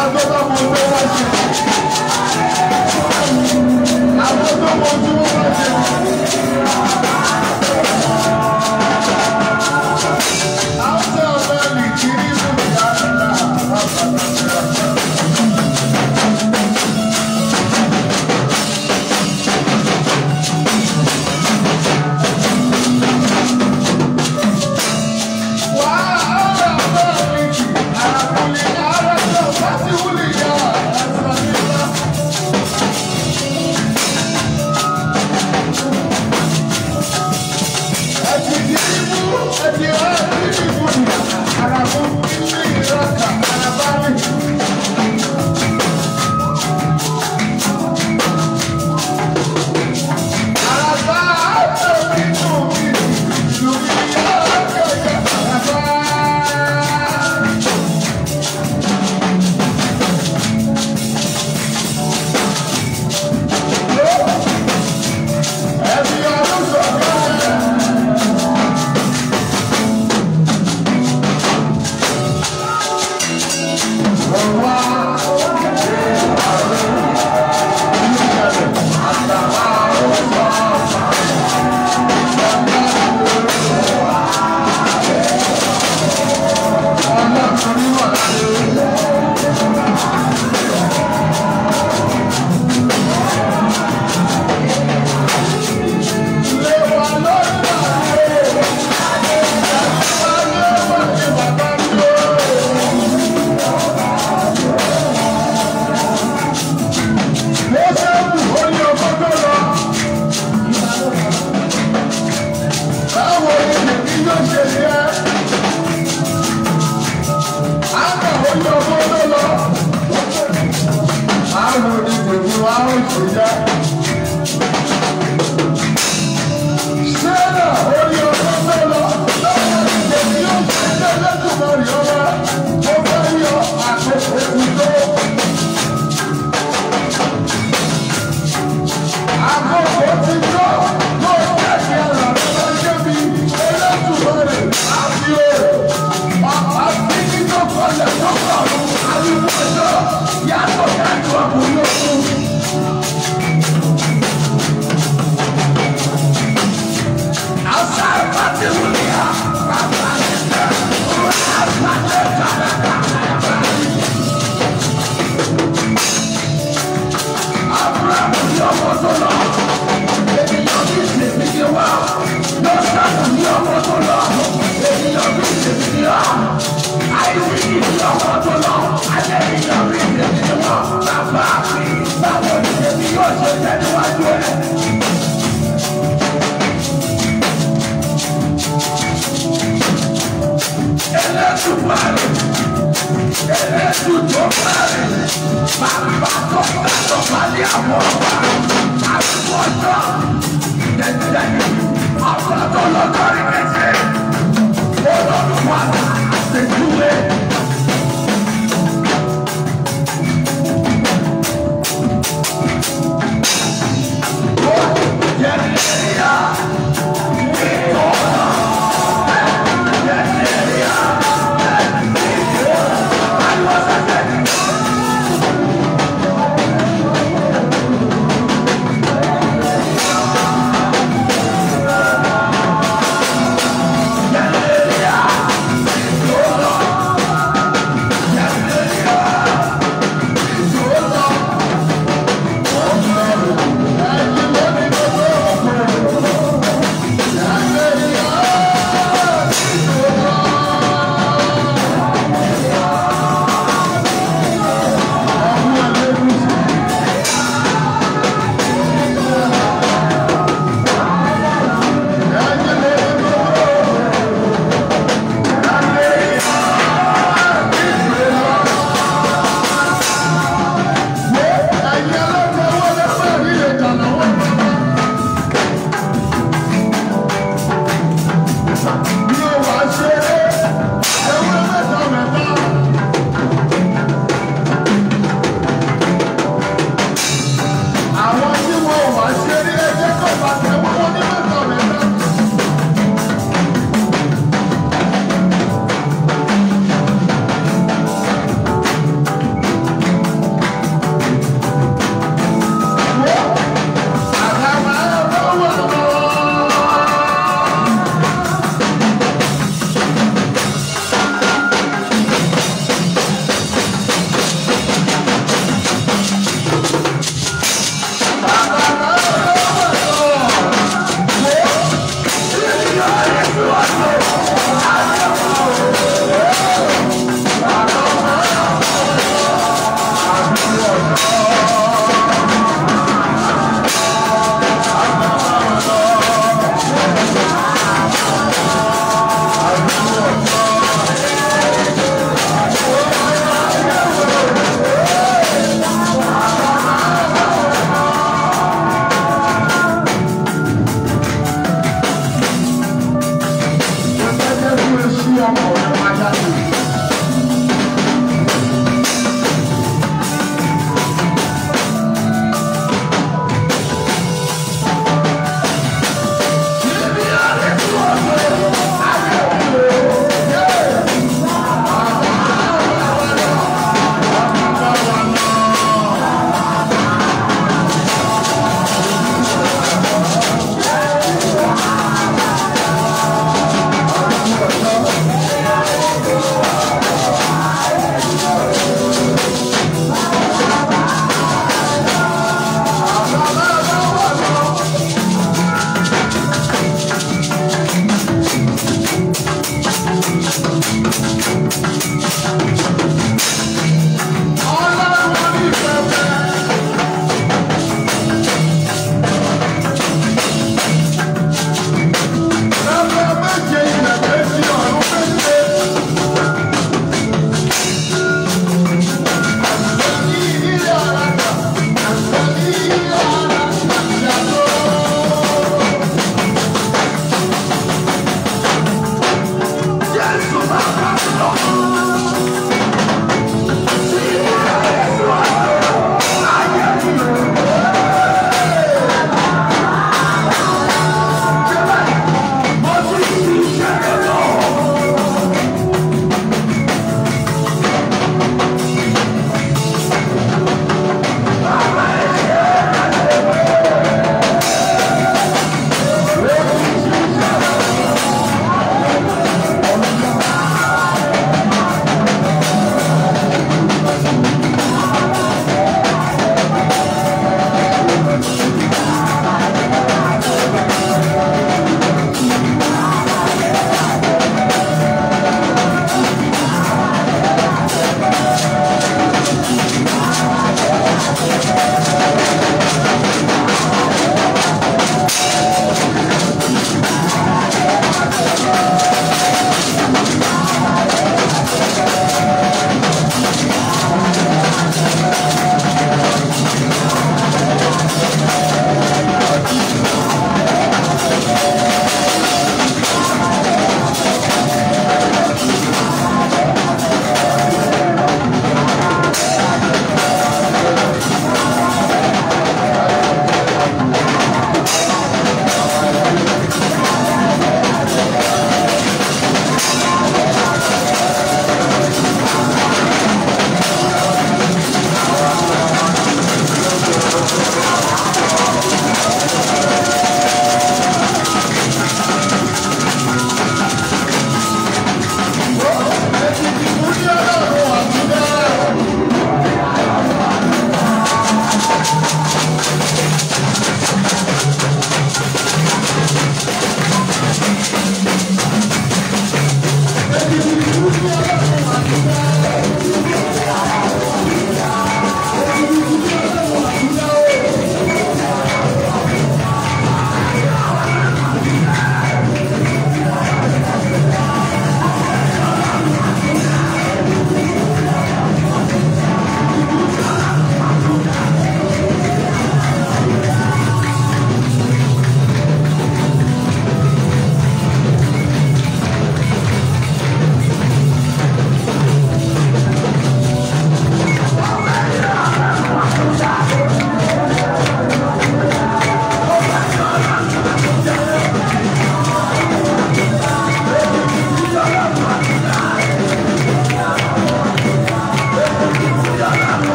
àwọn tó mọ ojú wọn ṣe àwọn tó to ojú wọn.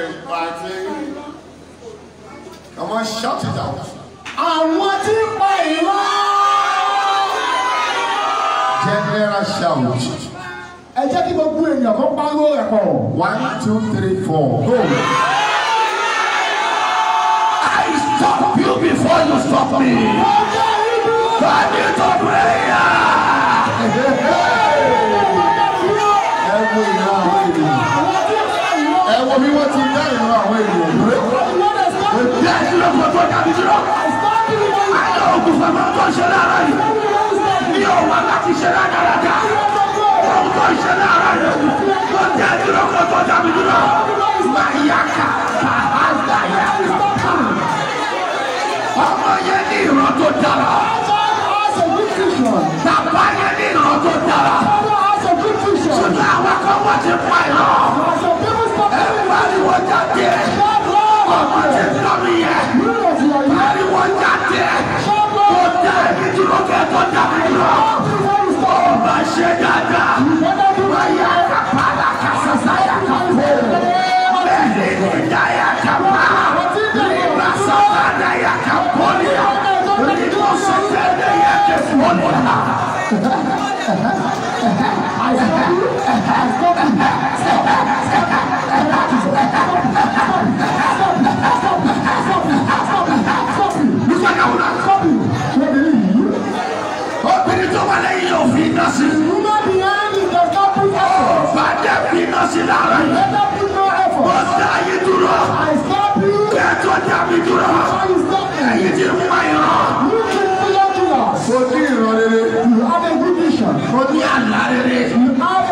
party, party. Come on, shout it out. Àwọn tí ń pa ìran. General shout. Ẹ jẹ́ kí gbogbo ènìyàn kan pariwo rẹ̀ pọ̀. One, two, three, four, go. I stop you before you stop me. Bàbá ìtọ́ prayer. Ẹ wo ìran àwọn ènìyàn. Ẹ ìran àwọn ènìyàn lórí. Èmi ẹ̀sìn ló kọ́ tó dàbí dúró. Ayọ̀ ògùn fàmà tó ṣe lára yìí. Mi ò wá láti ṣe rádaràdà. Òun Ọmọ yẹn ní ìran tó dára. Bàbá yẹn ní ìran tó dára ṣùgbọ́n àwọn kan wọ́n ti pa Everybody wọ́n jáde. Ọmọ ti tọ́ mi yẹ. Everybody wọ́n jáde. Mo dá ẹbí dúró kẹ́kọ̀ọ́ dàbí lọ. Ọba ṣe dáadáa. Báyà kápálá kásásá yà kápó. Bẹ́ẹ̀ni ìdá yà Fojú ìrọ̀lẹ́rẹ́. You have a good vision. Fojú àlá rere. You have a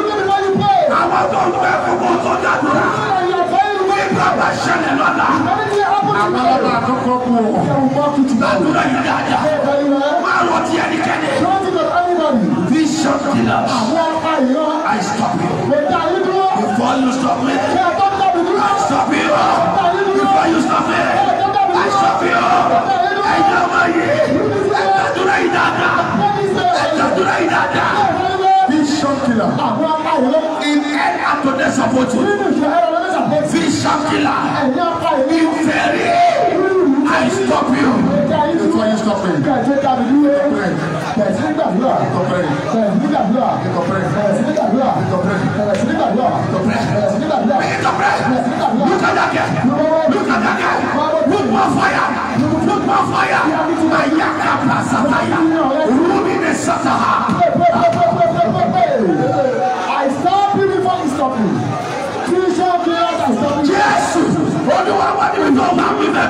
àwọn tó ń gbẹ fún kó tó dàdúrà bí bàbá ṣẹlẹ̀ lọ́la. àwọn ọba àkọ́kọ́ kù ọ́. gbàdúrà yìí dáadáa máa rọ ti ẹnikẹ́ni. bishop dilas i stop you before you stop me i stop you before you stop me i stop you ẹ̀yin ọmọ yìí ẹ̀dàdúrà yìí dáadáa ẹ̀dàdúrà yìí dáadáa. Vision killer. In end up to their support. Vision killer. In very I stop you. That's why you stop me. Look at that guy. Look at that guy. Put more fire. Put more fire. Ayaka Pasataya. that Nesataha.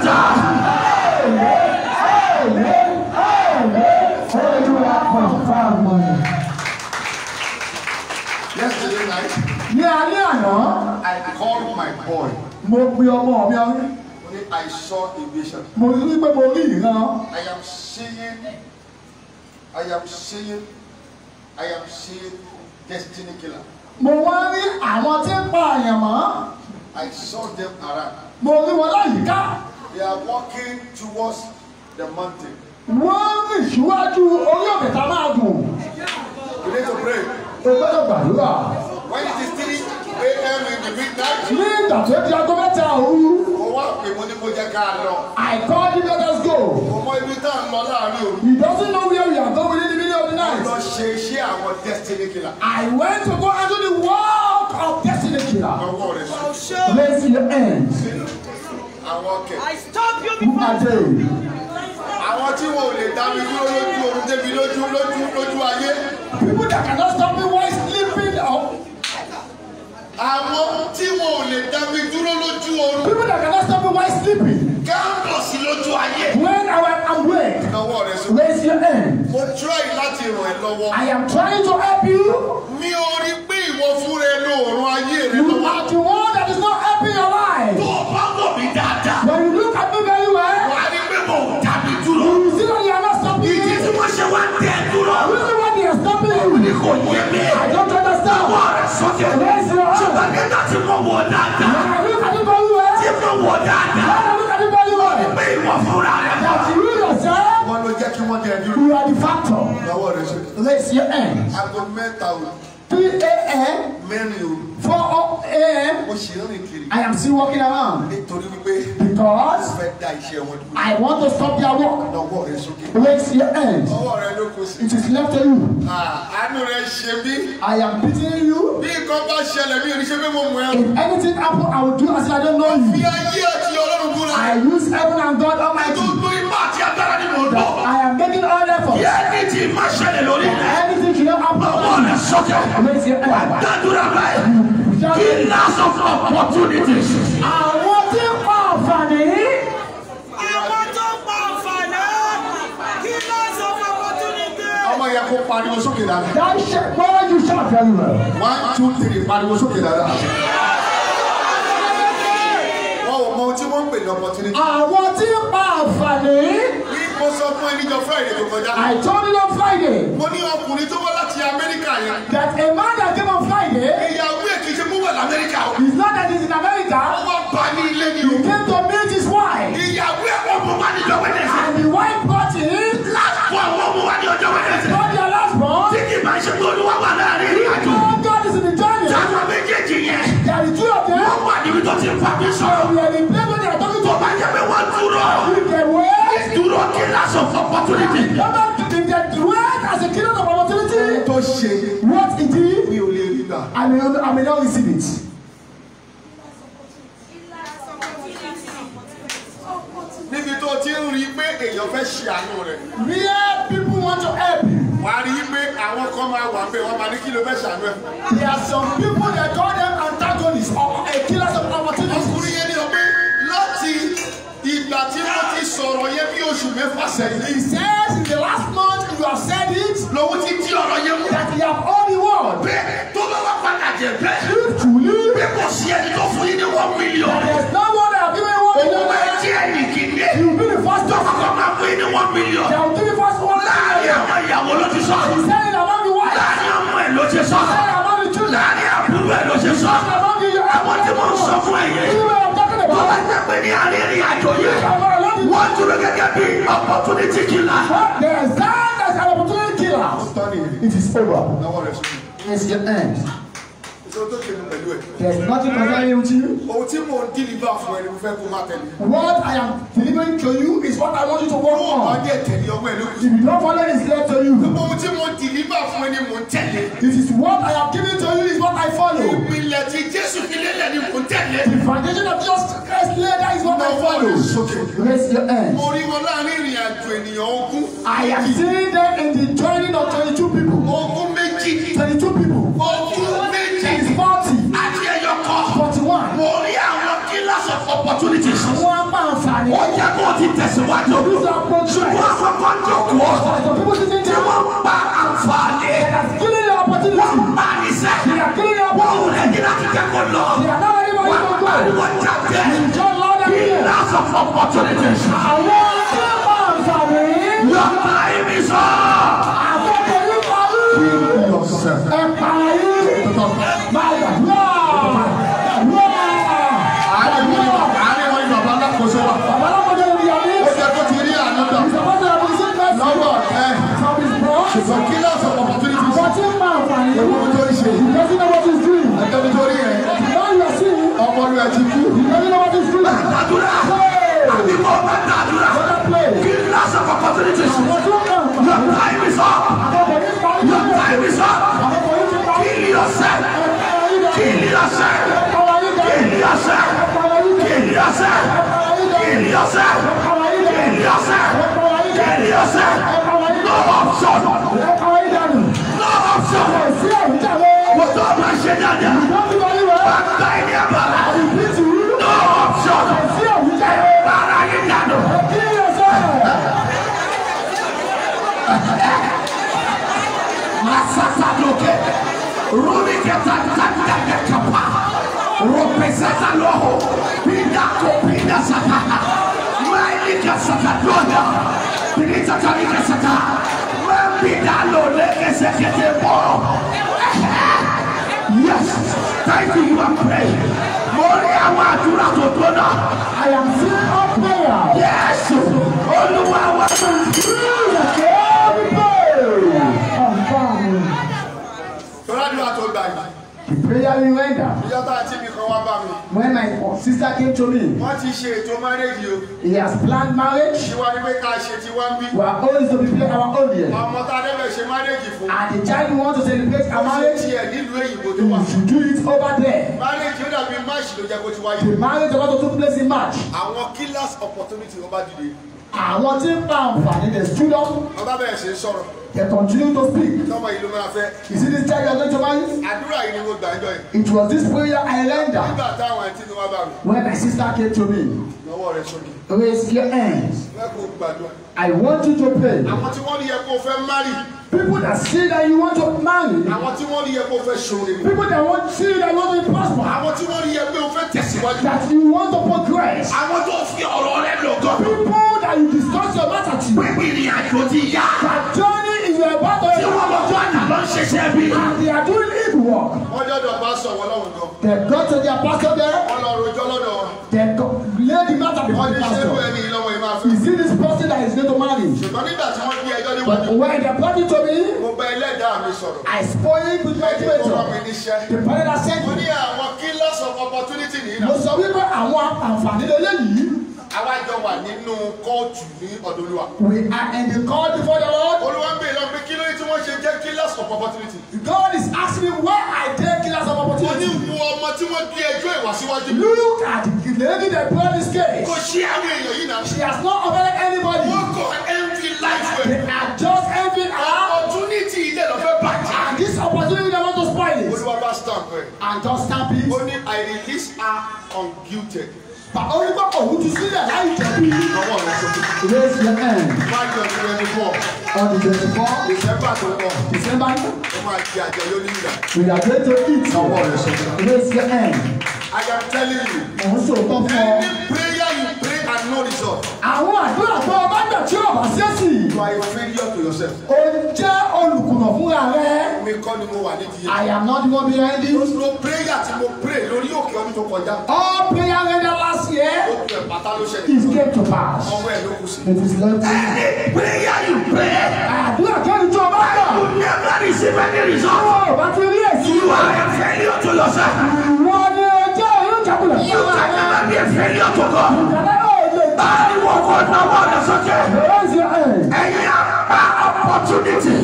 Yesterday night. Ní alẹ́ àná. I called my boy. Mo pe ọmọ mi ọ. Mo ní I saw a vision. Mo ní pé mo rí ìran. I am seeing I am seeing I am seeing destiny killer. Mo wá rí àwọn tí ń pa àyànmọ́. I saw them around. Mo rí wọn láyìíká. They are walking towards the mountain. Wọ́n rìn síwájú orí òkè tá a máa gùn. We need to pray. O gbọ́dọ̀ gbàdúrà. When it is three a.m. in the midnight. Ní ìgbà tó di aago mẹ́ta òru. Mo wá pè mo ní mo jẹ́ ká lọ. I called the let go. Mo mọ ibi tá a lọ láàárín òru. He doesn't know where we are going within the middle of the night. Mo lọ ṣe iṣẹ́ àwọn destiny killer. I went to go and the work of destiny killer. Lọ́wọ́ rẹ̀ sọ. Raise your hands àwọn ọkẹ. I stop you before. Who are they? Àwọn tí wọn ò lè dá mi dúró lójú oorun débi lójú lójú lójú ayé. People that cannot stop me while sleeping or. Àwọn tí wọn ò lè dá mi dúró lójú oorun. People that cannot stop me while sleeping. Gáàbọ̀sì lójú ayé. When I am awake. Ìnáwó rẹ̀ sọ. Raise your hand. Mo try láti ràn ẹ́ lọ́wọ́. I am trying to help you. Mi ò rí pé ìwọ fúnra ẹ lo òrùn ayé rẹ lọ́wọ́. You are the one. kò yé mi. I don't understand. Wọ́n rẹ̀ sọ́kẹ́. Ṣùgbọ́n nígbà tí mo wọ̀ dáadáa. Tí mo wọ̀ dáadáa. Bí ìwọ fúnra rẹ̀ bá. Wọ́n ló jẹ́ kí wọ́n jẹ́ ẹ̀dúró. You are the factor. Lọ́wọ́ rẹ̀ ṣe. Lẹ́sìn ẹ̀. Aago mẹ́ta òru three a.m. mẹ́rin òru. four a.m. mo ṣe rìn kiri. I am still walking around. nítorí wípé. because. fẹ́ da iṣẹ́ wọn dúró. I want to stop their work. lọ́wọ́ rẹ sókè. raise your hand. ọwọ́ rẹ ló kó sí. it is left to you. àánú rẹ ṣe mí. I am pitying you. bí nǹkan bá ṣẹlẹ̀ mi ò ní mo mọ̀ ẹ́. if anything happen I will do as I don't know you. fi ayé àti ọlọ́run kúrò. I use heaven and God Almighty. I don't àti agbára nínú odò. I am making all efforts. Bí ẹni tí má ṣẹlẹ̀ lórí rẹ̀. Anything should not happen. Ọwọ́ rẹ̀ sókè. Wà á gbàdúrà báyìí. Kí last of opportunities. Àwọn tí ń pa àǹfààní. Àwọn tó pa àǹfààní. Kí last of opportunities. Ọmọ yẹn kó pariwo sókè dáadáa. That shit, why you shout very well? One, two, three, pariwo sókè dáadáa. Àwọn oh, tí wọ́n ń pè ní opportunity. Àwọn tí ń àǹfààní. mo sọ fún ẹni jọ Friday tó kọjá. I told you on Friday. mo ní ọkùnrin tó wá láti Amẹ́ríkà yẹn. that a man that came on Friday. ìyàwó ẹ̀ kì wà lamẹ́ríkà it's not that he's in America. ó bá ní ilé ni o. he came to meet his wife. ìyàwó ẹ̀ wọ́n mú wá ní ọjọ́ wẹ́dẹ̀sẹ̀. and the wife brought him. last born wọ́n mú wá ní ọjọ́ wẹ́dẹ̀sẹ̀. not their last born. tí kì í bá ṣe tó olúwa wà láàrin ìrìn àjò. God is in the journey. opportunity. if dìde dwell as a kingdom of opportunity. What it is. Mi ò lè rí gbà. Àmì receive it. Níbi tó ti ń rí pé èèyàn fẹ́ ṣe àánú rẹ̀. Real people want to help you. Wà á rí i pé àwọn kan máa wà pé wọ́n máa ní kí fẹ́ ṣàánú ẹ̀. There are some people that call them antagonists or killer of opportunity ìgbà tí mo ti sọ̀rọ̀ yẹn bí oṣù mẹ́fà sẹ́yìn. he says in the last month you have said it. lòun ti di ọ̀rọ̀ yẹn mú. that you have only won. bẹ́ẹ̀ tó bá wà padà jẹ bẹ́ẹ̀. if truly. bí kò sí ẹni tó fún yín ní one million. there is no one that have given one million. owó máa jẹ́ ẹnì kìíní. you be the first one. tọkọ máa fún yín ní one million. they will be the first one. láàrin àwọn ìyàwó ló ti sọ. he said it among the wives. láàrin ọmọ ẹ̀ ló ti sọ. he said it among the children. láàrin àbúrò ẹ̀ ló ti sọ. he said it among the àwọn tí bàbá jẹ́ pé ní arìnrìn àjò yẹn wọ́n dúró gẹ́gẹ́ bí opportunity killer. there is that an opportunity killer. it is over. it is your end. There's nothing concerning you. What I am delivering to you is what I want you to work on. If you don't follow, this letter. you. It is what I have given to you is what I follow. The foundation of just Christ later is what I follow. Raise your hand. I am seeing them in the joining of 22 people. opportunities. wọ́n pa àǹfààní. ó yẹ kó o ti tẹ̀síwájú. ṣùgbọ́n àkọ́kọ́ jókòó tí wọ́n pa àǹfààní. wọ́n pa àníṣe. wọ́n ò lè dín láti kẹ́kọ̀ọ́ lọ. wọ́n pa àníwọ̀ jáde. lots of opportunities. àwọn ọ̀gá pa àǹfààní. your time is up. àfẹ́kẹ̀yìn parí. ẹ parí. ṣùgbọ́n kí ló sọ opportunity. àbọ̀tí ń pa àǹfààní. ewu mi tó ń ṣe. ìdọ́sí náà wọ́n ti sí. ẹjọ́ mi tó rí ẹ̀. sí. ọmọ rẹ̀ ti kú. ìdọ́sí náà wọ́n ti sí. àdúrà àbí mo bá dàdúrà. kí ló opportunity. your time is up. your time is up. kill yourself. kill yourself. kill yourself. kill yourself. kill yourself. kill yourself. kill yourself option. Ẹ̀kọ́ ìdánù. No option. Kò sí ẹ̀rí jáde. Mo tọ́ ọmọ ṣe dáadáa. Ìdánù wọlé wẹ̀. Wà á gba ilé ẹ̀bà. Àdìbí ti wú. No option. Kò sí ẹ̀rí jáde. Bàrà yín dànù. Kí ni o sọ yẹ? Masasa lókè. Rúmi kẹta kẹta kẹta pa. Rọ̀pẹ̀sẹ̀sà lọ́hùn. Pinda kò pinda sàkà. Máìlì kẹsàkà lọ́dà. Pinita kàmí kẹsàkà. Akidalo lekesekete bo. Yes, thank you, you are praying. Mo rí àwọn àdúrà tó tó náà. I am seeing all prayer. Yes, Olúwa Everybody, Every day. Tọ́lá dúrà tó gbà yìí. The prayer we went down. Ìjọ tá a mi kan wá bá mi. When my sister came to me. Wọ́n ti ṣe ètò marriage o. He has planned marriage. Ṣíwá ni pé ká ṣe ti wá ń bí. We are always to prepare our own year. Ọmọ tá a dẹ́bẹ̀ ṣe marriage fún. And the child we want to celebrate our marriage. Ó ṣe tiẹ̀ nílùú èyìnbó tó wà. You do it over there. Marriage yóò dàbí March ló jẹ́ kó ti wáyé. The marriage about to take place in March. Àwọn killers opportunity ọba dìde àwọn tí ń bá àǹfààní the student. bàbá bẹ̀rẹ̀ ṣe sọ̀rọ̀. they continue to speak. tọ́mọ ìlú máa fẹ́. is it this time you are going to marry. àdúrà yìí ni mo gbà ń jọ yìí. it was this prayer I learned that. nígbà táwọn ẹtí ni wọ́n bá mi. when my sister came to me. lọ́wọ́ rẹ sókè. raise your hands. mẹ́kùn gbàdúrà. I want you to pay. Àwọn tí wọ́n yẹ kó fẹ́ marry. People that see that you want to marry. Àwọn tí wọ́n yẹ kó fẹ́ ṣoore. People that want see that you want to prosper. Àwọn tí wọ́n yẹ pé fẹ́ tẹ̀síwájú. That you want to progress. Àwọn tó fi ọ̀rọ̀ rẹ lọ gan. People that you discuss your matter to. Pẹ̀lú ìrìn àjò ti yá. That journey is about to. Tí wọ́n lọ jọ àtàlọ́ ń ṣiṣẹ́ bí. And they are doing evil work. Wọ́n jọ́dọ̀ bá sọ̀rọ̀ lọ́wọ́ gan. They go to their pastor there. Wọ́n lọ rojọ́ lọ́dọ̀ wọn. They go lay the matter before father is going to marry. ṣùgbọ́n nígbà tí wọ́n gbé ẹjọ́ níwájú. when the party to me. mo bẹ ẹlẹ́dàá mi sọ̀rọ̀. I spoke with my creator. ẹni tó rán mi níṣẹ́. the parent that sent me. mo ní àwọn killers of opportunity nìyí. mo sọ wípé àwọn àǹfààní lélẹ́yìí àwa wà nínú kóòtù ní ọ̀dọ̀ we are in the court before the Lord. olúwa ń bèèrè lọ́pẹ́ kí ló ní tí wọ́n ṣe jẹ́ killers of opportunity. God is asking me why I dey killers of opportunity. wọ́n ní wo ọmọ tí wọ́n gbé ẹjọ́ ìwàsíwájú. look at the lady that brought this case. kò ṣe àwọn èèyàn yìí náà. she has not offended anybody. wọ́n kọ envy life well. they are just envy her. opportunity ilé lọ fẹ́ bàjẹ́. and this opportunity they want to spoil it. olúwa bá stamp ẹ. and just stamp it. ó ní I release her unguilted. Bàbá onígbà òun ti sílẹ̀ láì jẹ̀bi. Lọ́wọ́ Raise your hand. March on twenty four. On the 24th, December 24th, December tó. Ó máa di We are going to eat. Raise your hand. I am telling you. Mo Any prayer no result. Àwọn àdúrà tó o bá dọ̀ tí o bá ṣèṣì. You are a failure to yourself. O jẹ́ olùkùnà fúnra rẹ. Mi kọ́ ni mo wà nídìí. I am not the one behind you. Lóṣù prayer tí mo pray lórí òkè ọdún tó kọjá. All prayer read out last year. Ó tu ẹ̀ pátá ló ṣẹlẹ̀. It came to pass. Ọmọ ẹ̀ ló kù sí. It is not true. Ẹni prayer you pray. Àdúrà kẹ́ni tó o bá dọ̀. I will never receive any result. Ó bá ti rí èsì. You are a failure to yourself. Ìwọ ni ọjọ́ ìlú ìjákulẹ̀. You can never be a failure to God báyìí wọ́n kọ́ náwó rẹ̀ sókè. ẹ̀yin àgbà opportunity.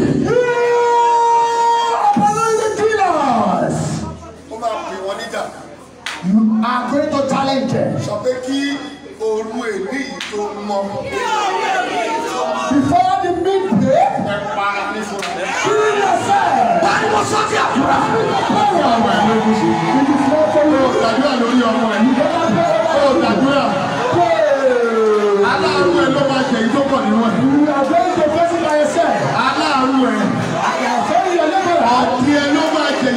opportunity lost. ó you are going to challenge them. sọ pé kí tó mọ. before the midday. ẹ para ní fún mi. kill yourself. báyìí sókè àdúrà. ó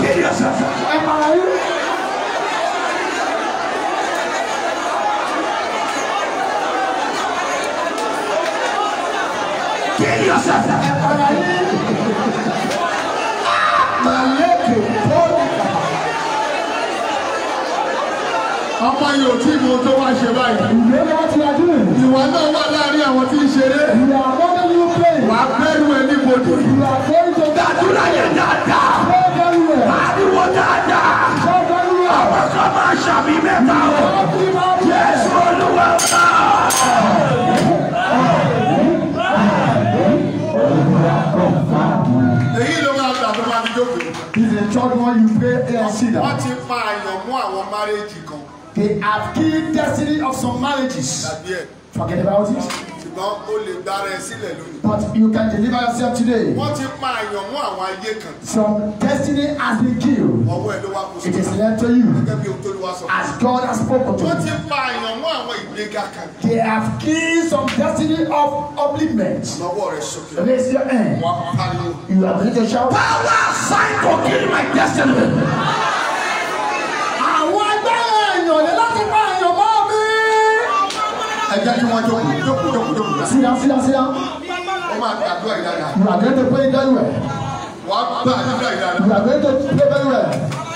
kill yourself. Am I? Kill yourself. Am I yìí ò tí mo tó wá ṣe báyìí. ìwé wa ti ajú rẹ̀. ìwà náà wà láàrin àwọn tí ń ṣeré. ìwà àkọ́kọ́ ni ó pè. wàá bẹ́rù ẹ ní bodò. ìwà àkọ́kọ́ ni ó pè. dàdúrà yẹn dáadáa ariwo dáadáa àwọn kan máa ṣàmì mẹ́ta o Jésù Olúwa máa. èyí ló máa gbà tó máa fi jókòó. is the third one you pray and see that. wọ́n ti pa àyàn mú they have killed destiny of some marriages. forget about it ṣùgbọ́n o lè gbára ẹ sílẹ̀ lónìí. but you can deliver yourself today. wọ́n ti pa àyàn mú àwọn ayé kan. some destiny has been killed. ọwọ́ ẹ ló wá kó sí. it is left to you. gẹ́gẹ́ bí olúwa sọ. as God has spoken to you. wọ́n ti pa àyàn mú àwọn ìgbéga kan. they have killed some destiny of upliftment. lọ́wọ́ rẹ sókè. raise your hand. wọ́n pariwo. you are ready to shout. power sign to kill my destiny. ẹ jẹ́ kí jókòó jókòó jókòó síra síra síra. ó máa gbàdúrà yìí dáadáa. gbàgbé tẹ pé dájú rẹ. wàá gbàdúrà yìí dáadáa. gbàgbé tẹ pé dájú rẹ.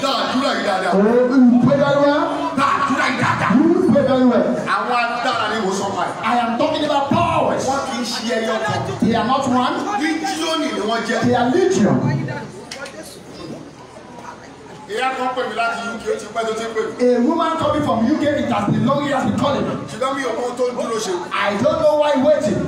gbàdúrà yìí dáadáa. o ìpè dájú rẹ. gbàdúrà yìí dáadáa. ìpè dájú rẹ. àwọn adára ni wò sọ́kà yìí. I am talking about powers. wọ́n kì í ṣe ẹyọ kan. they are not one. legion ni wọ́n jẹ́. they are legion ìyá kan pè mí láti UK ó ti pẹ́ tó ti pè mí. a woman coming from UK it has been long years been calling me. ṣùgbọ́n mi ò tó ń dúró ṣe. I don't know why waiting.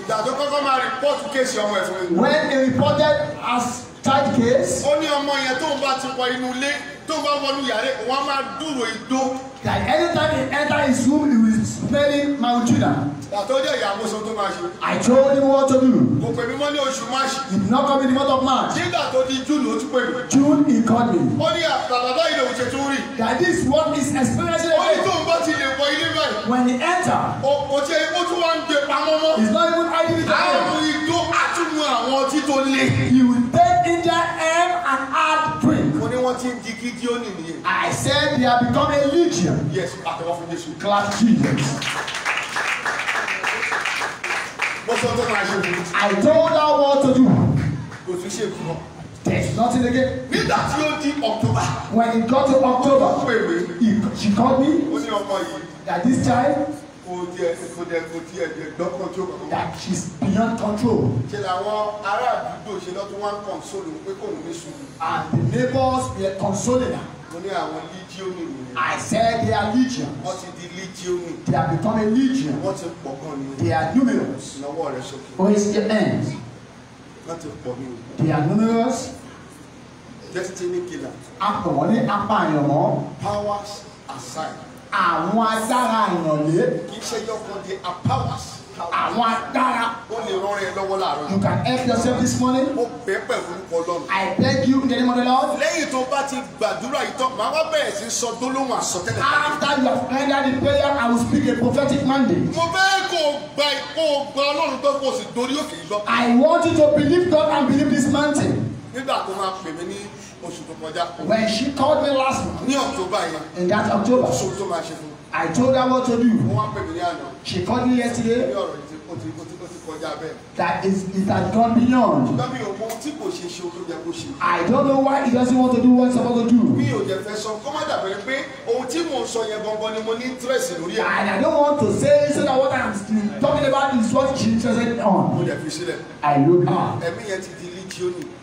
ìgbà tó kọ́kọ́ máa rìpọ́ọ̀tù Case ọmọ ẹ̀ fún mi. when a reported has child case. ó ní ọmọ yẹn tó ń bá ti wọ inú ilé tó ń bá wọnú yàrá òun á máa dúró igbó that anytime he enter his room he will smelling Mount Judah. Àtọ́jọ́ ìyàwóso tó máa ṣe. I told him what to do. Kò pè mí mọ́ ní oṣù Máṣì. He did not come in the month of March. Nígbà tó di June ló tún pè mí. June he called me. Ó ní àbàbà ìlò òṣè tó rí. That this one is experiencing. Ó ní tó ń bá ti lè wọ ilé báyìí. When he enter. Kò ṣe ikú tí wọ́n ń gbé pamọ́ mọ́. He is not even hiding it. Àrùn igbó àtúmọ̀ àwọn ọtí tó He will take in there wọ́n ti ń di Gideoni nìyẹn. I said they have become a legion. Yes, àtẹ̀wọ́ fún Jésù. Clap Jesus. Mo sọ tó máa ṣe fún. I told her what to do. Kò tún ṣe fún ọ. There's nothing again. Nígbà tí ó di October. When it got to October. Wait, wait. He, she called me. Ó ní ọkọ yìí. That this child that is beyond control. ṣe and the neighbors were consoling her. I said they are legions. wọ́n ti di lígíọ́nì. they are becoming legion. they are numerous. ìnáwó is the end? they are numerous. destiny killer. after apààyàn mọ́. powers aside àwọn agbára ìrànlẹ́. kì í ṣe yọkọ di apáwàs. àwọn agbára. ó lè rọrùn ẹ lọ́wọ́ láàárọ̀. you can help yourself this morning. mo bẹ̀ ẹ́ pẹ̀lú Ọlọ́run. I beg you in the name of the Lord. lẹ́yìn tó bá ti gbàdúrà yìí tán màá wá bẹ̀rẹ̀ sí sọ gbólóhùn àsọtẹ́lẹ̀. after you have ended the prayer I will speak a prophetic mandate. mo fẹ́ kó gba kó gba Ọlọ́run tó kó o sì dorí òkè lọ. I want you to believe God and believe this mountain. nígbà tó máa pè mí ní oṣù tó kọjá. when she called me last month. ní october yẹn. in that october. oṣù tó máa ṣe fún. I told her what to do. wọ́n wá pè mí ní àná. she called me yesterday. ní ọ̀rọ̀ yìí ó ti ó ti ó ti kọjá bẹ́ẹ̀. that is it has gone beyond. ṣùgbọ́n mi tí kò ṣe ṣe olóyè kò ṣe. I don't know why he doesn't want to do what he's supposed to do. mi ò jẹ́ fẹ́ sọ kó má dàbẹ̀rẹ̀ pé ohun tí mò ń sọ yẹn gangan ni mo ní interest lórí ẹ̀. and I don't want to say so that what I I'm talking about is what she interested on. mo jẹ fi sílẹ̀. I love her. ẹ̀mí yẹn ti di lítíọ́nì.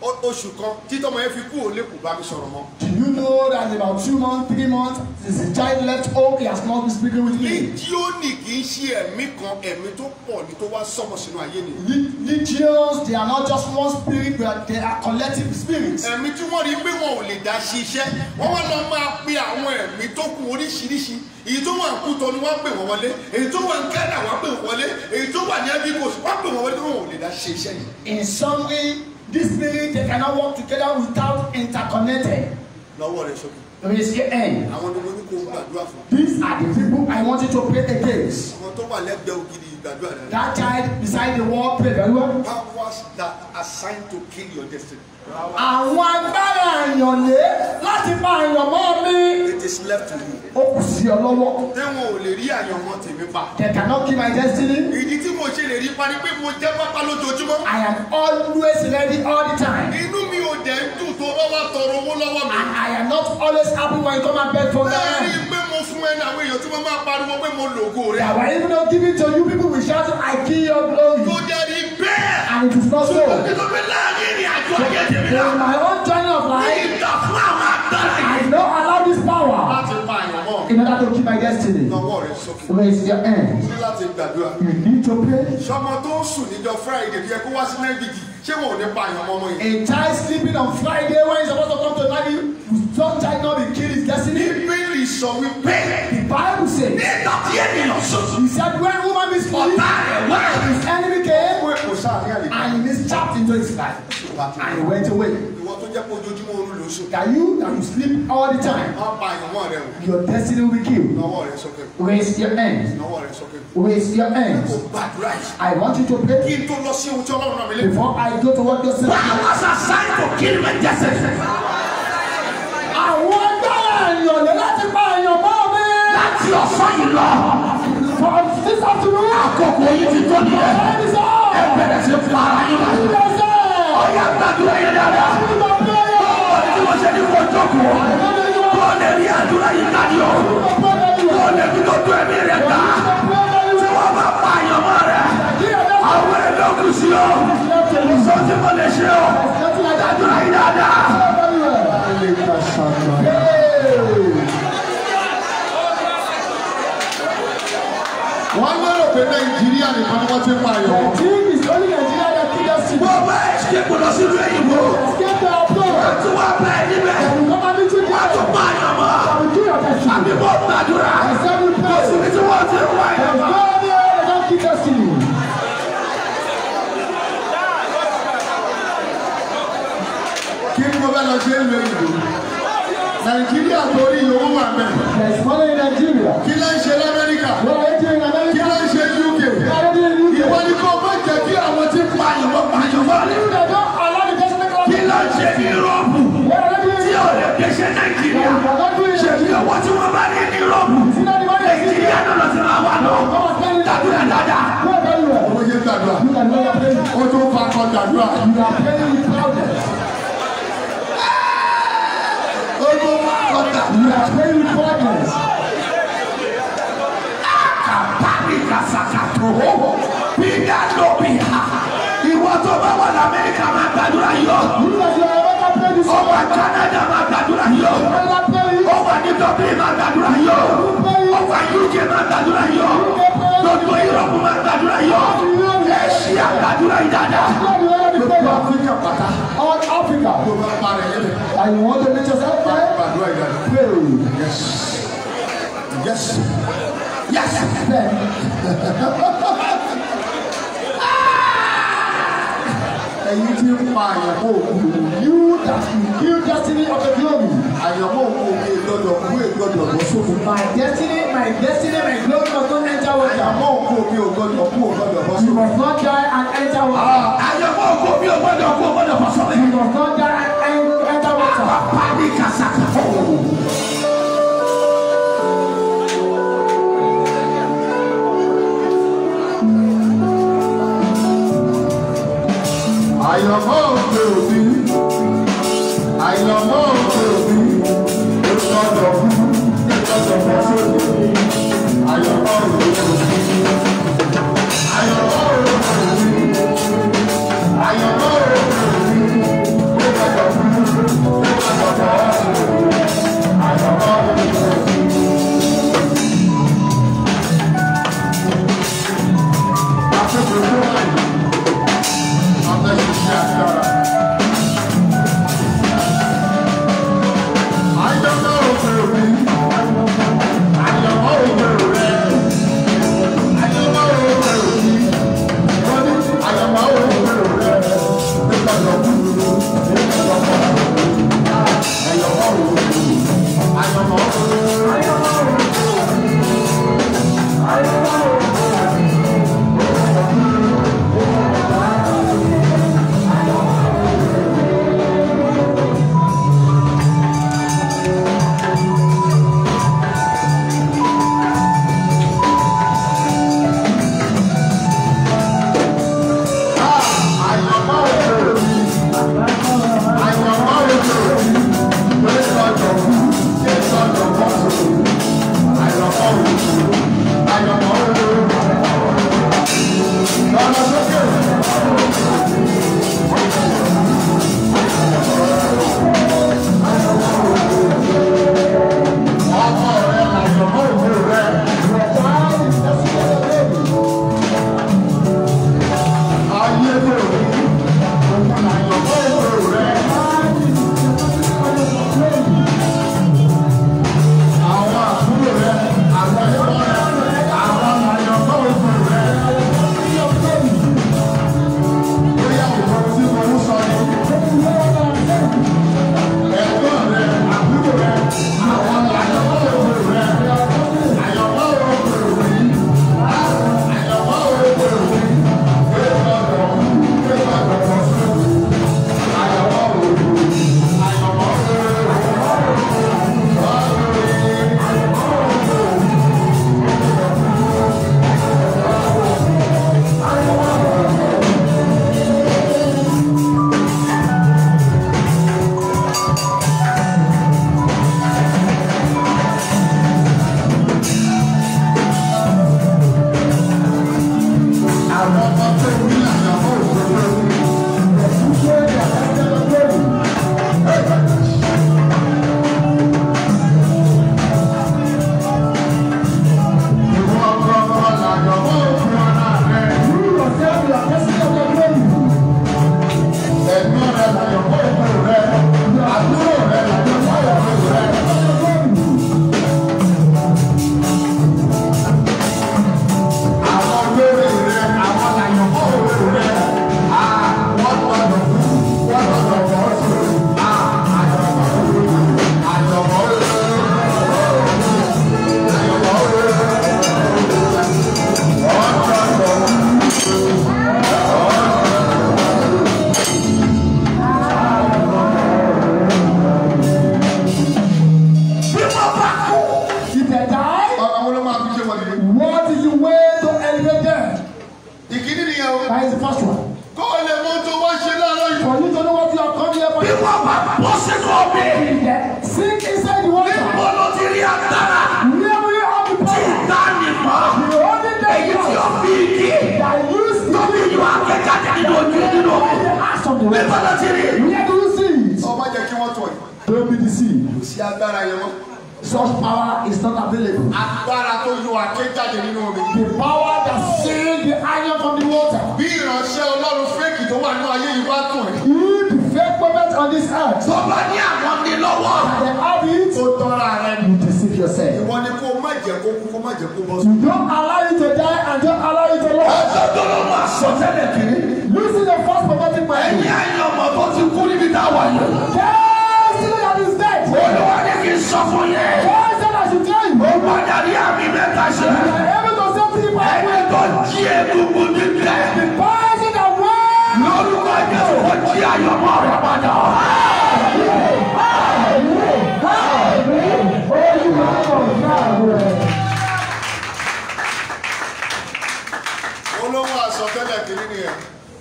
oṣù kan títọ́mọ yẹn fi kú ò lè bá mi sọ̀rọ̀ mọ́. do you know that in about two months three months since the child left home he has not been speaking with me. lídíọ́nì kì í ṣe ẹ̀mí kan ẹ̀mí tó pọ̀ ní tó wá sọmọ sínú ayé ni. legions they are not just one spirit but they are collective spirits. ẹ̀mí tí wọ́n rí pé wọn ò lè dá ṣiṣẹ́ wọ́n wá lọ máa pe àwọn ẹ̀mí tó kù oríṣiríṣi èyí tó wà ń kú tọ́nu wá pè wọ́n wọlé èyí tó wà kẹ́dà wá pè wọ́n wọlé èyí tó wà ní ẹ́bí kò wá pè wọ́n wọlé tó wọn ò lè dá ṣiṣẹ́ yìí. in summary This spirit they cannot work together without interconnected. Lọ́wọ́ rẹ̀ ṣokùn. There is a Àwọn ọmọ oníkó gbàdúrà fún. These are the people I want you to pray against. Àwọn tó wà lẹ́gbẹ̀ẹ́ ògiri that child beside the wall pray very well. powers that assigned to kill your destiny. àwọn agbára àyànlé láti pa àyànmọ́ mi. it is left to you. ó kù sí ọ lọ́wọ́. tẹ́wọ̀n ò lè rí àyànmọ́ tèmi pa. they cannot kill my destiny. ìdí tí mo ṣe lè rí parí pé mo jẹ́ pápá lójoojúmọ́. I am always ready all the time. inú mi ò dẹ̀ ń dùn tó bá wà tọrọ owó lọ́wọ́ mi. and I am not always happy when you come and beg for me. bẹ́ẹ̀ ni pé mo fún ẹ ní àwọn èèyàn tí wọ́n máa pariwo pé mo lògo rẹ. That were even not given to you people will shout I give your glory. Kò dẹ̀ rí bẹ́ẹ̀. And it is not so. Ṣùgbọ́n kí ló fi láàrin ìrìn àjò ayé tèmi náà. In my own journey of life. Kí n kà fún àwọn agbára yìí. I no allow this power. Láti pa àyàn mọ́. In order to keep my destiny. Lọ́wọ́ rẹ̀ sókè. Where is your end? Ṣé láti gbàdúrà? You need to pray. Ṣọmọ tó ń sùn níjọ Friday bí ẹ kó wá sí Nẹ́gìdì ṣé wọn ò ní pa àyàn mọ́mọ́ yìí. A child sleeping on Friday when he suppose to come to daddy, you don't child not be kill his destiny sọ wípé. The Bible says. Nígbà tí ènìyàn sọ. He said when woman is born. Ọ̀tá rẹ̀ wá. His enemy came. kò sáà ní àlejò. And he was trapped into his life. And he went away. Ìwọ tó jẹ́ pé ojoojúmọ́ ló sùn. Can you can you sleep all the time? Má pa ìyànmọ́ rẹ wò. Your destiny will be killed. Nọwọ́ rẹ sókè. Raise your hands. Nọwọ́ rẹ sókè. Raise your hands. Kò gbàdúrà yìí. I want you to pray. Kí n tó lọ sí ohun tí Ọlọ́run mi lé. Before I go to work yourself. said. Báwo sà sáyé kò kí ni mo jẹ́ Àwọn láti ọ̀sán yìí lọ. Àkókò yìí ti tó nìyẹn. Ẹ bẹ̀rẹ̀ sí fún ara yín lọ. Ọ̀yà gbàdúrà yẹn dáadáa. Bọ́ọ̀lù tí mo ṣe ní kó jókòó. Bọ́ọ̀lù ẹ̀rí àdúrà yìí ká ní o. Bọ́ọ̀lù ẹ̀mí ló tó ẹ̀mí rẹ̀ gbà. Tí wọ́n bá pa àyànmọ́ rẹ̀, àwọn ẹ̀lọ́gùn sí o. Sọ́ọ́tì mo lè ṣe o. Gbàdúrà yìí dáadáa wọ́n lérò pé nàìjíríà nìkan I'm not ti ń pa àyọ̀. nàìjíríà is only nàìjíríà that kí lẹ́sì. wọ́n bá ẹ̀ṣẹ̀ kò lọ sílùú èyìnbó. ẹ̀ṣẹ̀ ọ̀pọ̀. wọ́n ti wá bẹ̀ ẹ́ níbẹ̀. wọ́n tún pa àyàn mọ́. àbí bọ́ọ̀lù àdúrà. ẹ̀ṣẹ̀ mi bẹ́ẹ̀. kò sí ní tí wọ́n ti ń pa àyàn mọ́. bá lọ sí ìlú èyí nàìjíríà torí ìyówó wà mẹ. ẹ̀sìmọ́lẹ̀ nàìjíríà. kí ló ń ṣe lamẹ́ríkà. wọ́n ẹ jẹ́ lamẹ́ríkà. kí ló ń ṣe uk. ìwọ ni kò má jẹ́ kí àwọn tí pa ìwọ pàjọ wà. kí ló ń ṣe ní tí ọ̀rẹ́ kẹ́ ṣe nàìjíríà. ṣe fi owó tí wọ́n bá ní ní nàìjíríà náà lọ sí máa wà lọ. dàdúrà dáadáa. owó yẹn dàdúrà. o tún fa kọ dàdúrà. We are praying problems. Bíyà ló bí ha. Ìwọ tó bá wà l'Amẹ́ríkà máa gbàdúrà yọ. Ó wà Canada máa gbàdúrà yọ. Ó wà ní Dublin máa gbàdúrà yọ. Ó wà UK máa gbàdúrà yọ gbogbo yúròpù máa gbàdúrà yọ ẹṣíà gbàdúrà yìí dáadáa gbogbo áfíríkà pátá all Africa gbogbo apára ẹ̀yẹ́ mi. àyìn wọn tó ní jẹ sẹ́yìn fún gbàdúrà yìí dáadáa. pray yes yes yes. yes. ẹ̀yin tí ń pa àyànmọ́ òkú you destiny of the glory àyànmọ́ òkú mi gbọ́dọ̀ kú ègbọ́dọ̀ lọ sófo. my destiny my destiny my glory must not enter water. àyànmọ́ òkú mi ò gbọ́dọ̀ kú ò gbọ́dọ̀ you must not die and enter water. àyànmọ́ òkú mi ò gbọ́dọ̀ kú ò gbọ́dọ̀ you must not die and enter water. àpapá ní kàṣàkà fún I òkè òbí àyànmọ́ òkè òbí ètò ọ̀dọ̀ fún ètò ọ̀dọ̀ fún sóòtú àyànmọ́ òkè òbí àyànmọ́ òkè òbí àyànmọ́.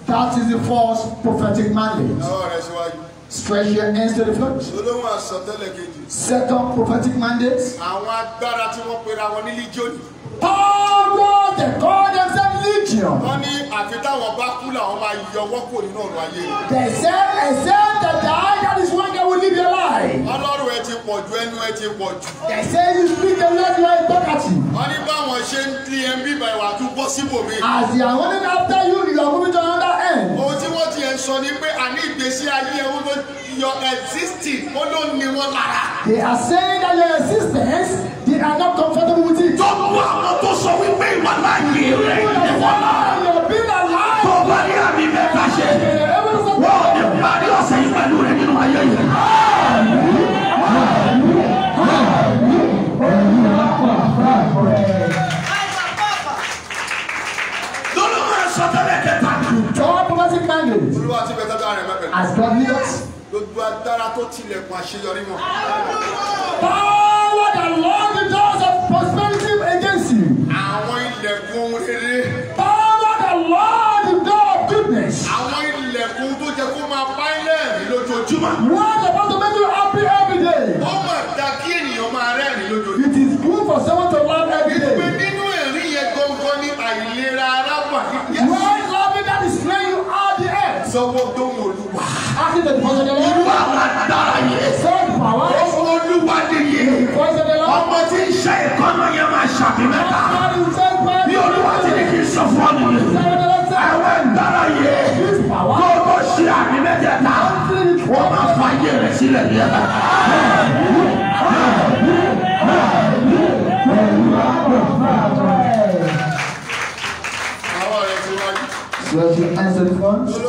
That is the false prophetic mandate. Stretch your hands to the floor. Second prophetic mandate. Oh God, tí wọ́n pera wọn they call themselves religion. wọ́n ní àfi táwọn bá kú làwọn máa yọ wọ́pọ̀ nínú ọ̀rọ̀ ayé. they say except the die that is when they will live your life. ọlọ́run ẹ ti pọ̀ ju ẹnu ẹ ti pọ̀ jù. they say you speak the word you are gbọ́kàtì. wọ́n ní báwọn ṣe ń lé ẹ bí ìwà tún bọ́ síbò mi. as the àwọn nínú after you you are moving to another end. ohun tí wọ́n ti sọ ni pé àní ìgbésí ayé ẹ̀ wọ́n your existing ó ló ní wọn lára. they are saying that your existence they are not comfortable with it. tó mú àwọn tó sọ wípé ìwà náà yé rẹ̀ ìwọ náà tó bá ní àmì mẹ́ta ṣe wọ́n ò ní parí ọ̀sẹ̀ yìí pẹ̀lú rẹ̀ nínú ayé yìí. God wasn't married. Olúwa ti bẹ̀rẹ̀ dára rẹ̀ mẹ́fẹ̀ẹ́. As God leaders. Gbogbo agbára tó tilẹ̀kùn àṣeyọrí mọ̀. Power the Lord prosperity agency. Àwọn ilẹ̀kùn rere. Father the Lord the door of goodness. Àwọn ilẹ̀kùn tó jẹ kó máa bá ilé ẹ̀rí lójoojúmọ́. Wọ́n lè bá make you happy every day. Ó mọ̀ dá kí ènìyàn máa rẹ́rìn lójoojúmọ́. It is good for someone to laugh every day. Ìpè nínú ẹ̀rí yẹn gangan ni àìlera ara wà. Wọ́n that is playing you all the air. Sọ́wọ́ tó ń olúwa. Á ti tẹ̀lé fọ́sọ̀ jẹ́ lọ́wọ́. Olúwa máa dára yẹ. Sọ́wọ́ pàwọ́. Olúwa nìyẹn. Fọ́sọ̀ Ọmọ tí iṣẹ́ ìkọ́nà yẹn máa ṣàbí bí olúwa ti ní kí n sọ fún ọ nìyẹn ẹ̀wẹ̀ ìdára yẹ kó o ṣe àmì wọ́n máa fa iye rẹ̀ sílẹ̀ yẹn. So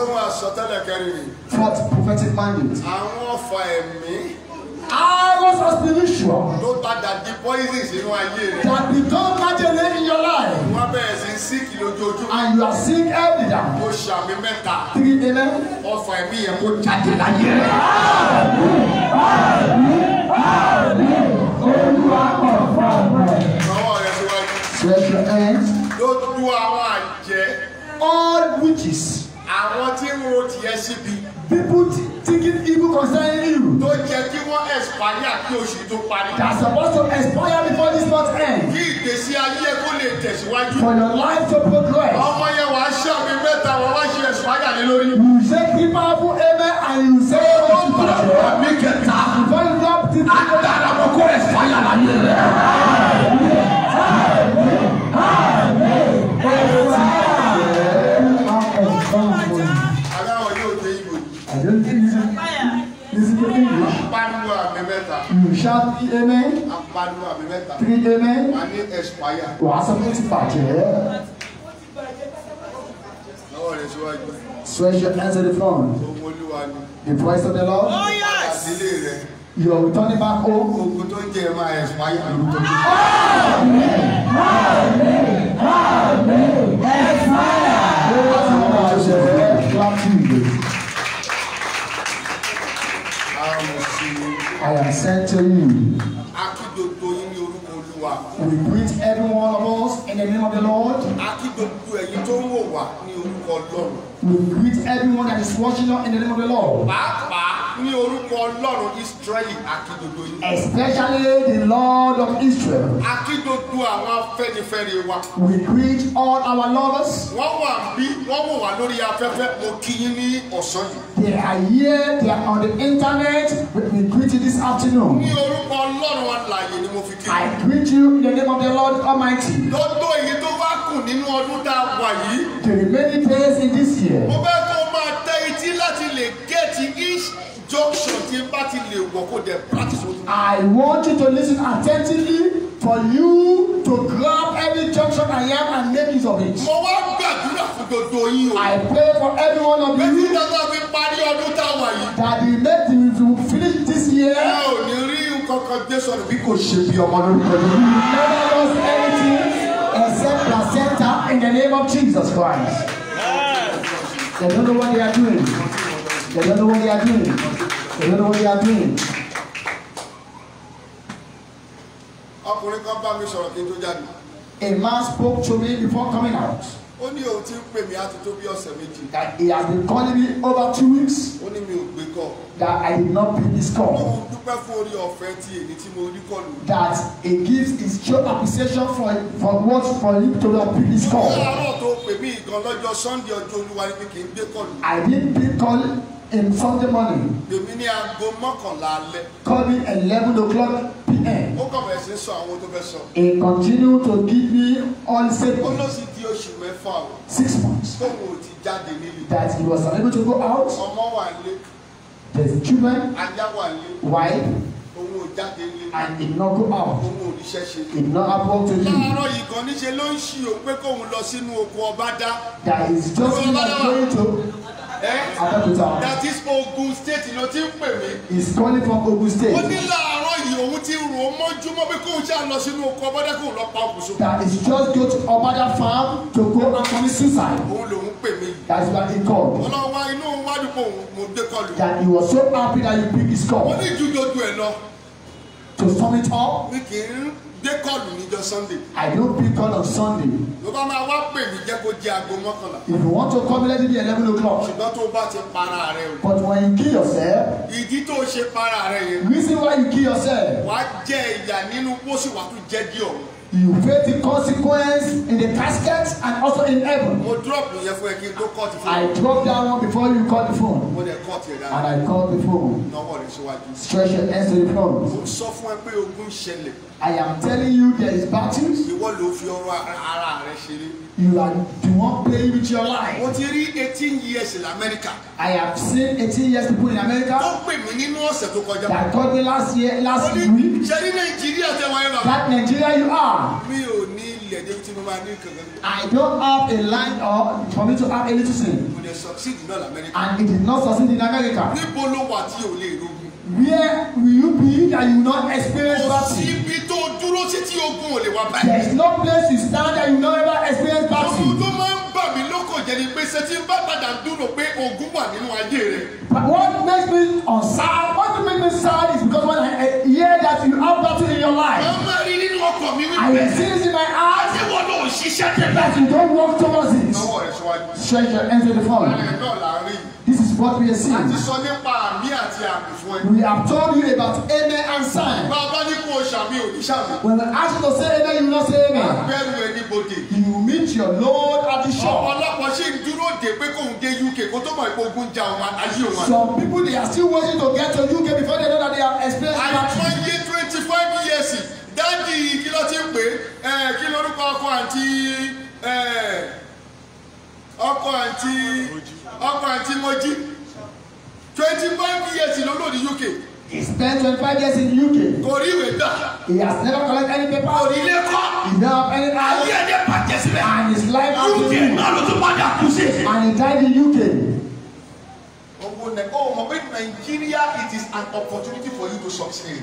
Fourth prophetic mandate. Àwọn ọ̀fà ẹ̀mí arrows are spiritual. ló padà di poison sínú ayé rẹ. that become májèlé in your life. and you are sick every day. three amen. ọfà ẹ̀mí yẹn kó jáde láyé rẹ. àmín àmín your hands. ló tú àwọn àjẹ́. all witches. àwọn tí ń ro tiẹ̀ síbi. people ti do concerning you. tó jẹ́ kí wọ́n expire kí oṣù tó parí. that are supposed to expire before this month end. kí ìgbésí ayé kó lè tẹ̀síwájú. for your life to progress. ọmọ yẹn wàá ṣe àmì mẹ́ta wọ́n wá ṣe expire lé lórí. you say keep up amen and you say it to the Lord. before you drop the. a dara mọ kó expire láyé rẹ. You shall be amen. Apanu àmì mẹ́ta. Three amen. Wà ní expire. Wà á sọ fún ti bàjẹ́. Lọ́wọ́ rẹ̀ síwájú. Stretch your hands to the floor. The voice of the Lord. Oh yes. You are Your returning back home. Ogun tó jẹ́ ẹ máa Amen. Amen. Amen. I am sent to you. We greet every one of us in the name of the Lord will greet everyone that is watching us in the name of the Lord. pàápàá ní orúkọ ọlọ́run Ísírẹ́lì akídodo yìí. especially the Lord of Israel. akídodo àwọn afẹ́nifẹ́re wa. we greet all our lovers. wọ́n wà bí wọ́n wò wá lórí afẹ́fẹ́ mo kí yín ní ọ̀sán yìí. they are here they are on the internet we greet you this afternoon. ní orúkọ ọlọ́run alààyè ni mo fi kí. I greet you in the name of the Lord Almighty. lọ́dọ̀ èyí tó bá kù nínú ọdún tá a wà yìí. the remaining days in this year mo fẹ́ kó máa tẹ etí láti lè gẹ́ẹ̀tì each junction tí bá ti lè wọ̀ kó dẹ̀ practice I want you to listen attentively for you to grab every junction I am and make use of it. mo wá gbàdúrà fún gbogbo yín o. I pray for every one of you. bẹ́ẹ̀ni dandan fi parí ọdún táwọn yìí. that make the review finish this year. ẹ ò ní rí kankan dé sọ̀rọ̀ bí kò ṣe bí ọmọ lórúkọ yìí. never lost anything except placenta in the name of Jesus Christ. They don't know what they are doing. They don't know what they are doing. They don't know what they are doing. A man spoke to me before coming out ó ní òun ti ń pè mí àti tó bí ọ̀sẹ̀ méjì. that he has been calling me over two weeks. ó ní mi ò gbé kọ́. that I did not pay this call. mo dúpẹ́ fún orí ọ̀fẹ́ ti èyí tí mo rí kọlù. that he gives his true appreciation for for what for him to not paid this call. ní àárọ̀ tó pè mí ìkan lọ́jọ́ sunday ọjọ́ olúwa ni mi kì í gbé kọlù. I did pay call in sunday morning. èmi ní aago mọ́kànlá alẹ́. call me eleven o'clock p.m kàn bẹ̀rẹ̀ he continued to give me all seven. six months. that he was unable to go out. ọmọ wà the children. ajá wife. and he not go out. òun ò níṣẹ́ he no have to do. that is just not going to. Eh? Abẹ́òkúta. That is Ogun State ló ti ń pè mí. He is calling from Ogun State. Ó ní láàárọ̀ yìí òun ti rò ó mọ́júmọ́ bí kò ṣáà lọ sínú oko ọbọ̀dé kò lọ pa òkùnso. That is just go to Obada farm to go and commit suicide. Òun lòun pè mí. That is why he called. Ọlọ́wọ́ inú wádùn kò mò ń gbé That he was so happy that he picked his call. Ó ní ju dodo ẹ̀ lọ. To sum it up. Mi kì í gbé kọ́ọ̀lù níjọ́ sunday. I don't pick call on Sunday. ló bá máa wá pè mí jẹ́ kó jẹ́ aago mọ́kànlá. if you want to come let it be eleven o'clock. ṣùgbọ́n tó o bá ti para rẹ o. but when you kill yourself. ìdí tó o ṣe para rẹ yẹn. reason why you kill yourself. wàá jẹ ìyà nínú pósí wàá tún jẹ́ di ọ̀run you face the consequence in the casket and also in heaven. mo drop yẹn fún ẹ kí n tó cut the phone. I drop that one before you cut the phone. mo dẹ̀ cut yẹn dáadáa. and I cut the phone. nọwọ́ rẹ̀ síwájú. stretch your hands to the floor. mo sọ fún ẹ pé ogun ṣẹlẹ̀. I am telling you there is battles. ìwọ ló fi ọrọ̀ ara rẹ ṣeré. you are the one playing with your life. mo ti rí eighteen years in America. I have seen eighteen years people in America. tó pè mí nínú ọ̀sẹ̀ tó kọjá. that called me last year last week. ṣe ní Nàìjíríà tẹ́wọ̀n ẹ̀ bàbá. that Nigeria you are. Ah. Mi ò ní ilẹ̀ débi tí mo máa ní kankan. I don't have a line or for me to have a little thing. Kò dẹ̀ succeed in North America. And it did not succeed in America. Níbo ló wà tí o lè rogun? Where will you be that you not experience battle? Ibi tó dúró sí tí ogun ò lè wá báyìí. There is no place to stand that you never experience battle. Ohun tó máa ń bà mí lókàn jẹ́ ni pé ṣé tí n bá padà dúró pé ogun wà nínú ayé rẹ̀. what makes me unsad, what makes me sad is because when I hear that you have battle in your life ọkọ mi wípé. I see this in my heart. Àti wọn náà ṣiṣẹ́ tẹ́lẹ̀. That you don't walk towards it. Ìnáwó rẹ̀ ṣíwájú. Stretch your hands to the floor. Ìnáwó náà là ń rí. This is what we are seeing. Àti sọ nípa àmì àti àmì fún ẹ. We have told you about amen and sign. Bá a bá ní kó o ṣàmì ò ṣàmì. When I ask to say amen, you no say amen. Bẹ́ẹ̀ni ẹni bòde. You meet your Lord at the shop. Ọ̀pọ̀lọpọ̀ ṣì ń dúró dé pé kóun dé UK kó tó mọ̀ pé ogun ja òun ayé òun. Some people they are still waiting to get to UK before they know that they have experienced. Àìmọye twenty five years dáàdì kí ló ti ń pè é kí lórúkọ ọkọ àǹtí ọkọ àǹtí ọkọ àǹtí mojí twenty five years ló lò ní UK. He spent 25 years in the UK. Kò rí ìwé gbà. He has never collected any paper. Kò rí ilé kọ́. He never have any house. Ayé ẹ̀dẹ̀ bàjẹ́ síbẹ̀. And his life has been ruined. UK náà ló tún padà kú And he died in UK. Owó nẹ̀ ọ́ mọ̀ pé Nigeria it is an opportunity for you to succeed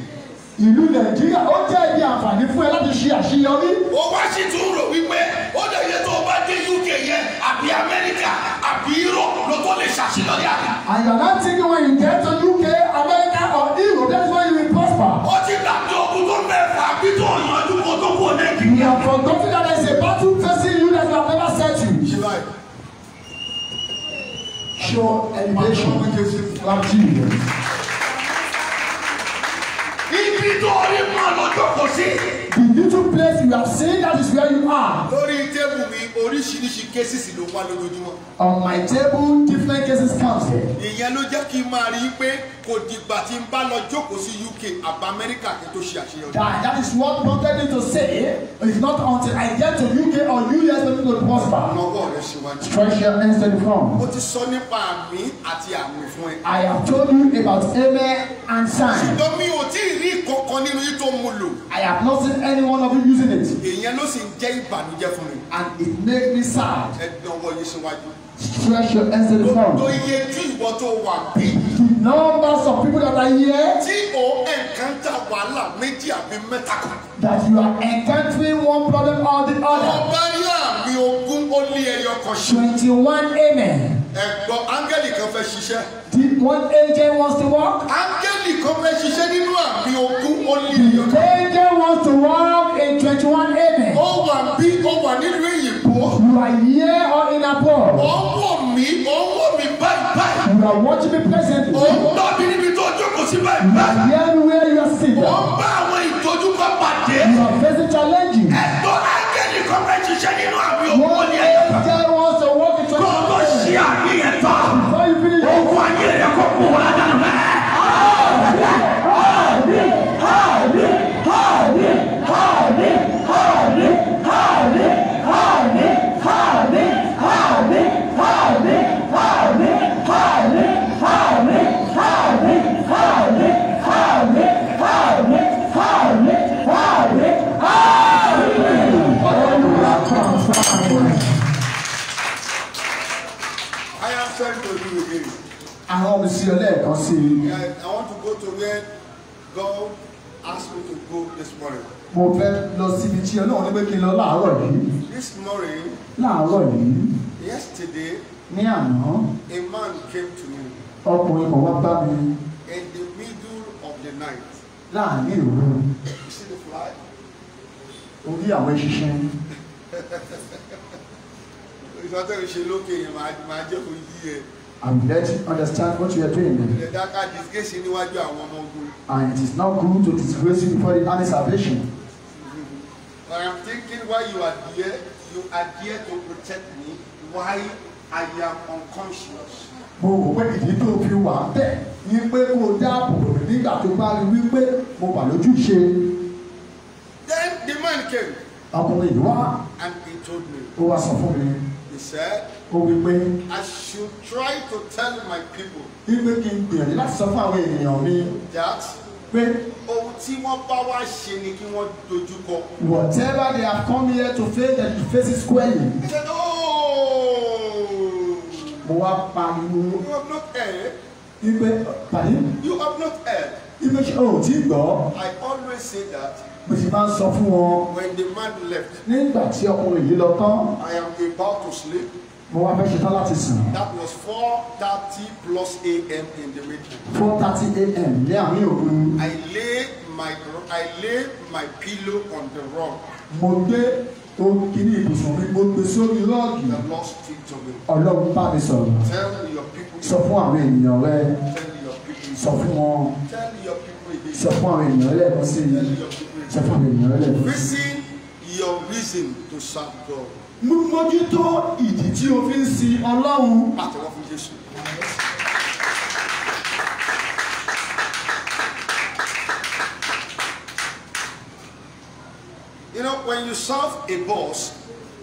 ìlú nàìjíríà ó jẹ́ ibi àǹfààní fún ẹ láti ṣe àṣeyọrí. ó wá sì tún rò wípé ó lè yẹ tó o bá dé uk yẹn àbí amẹ́ríkà àbí europe ló tó lè ṣàṣeyọrí àná. àyàlá ti ní wọn ìjẹ́ tó uk amẹ́ríkà or europe that's why you will prosper. ó ti gbàgbé ogun tó mẹ́fà bí tó yanjú kó tó kó lẹ́kì. we are from doctor that is a battle facing you that we have never set you. show elevation. Sure. Sure. Sure. Il grido rimane così the little place you are saying that is where you are. lórí tébù mi oríṣiríṣi cases ló wá lójoojúmọ́. on my table different cases comes ìyẹn ló jẹ́ kí n máa rí i pé kò dìgbà tí n bá lọ jókòó sí UK àbá Amẹ́ríkà kí n tó ṣe àṣeyọrí. that that is what prompted me to say it's not until I get to UK or US that people will prosper. lọ́wọ́ rẹ ṣíwájú. stretch your hands to the front. mo ti sọ nípa àmì àti àmì fún ẹ. I have told you about amen and Sam. ṣùgbọ́n mi ò tí ì rí kankan nínú yìí tó mú lò. I have not seen any one of you using it. èèyàn ló sì jẹ́ ìbànújẹ́ fún mi. and it made me sad. ẹ ọwọ́ yìí síwájú. stretch your hands to the front. tí ìwọ tó wà bí. the numbers of people that are here. tí o encounter wàhálà méjì àbí mẹ́ta kan. that you are encountering one problem or the other. ọba yà mí ogún ó lé ẹyọ kan ṣe. twenty one amen. ẹ̀gbọ́n áńgẹ́lì kan fẹ́ ṣiṣẹ́. the one angel wants to work. áńgẹ́lì kan fẹ́ ṣiṣẹ́ nínú àmì ogún ó lé ẹyọ kan wants to walk in 21 amen. Ó wà bí ó wà nínú ìyìnbó. You are here or in a pool. ń wò mí, ó ń wò You are watching me present. Ó ń tọ́ mi níbi tó jókòó sí báyìí báyìí. You are here where you are sitting. Ó ń bá àwọn ìtọ́jú kan pàdé. You are go this morning. mo fẹ́ lọ síbi tí ọlọ́run ní pé kí n lọ láàárọ̀ yìí. this morning. láàárọ̀ yìí. yesterday. ní àná. a man came to me. ọkùnrin kan wá bá mi. in the middle of the night. láàárín òru. you see the fly. orí àwọn eṣinṣin. ìfọ̀tẹ́ mi ṣe lókè yẹn máa jẹ́ kó yí ẹ and let you understand what you are doing. Ẹ̀dá ká disgrace níwájú àwọn ọmọ ogun. And it is not good to disgrace before the army salvation. I am thinking why you are here, you are here to protect me, why I am unconscious. Mo rò pé ìdí tó fi wà á bẹ̀ ni pé kó o dáàbò bò nígbà tó bá rí wípé mo wà lójú ṣe. Then the man came. Ọkùnrin yìí wá. And he told me. Ó wá sọ fún mi. He said, ó wí pé. I should try to tell my people. wípé kí n gbìyànjú láti sọ fún àwọn ènìyàn mi. that pé. ohun tí wọ́n bá wá ṣe ni kí wọ́n dojú kọ. whatever they have come here to face that you face it squarely. he said ooo. Oh! mo wá pariwo. you have not heard. wípé pàdé. you have not heard. wípé ṣé o ò gbọ́. I always say that mo sì máa ń sọ fún wọn. when the man left. nígbà tí ọkùnrin yìí lọ tán. I am about to sleep. mo wá fẹ́ ṣetán láti sùn. that was four thirty plus a.m. in the midday. four thirty a.m. ní àárín òru. I lay my I lay my pillow on the rug. mo gbé ohun kìíní ibùsùn mi mo gbé sórí lọ́ọ̀gì. the Lord speak to me. ọlọ́run bá mi sọ̀rọ̀. tell your people. sọ fún àwọn ènìyàn rẹ. tell your people. sọ fún wọn. tell your people. sọ fún àwọn ènìyàn lẹ́ẹ̀kan sí i. tell your people. Facing your reason to serve God. mímójútó ìdí tí o fi ń sin ọlọ́run. àtẹwọ́ fún jésù. You know, when you serve a boss,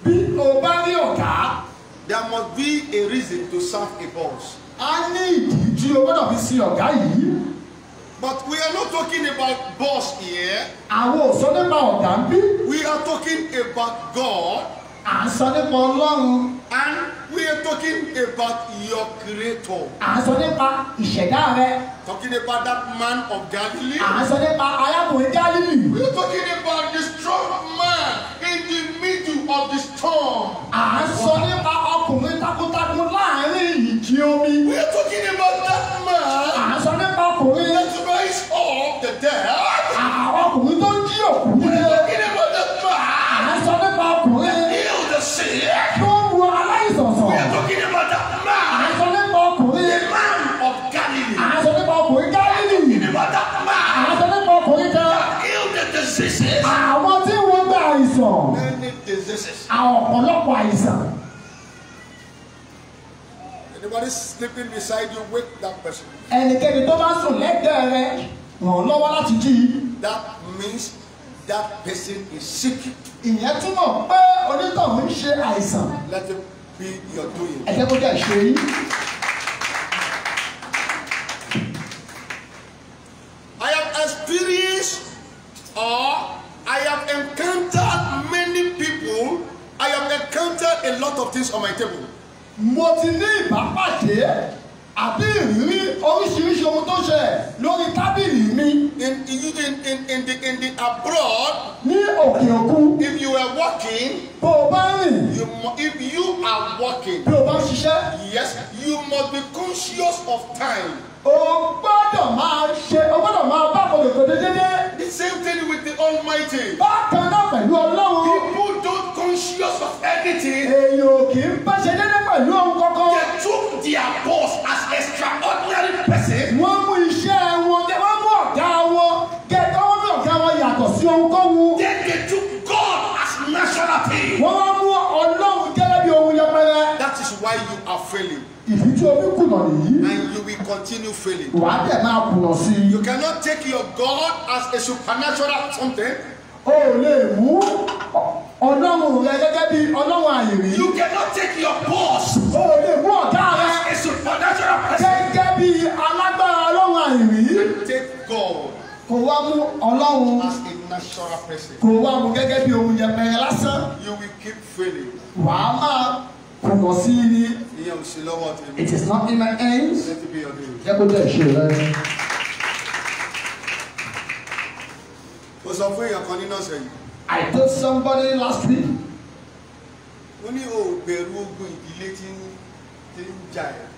bí o bá rí ọ̀gá, there must be a reason to serve a boss. a ní ìdí tí o gbọ́dọ̀ fi sin ọ̀gá yìí. But we are not talking about boss here. Àwọn ò sọ nípa ọ̀gá ń bí. We are talking about God. À ń sọ nípa Ọlọ́run. And we are talking about your creator. À ń sọ nípa ìṣẹ̀dá rẹ. Talking about that man of Galilee. À ń sọ nípa arákùnrin Galilee. We are talking about the strong man in the middle of the storm. À ń sọ nípa ọkùnrin takuntakun láàárín ìjì omi. We are talking about that man. À ń sọ nípa ọkùnrin of the dead. Àwọn ọkùnrin tó ń jí òkú dé. We're talking about the man. À ń sọ nípa ọkùnrin. That healed the sick. Tó ń wo aláìsàn sàn. We're talking about the man. À ń sọ nípa ọkùnrin. The man of Galilee. À ń sọ nípa ọkùnrin Galilee. We're talking about the man. À ń sọ nípa ọkùnrin kan. That healed the diseases. Àwọn tí wọ́n gbé àìsàn. Many diseases. Àwọn ọ̀pọ̀lọpọ̀ àìsàn. Anybody sleeping beside you, wake that person. Ẹnikẹ́ni tó bá sùn lẹ́gbẹ̀ẹ́ rẹ ràn lọ́wọ́ láti jí. that means that person is sick. ìyẹn túmọ̀ pé onítọ̀hún ń ṣe àìsàn. let it be your doing. ẹ jẹ́ kó jẹ́ ìṣe yín. I have experienced or I have encountered many people. I have encountered a lot of things on my table. Mo ti ní ìbápàdé àbí ìrírí oríṣiríṣi ohun tó ṣẹlẹ̀ lórí tábìlì mi. in in in in the in the abroad. ní òkè òkun. if you were working. bó o bá rìn. you if you are working. bí o bá ń ṣiṣẹ́. yes you must be conscious of time. o gbọ́dọ̀ máa ṣe o gbọ́dọ̀ máa bá àkókò tó dédé. the same thing with the almighty. bákan náà pẹ̀lú ọlọ́run. people don't conscious of anything. èyí ò kì í bá ṣe dédé pẹ̀lú ohun kankan. they took their boss as extraordinary person. wọ́n mú iṣẹ́ wọn wọ́n mú ọ̀gá wọn gẹ́gẹ́ wọ́n mú ọ̀gá wọn yàtọ̀ sí ohunkóhun. then they took God as national thing. wọ́n wá mú ọlọ́run gẹ́gẹ́ bí ohun yẹpẹrẹ. that is why you are failing ìdí tí omi kùnà nìyí. and you will continue failing. wà á dẹ̀ máa kùnà sí i. you cannot take your God as a supernatural something. o lè mú Ọlọ́run rẹ gẹ́gẹ́ bí Ọlọ́run àyèrè. You cannot take your boss. O lè mú ọ̀gá rẹ. As a supernatural person. Gẹ́gẹ́ bí alágbára Ọlọ́run àyèrè. Take God kò wá mú ọlọ́run kò wá mú gẹ́gẹ́ bí ohun yẹpẹrẹ lásán wà á máa kọ̀kọ̀ sí i ní it is not in my hands jẹ́ kó jẹ́ ìṣe rẹ. o sọ fún èèyàn kan nínú ọ̀sẹ̀ yìí. I told somebody last week. ó ní o ogun ìdílé tí ń tí ń jà ẹ́.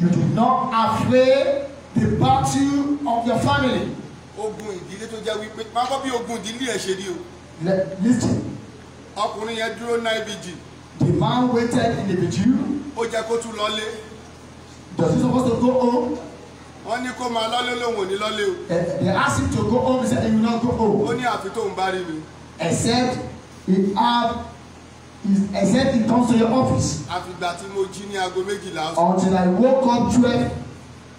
You do not afraid the battle of your family. ogun ìdílé tó jẹ́ wípé máa kọ́ bí ogun ìdílé ẹ̀ ṣe rí o. Listen. ọkùnrin yẹn dúró ná ibìjì. The man waited in the vigil. ó jẹ́ kó tún lọ́lé. Does he suppose to go home? wọ́n ní kó máa lọ́lé lòun ò ní lọ́lé o. Eh, they asked him to go home he said he will not go home. ó ní àfi tóun bá rí mi except he have except he comes to your office. àfìgbà tí mo jí ní aago méjìlá. until I woke up twelve.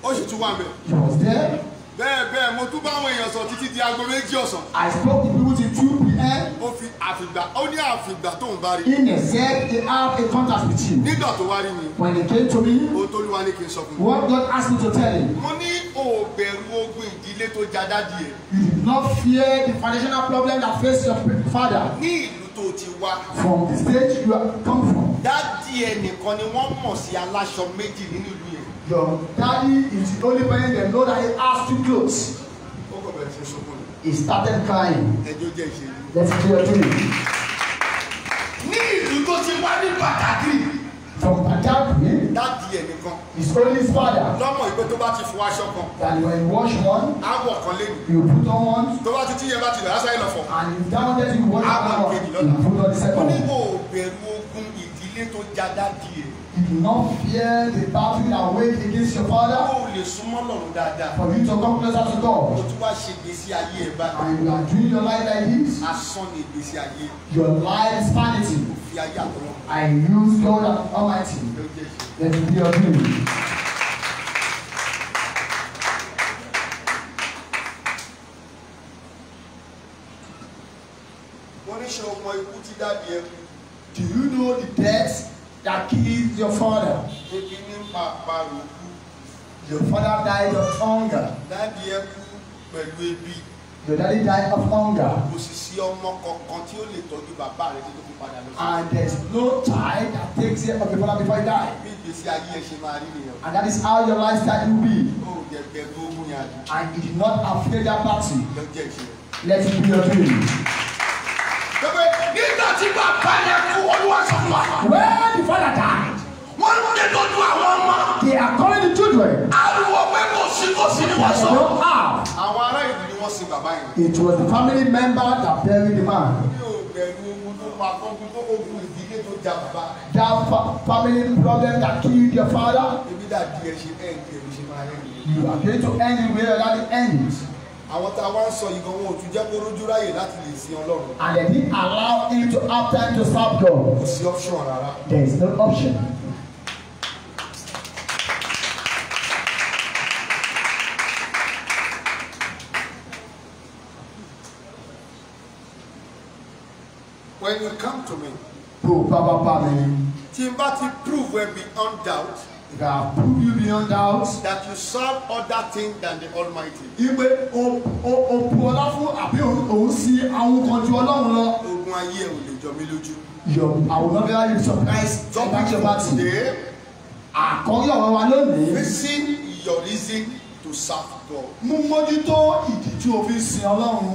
ó sì tún wà bẹ́ẹ̀. he was there bẹ́ẹ̀ bẹ́ẹ̀ mo tún bá àwọn èèyàn sọ títí di aago méjì ọ̀sán. I spoke to people till two p.m. ó fi àfìgbà ó ní àfìgbà tó ń bá rí. Ine said he had a contact with you. nígbà tó wá rí mi. When he came to me. o tó lù wá ní kí sọ fún mi. What God asked me to tell him. mo ní òbẹ̀rù ogun ìdílé tó já dádì ẹ̀. You did not fear the financial problem that faced your father. ní ìlú tó ti wá. From the state you come from. dádì ẹ̀ nìkan ni wọ́n mọ̀ sí aláṣọ méjì nínú ìlú Your daddy is the only person that know that he has two clothes. He started crying. Let's clear to him. Ní ìlú tó ti wá ní Badagry. From Badagry. Dáàdi ẹ̀ nìkan. His only father. Lọ́mọ ìgbé tó bá ti fọ aṣọ kan. That when you wash one. Á kan lé You put on one. Tó bá ti tíyẹn bá ti lọ, á sáré lọ fọ. And if down there you wash one. Á kejì lọ́la. You put on the second one. Ó ní kò bẹ̀rù ogun ìdílé tó já dáàdi ẹ̀. You do not fear the battle that wage against your father. Ó lè súnmọ́ lọ́run dáadáa. For you to come closer to God. Ó tún wá ṣe ìgbésí ayé ẹ̀ bá. And you are doing your life like this. Asán ni ìgbésí ayé. Your life is vanity. Kò fi ayé àtọ̀rọ̀. I use God Almighty. Let me be your name. Do you know the death? that killed your father. Your father died of hunger. Dáàdi Your daddy died of hunger. And there's no child that takes care of your father before he died. And that is how your lifestyle will be. And he did not afraid that party. Lọ Let it be your dream nígbà tí bàbá yẹn kú olúwa sọ fún wa. where the father died. wọ́n ń ké lójú àwọn ọmọ. they are calling the children. ariwo pé kò sí kò sí ni wọ́n sọ. no how. àwọn ará ìlú ni wọ́n sin bàbá yẹn. it was the family member that buried the man. mi that fa family problem that killed your father. you are going to end where that end àwọn tá a wá ń sọ yìí gan wọn ò jẹ́ kó rójú ráyè láti lè sin ọlọ́run. and they didn't allow him to have time to stop God. kò sí option rárá. there is no option. when you come to me. prove, bá bá bá mi. tí n bá ti prove and beyond doubt. It prove you beyond doubt. That you serve other things than the Almighty. Ìpè òpù ọlá fún àbí òun sí àwọn kan ju Ọlọ́run lọ. Ogun ayé ò lè jọ mí lójú. Your I will not be able to surprise your pastor party. Àkọ́rí ọ̀rọ̀ wa lónìí. Facing your reason to serve God. Mú mójútó ìdí tí o fi sin Ọlọ́run.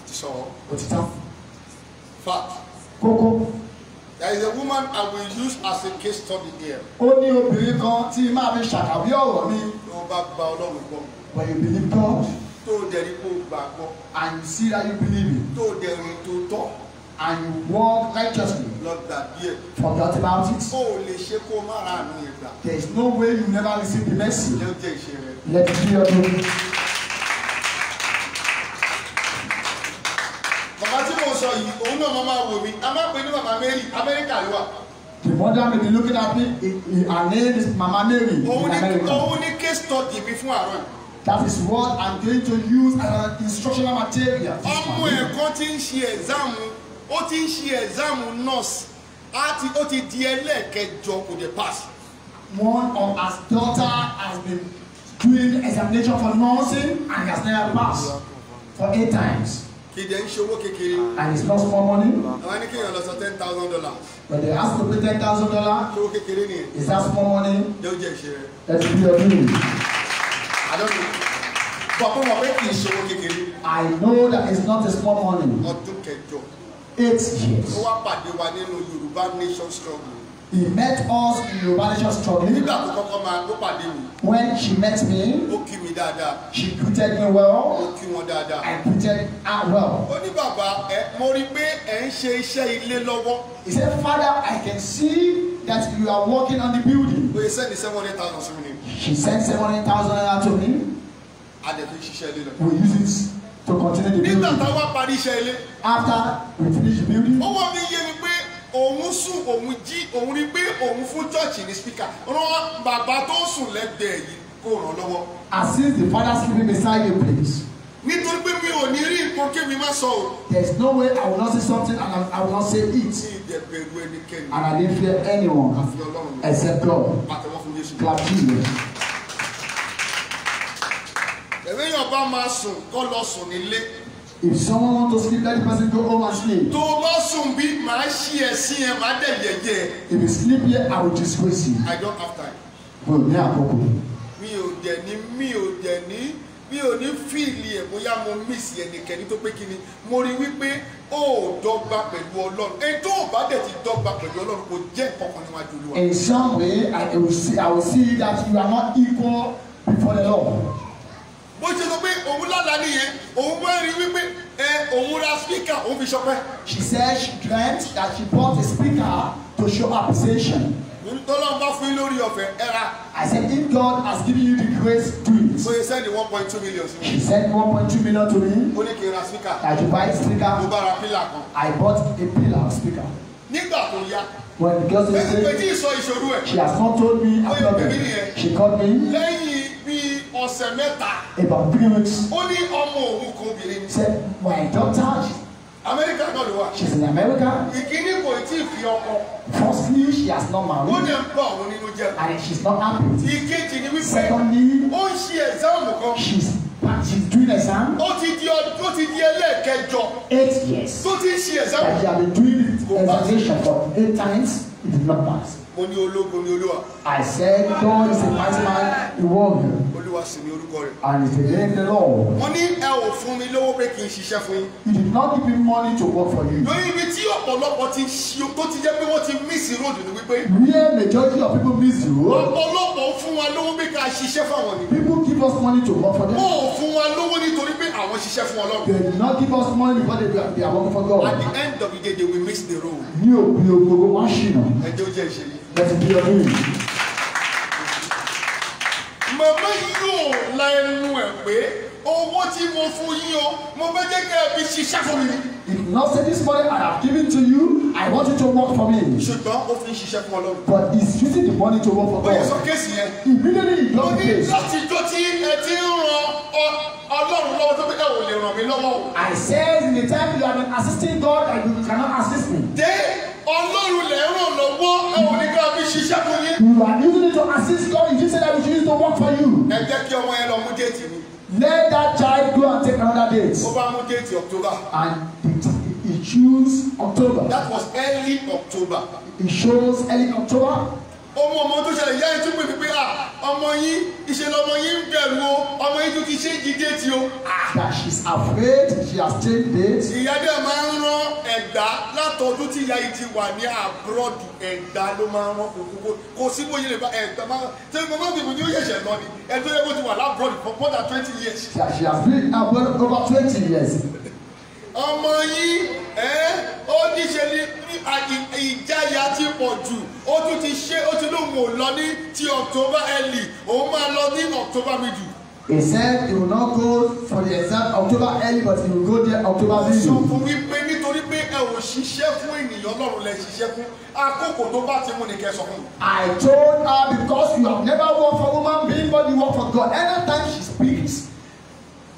Àti sọ̀rọ̀. Òtítọ́. Fact. Kókó. There is a woman I will use as a case study here. Ó ní obìnrin kan tí máa fi ṣàkàwé ọ̀rọ̀ mi. Tó o bá gba Ọlọ́run gbọ́. But you believe God. Tó o dẹ̀ rí kó o gbàgbọ́. And you see that you believe it. Tó o dẹ̀ rí tó tọ́. And you walk righteously. Lọ gbàgbé ẹ̀. Forget about it. Kó o lè ṣe kó o má ra àánú yẹn There is no way you never receive the mercy. Lẹ́yìn jẹ́ ìṣe rẹ̀. Let it be your sọ yìí òun náà máa máa wò mí a máa pè ní màmá Mary Amẹ́ríkà ló wà. The mother may be looking at me her name is Mama Mary in America. Òun ní case study mi fún àárọ̀. That is what I'm going to use as an instructional material. Ọmọ ẹ̀kọ́ ti ń ṣe exam ó ti ń ṣe exam nurse àti ó ti di ẹlẹ́ẹ̀kẹjọ kò dé pass. One of her daughter has been doing examination for nursing and has never passed for eight times kìdí ẹ̀ ń ṣe owó kékeré. and it's not small money. àwọn ẹni kéèyàn lọ sọ ten thousand dollars. but they ask to pay ten thousand dollars. ṣé owó kékeré ni. is that small money. jẹ́ o jẹ́ ìṣe rẹ. ẹ ti bí ọdún yìí. àdókò bọ̀kú mọ̀ pé kì í ṣe owó kékeré. I know that it's not a small money. ọdún kẹjọ. eight years. ó wá pàdé wa nínú Yorùbá nation struggle. He met us in Yoruba nation struggle. Nígbà tó kọ́kọ́ máa ló pàdé mi. When she met me. Ó kí mi dáadáa. She greeted me well. Ó kí wọn dáadáa. I greeted her well. Ó ní bàbá ẹ mo rí pé ẹ ń ṣe iṣẹ́ ilé lọ́wọ́. He said father I can see that you are working on the building. Oye send seven hundred thousand to me. She sent seven hundred thousand naira to me. Adẹ̀tún ṣiṣẹ́ ilé lọ. We use it to continue the building. Nígbà táwa parí iṣẹ́ ilé. After we finish the building. Ó wọ́n mi yé mi pé òun sùn òun jí òun rí pé òun fún chọ́ọ̀chì ní spíkà rán bàbá tó sùn lẹ́gbẹ̀ẹ́ yìí kó ràn lọ́wọ́. as since the father sleeping beside you please. nítorí pé mi ò ní rí nǹkan kémi má sọ o. there is no way I will not say something and I, will not say it. ní ìdẹ̀bẹ̀rù ẹnikẹ́ni. and I didn't fear anyone except God. clap to you. ẹ̀rẹ́yìn ọba máa sùn kọ́ lọ sùn nílé. If someone wants to sleep, let the person go home and sleep. Tó o bá sùn bí màá ṣí ẹ̀sìn ẹ̀ máa dẹ̀ yẹ̀yẹ́. If you sleep here, I will disgrace you. I don't have time. Mo ní àkókò. Mi ò jẹ̀ ní mi ò jẹ̀ ní mi ò ní fíìlì ẹ̀ bóyá mo miss ẹnikẹ́ni tó pé kíni mo rí wípé ó dọ́gba pẹ̀lú ọlọ́run èyí tó o bá dẹ̀ ti dọ́gba pẹ̀lú ọlọ́run kò jẹ́ kankan níwájú olúwa. In some way I will see I will see that you are not equal before the law bó ṣe sọ pé òun lálàá nìyẹn òun wá rí wípé ẹ òun ra speaker òun fi ṣọpẹ́. she said she dreamt that she bought a speaker to show appreciation. Tọ́lọ́n bá fún yín lórí ọ̀fẹ́ ẹ ra. I said if God has given you the grace to, it. So he send the one point two million to me. She sent one point two million to me. Ó ní kí n ra speaker. I should buy speaker. Mo bá ra pillar kan. I bought a pillar speaker. Nígbà tó yá. When the girl say. Bẹ́ẹ̀ni She has not told me about it. She called me. Lẹ́yìn bíi ọ̀sẹ̀ mẹ́ta. about three weeks. ó ní ọmọ òun kan obìnrin. said my daughter. America náà ló wà. she is in America. ìkíní kò tí ì fi ọkọ. firstly she has not married. ó ní ń bọ̀ òun nínú jẹ́. and she is not happy. ìkejì ni wípé. secondly. ó ń ṣe exam kan. she is she is doing exam. ó ti di ó ti di ẹlẹ́ẹ̀kẹjọ. eight years. tó ti ń ṣe exam. and she has been doing examination for eight times it did not pass. mo ní ológun ní olúwa. I said God is a mighty man in war olúwa sì ni orúkọ rẹ̀. and he said then the law. mo ní ẹ ò fún mi lówó pé kí n ṣiṣẹ́ fún yín. you did not give me money to work for you. lórí ibi tí ọ̀pọ̀lọpọ̀ ti ṣe tó ti jẹ́ pé wọ́n ti miss road ni wípé. where majority of people miss road. ọ̀pọ̀lọpọ̀ fún wa lówó pé ká ṣiṣẹ́ fún àwọn ni. people give us money to work for them. wọn ò fún wa lówó nítorí pé àwọn ṣiṣẹ́ fún ọlọ́run. they did not give us money before they were they are working for God. at the end of the day they will miss the road. ní òpin ògbógbó wọn ṣìnà. ẹ jẹ́ ó jẹ́ ìṣèlú. let's be a enemy màmá yìí la ẹnu ẹ̀ pé owó tí mo fún yín o mo fẹ́ jẹ́ kí ẹ fi ṣiṣẹ́ fún mi. It not say this money I have given to you. I want you to work for me. Ṣùgbọ́n ó fi ṣiṣẹ́ fún Ọlọ́run. But he's using the money to work for God. Bóyá sọ kéèsì yẹn. Immediately he blocked the case. Mo ní láti jó tí ẹ ti ń ran Ọlọ́run lọ́wọ́ tó bí ẹ ò lè ràn mí lọ́wọ́. I said in the time you have been assisting God and you cannot assist me. Dé. Ọlọ́run lè ràn lọ́wọ́ ẹ ní ká fi ṣiṣẹ́ fún yín. You are using it to assist God You just said that we should use to work for you. Ẹ jẹ́ kí ọmọ yẹn lọ mú déètì mi. Let that child go and take another date. Ó bá mú déètì October. And he, he choose October. That was early October. He chose early October ọmọ ọmọ tó ṣẹlẹ̀ yá ẹtú pè pípé à ah, ọmọ yín ìṣe lọmọ yín ń bẹ̀rù o ọmọ yín tún ti ṣe jíde tí o. Ah. that she is afraid she has changed date. ìyá dẹ̀ máa ń rán ẹ̀gbá látọ̀dún tí ìyá yìí ti wà ní àbúrọ̀dù ẹ̀gbá ló máa ń rán òkúkú kò sí bóyá lè bá ẹ̀gbá máa ṣe mọ́mọ́ ìbò ní ó yẹ̀ṣẹ̀ lọ ni ẹ̀dọ́ yẹ kó ti wà lábúrọ̀dù for more than twenty years. she has been abroad twenty years ọmọ yín ẹ ó níṣe ní ìjáyà ti pọ̀ jù ó tún ti ṣe ó ti lóun ò lọ ní ti October early òun máa lọ ní October middle. He said he will not go for the exam October early but he will go there October middle. Sọ fún mi pé nítorí pé ẹ ò ṣiṣẹ́ fún ènìyàn Ọlọ́run lẹ ṣiṣẹ́ fún àkókò tó bá ti mú ni kẹ́ fún. I told her because you have never worked for woman being but you work for God anytime she speaks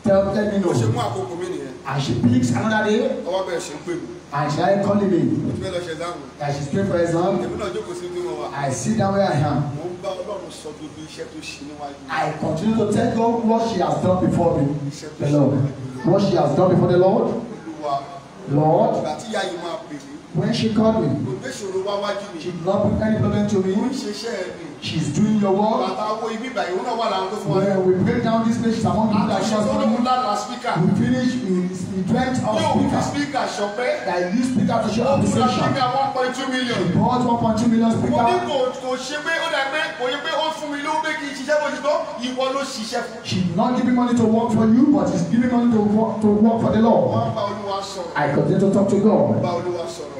tell let me no. ṣe mú àkókò mi nìyẹn. and she picks another day. ọwọ́ bẹ̀rẹ̀ ṣe ń pè mí. and she started calling me. o ti fẹ́ lọ ṣe dáhùn. that she pray for exam. èmi náà jókòó sí ibi wa. I sit down where I am. mo ń bá Ọlọ́run sọ gbogbo iṣẹ́ tó ṣe níwájú. I continue to tell God what she has done before me. iṣẹ́ tó ṣe níwájú. what she has done before the Lord. Olúwa. Lord. ìgbà tí yáyí máa pè mí. when she called me. kò gbé ìṣòro wá wájú mi. she did not bring any problem to me. mo ń ṣe iṣẹ́ mi. She's doing your work. Àtàwọn Well, we break down this place among you that shall be. Àtàwọn last speaker. We finish in in twenty of speaker. Yóò fi speaker That you speaker to show appreciation. Ó kúrò speaker one point two million. He bought 1.2 million speaker. Mo She not giving money to work for you but she's giving money to work to work for the Lord. I continue to talk to God.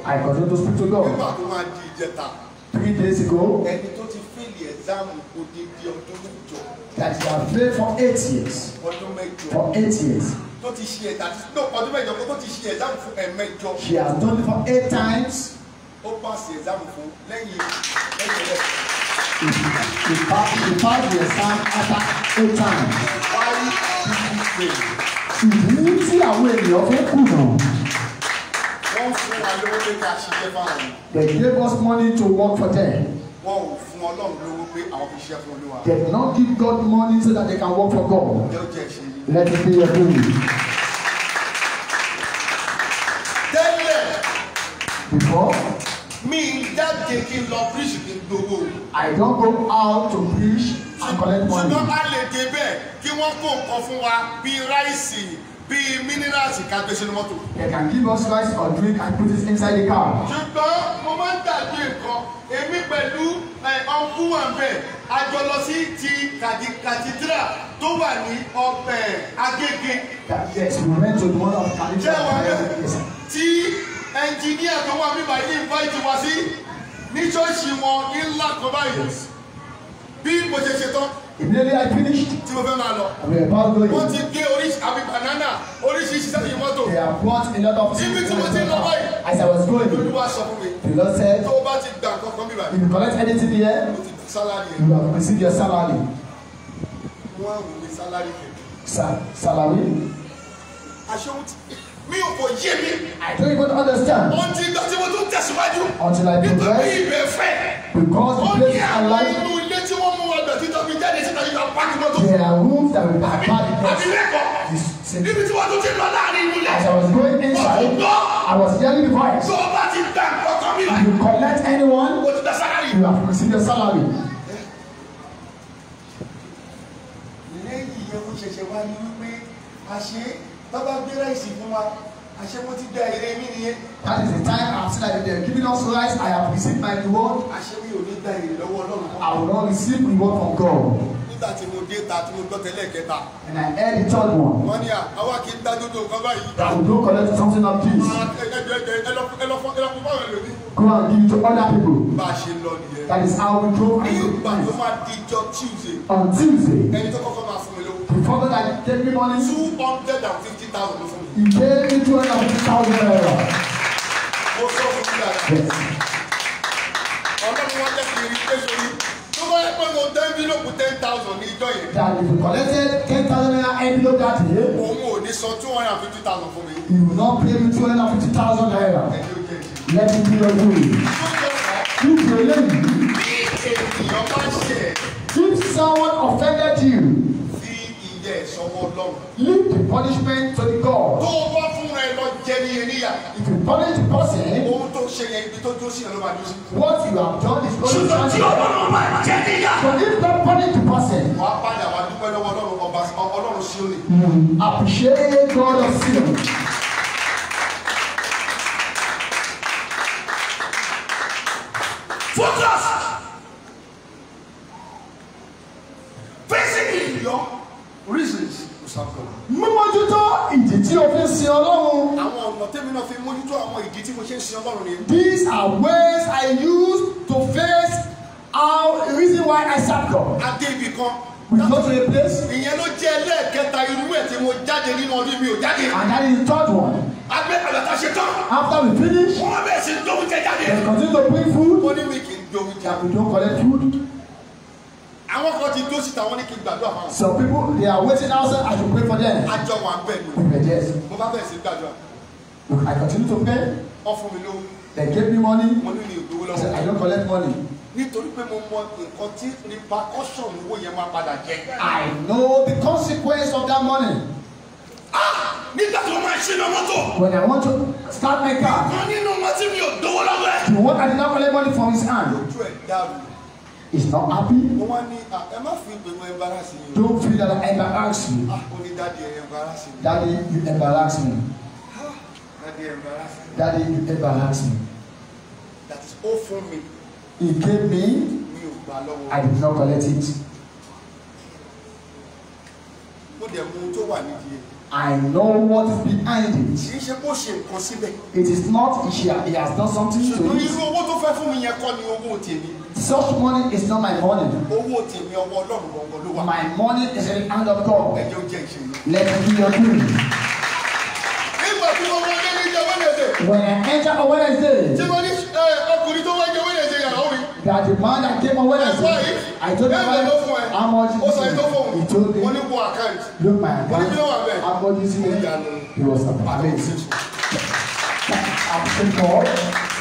I continue to speak to God. Three days ago exam that you have failed for eight years. for eight years. tó ti no ọdún mẹ́jọ kó tó ti ṣe exam fún ẹ̀mẹ́jọ. Eh, she has done it for eight times. ó pass exam fún lẹ́yìn lẹ́yìn rẹ̀. she pass she pass the exam after eight times. why did you fail. ìdí tí àwọn ènìyàn fẹ́ kùnà. They gave us money to work for them they do not give God money so that they can work for God. let it be a dream. tẹ́lẹ̀. before. mi jáde kí n lọ preach kí I don't go out to preach and collect money. ṣùgbọ́n a lè débẹ̀ kí wọ́n kó nǹkan fún wa bíi bíi mínírààsì ká gbé sínú mọ́tò. they can give us rice or drink and put it inside the car. ṣùgbọ́n mo máa ń dàgbé nǹkan èmi pẹ̀lú ọkùn wà bẹ̀ àjọ lọ sí ti kàdídírà tó wà ní ọbẹ̀ eh, agége. yes we went to the one of kàdídírà. jẹ́ wàá bẹ̀ tí ẹnjìníà tó wà mí báyìí ń bá ìjìwá sí ní ṣọ́ọ̀ṣì wọn ńlá kan báyìí bí mo ṣe ṣe tán. Immediately I finished. Tí mo fẹ́ máa lọ. We are about going. Wọ́n ti gé oríṣi àbí banana oríṣiríṣi sẹ́yìn They have brought a lot of things. Ibi tí mo ti lọ báyìí. As I was going. Olúwa sọ fún mi. The Lord said. Tó o bá ti gbà nǹkan If you collect anything here. salary. You have received your salary. One á wò salary Sal, salary. I should." mi ò kò yé mi. I don't even understand. Ohun ti mo tún tẹ̀síwájú. Until I progress. Nítorí ibẹ̀ fẹ́. Because the place I like. Ó ní àwọn inú ilé tí wọ́n mú ọgbẹ̀ títọ́ fi jáde síta yóò gba páàkì mọ́tò. There are rooms that we can park in. Àbí lẹ́kọ̀ọ́. Níbi tí wọ́n tún ti lọ láàrin ìlú lẹ̀. As I was going inside, I was hearing the voice. Tó o bá ti dá nǹkan kan mi. You collect anyone. O ti da salary. You have received your salary. Lẹ́yìn ìyẹn mo ṣẹ̀ṣẹ̀ wá ní wípé a ṣe é bàbá gbé ráìsì fún wa àṣẹ mo ti da èrè mi nìyẹn. that is the time i am still like them giving us rice i have received my reward. àṣẹ mi ò ní da èrè lọ́wọ́ ọlọ́run. i will not receive reward from God. nígbà tí mo dé ta tí mo gbọ́ tẹ́lẹ̀ kẹta. and i heard the third one. wọ́n ní à àwa kì í dá dodo nǹkan báyìí. that will go collect something of peace. go and give it to other people. bá a ṣe lọ nìyẹn. that is how we grow. ní ìgbà tó máa di jọ tuesday. on tuesday. ẹni tó kọ́kọ́ máa fún mi. The father that gave me money. Two hundred and fifty thousand. He gave me two hundred and fifty thousand naira. Mo sọ fún mi láti. Ọlọ́run wọn jẹ́ kí n rí pé sori. Tó bá yẹ pé mo dé envelope ten thousand ní ìjọ yẹn. That if you collected ten thousand naira envelope that day. Òun ò ní sọ two hundred and fifty thousand fún mi. He will not pay me two hundred and fifty thousand naira. Let me be your guru. Kí ni eléyìí? Bí ènìyàn bá ṣe. If someone offended you leave the punishment to the God. tó o bá fúnra ẹ lọ jẹ ní eléyà. if you punish the person. ohun tó ṣe ibi tó dúró sí ìrànlọ́wọ́ àdúrà. what you have done is going to change. ṣùgbọ́n tí ọmọ náà máa jẹ níyà. but if you don't punish the person. wà á padà wà dúpẹ́ lọ́wọ́ Ọlọ́run ọba Ọlọ́run sí òní. Hmm, appreciate God of sin. focus. reasons to serve God. mímójútó ìdí tí o fi ń sin ọlọ́run. àwọn ọ̀nà tẹ́mi náà fi mójútó àwọn ìdí tí mo ṣe ń sin ọlọ́run ni. these are ways I use to face how the reason why I serve God. adé ibì kan. we go to a place. ìyẹn ló jẹ́ ẹlẹ́ẹ̀kẹta irú ẹ̀ tí mo jáde nínú ọdún mi ò jáde. and that is the third one. agbẹ́ àlàtà ṣe tán. after we finish. wọ́n bẹ̀rẹ̀ sí dóhùn jẹ jáde. they continue to bring food. wọ́n ní mi kì í we don collect food àwọn kan ti dó síta wọn ní kí n gbàdúrà fún wọn. some people they are waiting outside as you pray for them. àjọ wà bẹ́ẹ̀ ni. we were there. mo bá bẹ̀rẹ̀ sí gbàdúrà. I continue to pay. wọ́n fún mi lówó. they gave me money. mo ní ní lọ́wọ́. I said I don't collect money. nítorí pé mo mọ nǹkan tí repercussion owó yẹn máa padà jẹ. I know the consequence of that money. Ah, nígbà tó máa ṣe ní mọ́tò. when I want to start my car. ìkan nínú mọ́tò mi ò dówó lọ́wọ́ ẹ̀. the one I did not collect money from his hand. ojú ẹ̀ dàrú is not happy. Ah, don't feel that I embarrass you. Ah, Daddy, o embarrass me. dadi you embarrass me. Daddy, you embarrass me. that is all for me. he gave me. I did not collect it. I know what is behind it. It is not he, has done something to me. Such money is not my money. Owó tèmi ọwọ́ Ọlọ́run gbọ̀ngàn ló wà. My money is in hand of God. Ẹ jẹ́ oúnjẹ Let me be your king. Nígbà tí mo wọlé ní ìjọ Wednesday. When I enter on Wednesday. Tí mo ní ọkùnrin tó wá jẹ Wednesday yàrá mi. That the man that came on Wednesday. I told him how much he said. He told me. Look my account. How much he said He was amazed. I'm thankful.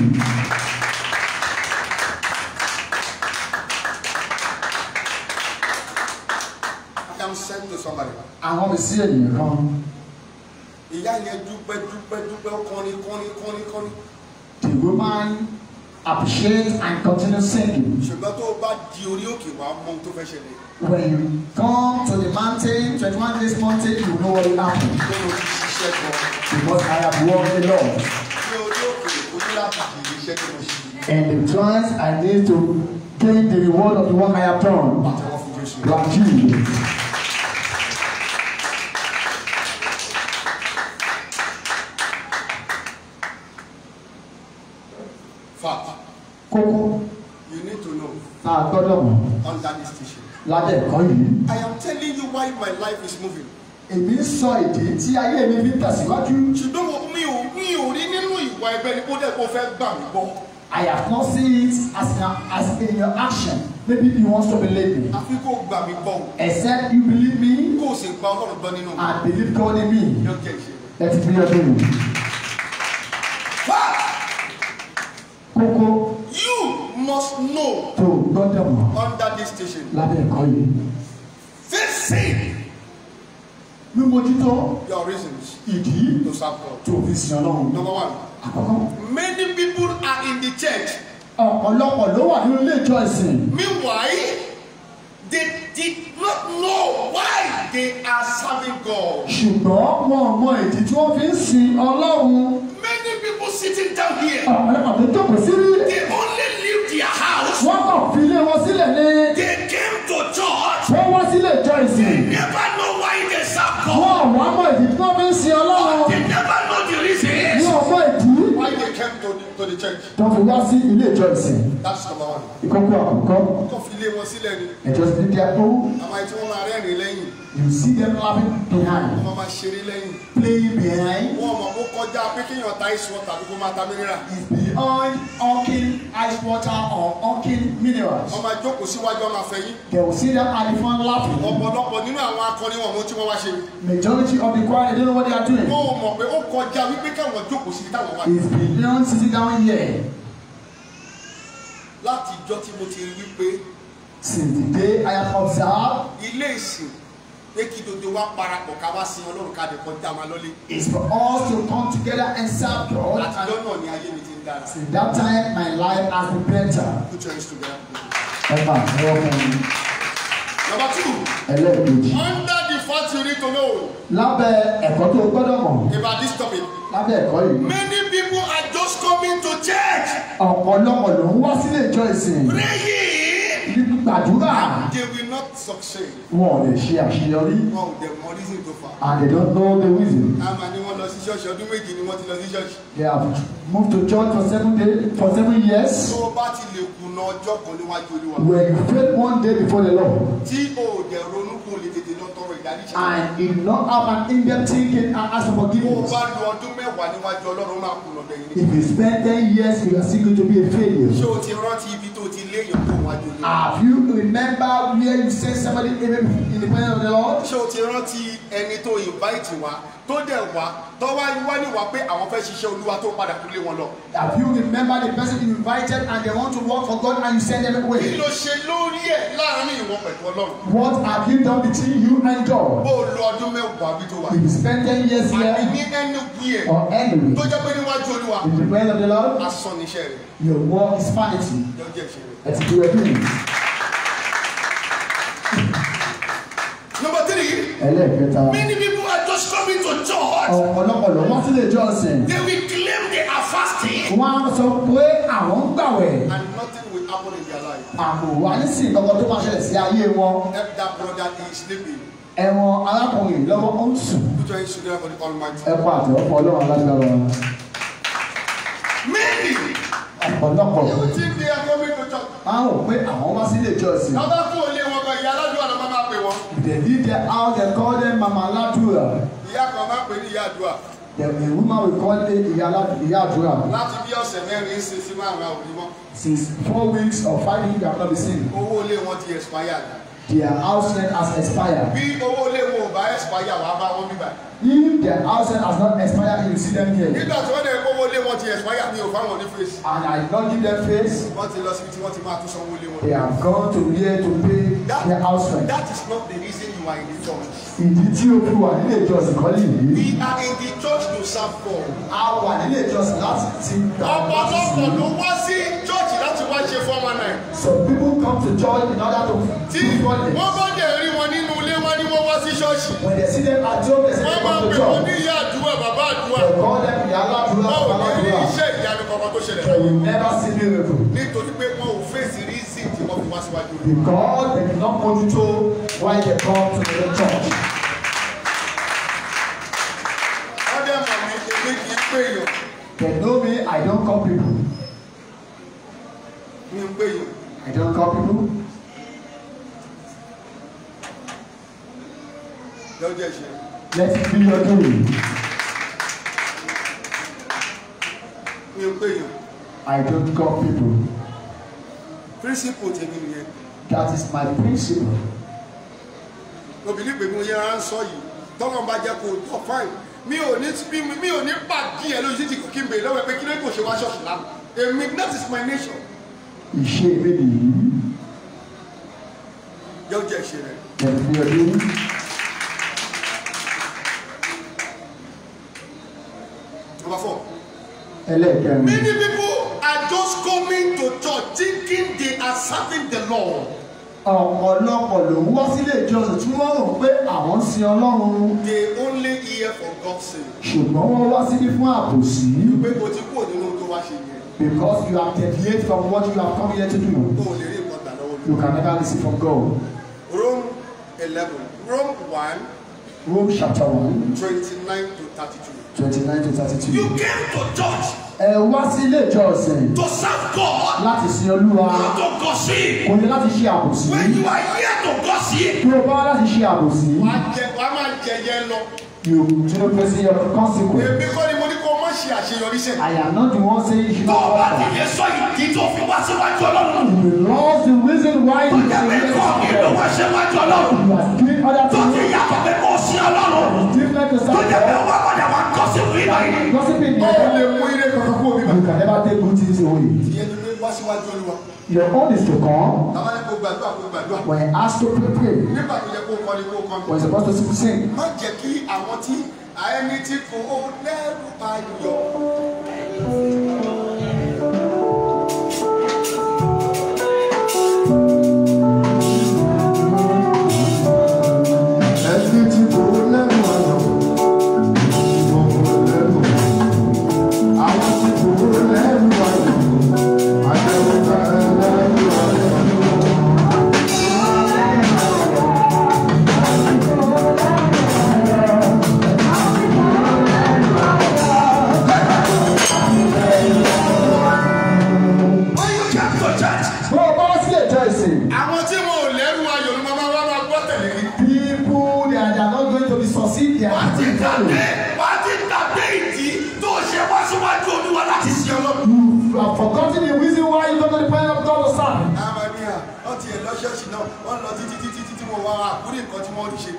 somebody. àwọn mi sí ènìyàn kan. ìyá yẹn dúpẹ́ dúpẹ́ dúpẹ́ kọrin kọrin kọrin kọrin. the woman appreciate and continue singing. ṣùgbọ́n tó o bá di orí òkè wá mọ ohun tó fẹ́ ṣẹlẹ̀. when you come to the mountain twenty one days mountain you know what happen. ṣé o ti ṣiṣẹ́ kan. because I have worked a lot. ṣé orí òkè o ní láti di iṣẹ́ tí ṣe. and the chance I need to gain the reward of the one I have done. pàtẹ́wọ́ fún Jésù. like you. kókó. you need to know. a under this teaching. yìí. I am telling you why my life is moving. èmi ń sọ ìdí tí ayé mi fi tẹ̀síwájú. ṣùgbọ́n mi ò mi ò rí nínú ìwà ẹgbẹ́ ni kó dẹ̀ kó fẹ́ gbà mí gbọ́. I have not seen it as in, as in your action. Maybe you want to believe me. Àfi kò gbà mí gbọ́ Except you believe me. Kò sì gba Ọlọ́run gbọ́ nínú mi. And believe God in me. Yóò jẹ́ Let's be your people. Koko must know. tó gbọ́dọ̀ under this teaching. lábẹ́ ẹ̀kọ́ yìí. this sin. mímójútó. your reasons. ìdí. to serve God. tó fi sin ọlọ́run. number one. àkọ́kọ́. many people are in the church. ọ̀pọ̀lọpọ̀ ló wà nínú ilé ìjọsìn. meanwhile they did not know why they are serving God. ṣùgbọ́n wọn mọ ìdí tí wọ́n fi ń sin ọlọ́run. many people sitting down here. ọ̀pọ̀lọpọ̀ tó jókòó sí rí they came to church. wọ́n they never know why they serve God. they never know the reason. why they came to the to the church. tó fi wá sí ilé ìjọsìn. that's number one. ìkókó àkọ́kọ́. kò fi ilé wọn sílẹ̀ ni. ẹ̀jọ̀ sí dídí àpò. àwọn ẹ̀tí wọn máa rẹ́rìn lẹ́yìn. you see them laughing behind. wọ́n máa ṣeré lẹ́yìn. playing behind. wọ́n mọ̀ kó kọjá pé kéèyàn ta ice water kó máa ta mineral. is beyond hawking ice water or hawking minerals. wọ́n máa jókòó síwájú ọmọ àfẹ́yìn. they will see them at the front laughing. ọ̀pọ̀lọpọ̀ nínú àwọn akọni wọn mo tí wọ́n wá ṣe. majority of the choir they don't know what they are doing. wọ́n mọ̀ pé ó kọjá wípé káwọn jókòó sí táwọn wá. is beyond sitting down ayẹ. láti ìjọ tí mo ti rí pé. since the day I observed. ilé ìsìn pé kí dodo wa parapọ̀ ká wá sin ọlọ́run ká dẹ̀kọ́ dá wa lọ́lé. it's for us to come together and serve God. àtijọ́ náà ni ayé mi ti ń dára. since that time my life has been better. put your together. ẹ bá ẹ number two. ẹlẹ́ẹ̀kejì. under the what you need to know. lábẹ́ ẹ̀kọ́ tó gbọ́dọ̀ mọ̀. about this topic. lábẹ́ ẹ̀kọ́ yìí. many people are just coming to church. ọ̀pọ̀lọpọ̀ ló ń wá sílé ìjọ ìsìn. pray níbi gbàdúrà. they will not succeed. wọn ò lè ṣe àṣeyọrí. wọn ò dẹ̀ mọ reason tó fà. and they don't know the reason. àmà ni wọ́n lọ sí ṣọ́ọ̀ṣì ọdún méjì ni wọ́n ti lọ sí ṣọ́ọ̀ṣì. they have moved to church for seven days for seven years. tó o bá ti lè kùnà ọjọ́ kan níwájú olúwa. when you fail one day before the Lord. tí o dẹ̀ ronú kó o lè tètè lọ tọrọ ìdáríjì. and if not have an in-depth thinking and ask for forgiveness. o bá lo ọdún mẹ́wàá níwájú ọlọ́run máa kùnà bẹ́ẹ̀ if you spend ten years you are still going to be a failure. ṣé o ti rántí ibi tó o ti léèyàn tó wájú olúwa. Ah, Have you remember where you sent somebody in the presence of the Lord? Ṣé o ti rántí ẹni tó invite wá? tó dẹ̀ wá tó wá wá pé àwọn fẹ́ ṣiṣẹ́ olúwa tó padà kúlé wọn lọ. Have you remember the person you invited and they want to work for God and you send them away? kí ló ṣe lórí ẹ̀ láàrin ìwọ pẹ̀lú ọlọ́run. What have you done between you and God? bó o lo ọdún mẹ́wàá bí tó wà. You spend ten years here. àbí ní ẹnu wíyẹ. or anyway. tó jẹ́ pé níwájú olúwa. In the presence of the Lord. asán ni iṣẹ́ rẹ̀. Your work is vanity. ẹ ti do ẹ Number three. ẹlẹ́ẹ̀kẹta. many people was coming to church. ọ̀pọ̀lọpọ̀ ló wá sílé ìjọsìn. they will claim they are fasting. wọ́n á sọ pé àwọn gbàwẹ̀. and nothing will happen in their life. àmọ́ wàá ní sí ìkọ̀kọ̀ tó máa ṣẹlẹ̀ sí ayé wọn. help that brother he is sleeping ẹ̀wọ̀n alákùnrin lọ́wọ́ ó ń sùn. ẹ̀kọ́ àti ọ̀pọ̀ ọlọ́run alágbára. many. ọ̀pọ̀lọpọ̀. you think they are coming to church. a ò pé àwọn wá sílé ìjọsìn. bàbá kò lè They leave their house and call them Mama Ladua. Ìyá kan máa ń pè ní ìyá àdúrà. The woman we call it ìyá àdúrà. Láti bí ọ̀sẹ̀ mẹ́rin ṣe sí márùn-ún àwọn onímọ̀. Since four weeks or five weeks they have not been seen. Owó ilé wọn ti expire their house rent has expired. bí owó ilé wọn bá expire wàá bá wọn bíbá. if their house rent has not expired you see them here. nígbà tí wọ́n dẹ̀ owó ilé wọn ti expire mi ò fáwọn ní face. and I don give them face. wọ́n ti lọ síbi tí wọ́n ti máa tún sanwó ilé wọn. they have gone to where to pay that, their house rent. that is not the reason in the church. Ìdí tí o fi wà nílé ìjọsìn kan lè yé. We are in the church to serve God. A wà nílé ìjọsìn láti ti gbà. Ọ̀pọ̀lọpọ̀ ló wá sí church láti wá ṣe four one nine. Some people come to church in order to do God. Tí wọ́n bá dẹ̀ rí wọn nínú ilé wọn ni wọ́n wá sí ṣọ́ọ̀ṣì. When they see them at home, they say they come to church. Wọ́n máa ń pè ní ìyá àdúrà, bàbá àdúrà. They call them ìyá aládùúrà, bàbá aládùúrà. Báwo iṣẹ́ ìyanu kankan you never see miracle? Nítorí pé they did not go to Why they come to the church? They know me, I don't call people. I don't call people. Let it be your doing. I don't call people. Principle tèmi nìyẹn. That is my principle obìnrin pèmí oye ara ń sọ yìí tọ́lọ́n bá jẹ́ kó tọ́ fáìn mi ò ní mi ẹ lójú títí kò kí n bèrè lọ́wọ́ pé kí ló kò ṣe wá ṣọ́ọ̀ṣì lánàá èmi that is my nation. ìṣe mi nìyí. yóò jẹ́ ìṣe rẹ̀. ẹ̀mí ọdún. number four. ẹlẹ́ẹ̀kẹrin. many people are just coming to church thinking they are serving the Lord ọ̀pọ̀lọpọ̀ ló ń wá sílé ìjọsìn tí wọ́n rò pé àwọn ń sin ọlọ́run. they only hear for God's sake. ṣùgbọ́n wọ́n wá síbí fún àbòsí. pé o ti kúrò nínú tó wá ṣe yẹn. because you are deviate from what you have come here to do. o lè rí nǹkan lọ́wọ́. you can never listen from God. Rome eleven Rome one. Rome chapter one. twenty-nine to thirty-two. twenty-nine to thirty-two. you came to church ẹ wá sí ilé ìjọsìn. to serve God. láti sin olúwa. not to gossip. kò ní láti ṣe àbòsí. when you are here to gossip. bí o bá wá láti ṣe àbòsí. wàá jẹ wàá máa jẹyẹ lọ. you do not face your consequence. èmi kọ́ ni mo ní kó o má ṣe àṣeyọrí sẹ́. I am not the one saying you should not. tó o bá tẹ̀lé sọ ìdí tó fi wá síwájú ọlọ́run. you lost the reason why you should not. tó o wá síwájú ọlọ́run. you are doing other things. tó ti yàtọ̀ pé jẹ́ pé wọ́n padà wá kọ́sí fún fún ìlọ yìí can never take good things away. ìyẹn ni wọ́n Your own is to come. Tàbá ní kò When asked to pray. Nígbà tó supposed to sing sing. Má jẹ́ kí àwọn tí àyẹ̀mí ti rí nǹkan tí wọ́n rí ṣe.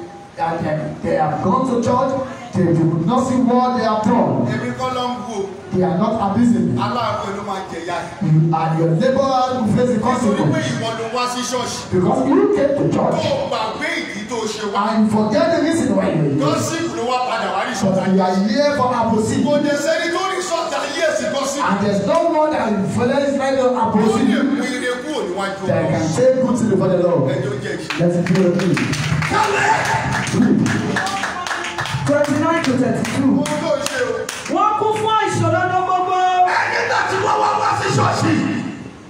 they, have gone to church they do not see what they have done. èmi kọ́ ló ń wo. they are not abusing. aláàbò ló máa jẹ ya. you are your neighbor who face the consequence. nítorí pé ìwọ ló wá sí ṣọ́ọ̀ṣì. because you came to church. tó o gbàgbé ìdí tó o ṣe wá. and forget the reason why you are here. lọ́sìkò ló wá padà wá ní sọ́tà. but you are here for apostle. kò dé sẹ́ni tó rí. And there's no one that is influenced by the approaching. That can say good thing before the Lord. Let's do it. Twenty-nine to thirty-two. Wọ́n kún fún àìsàn lọ́dọ́ gbogbo. Ẹni láti wọ́n wá wá sí ṣọ́ọ̀ṣì.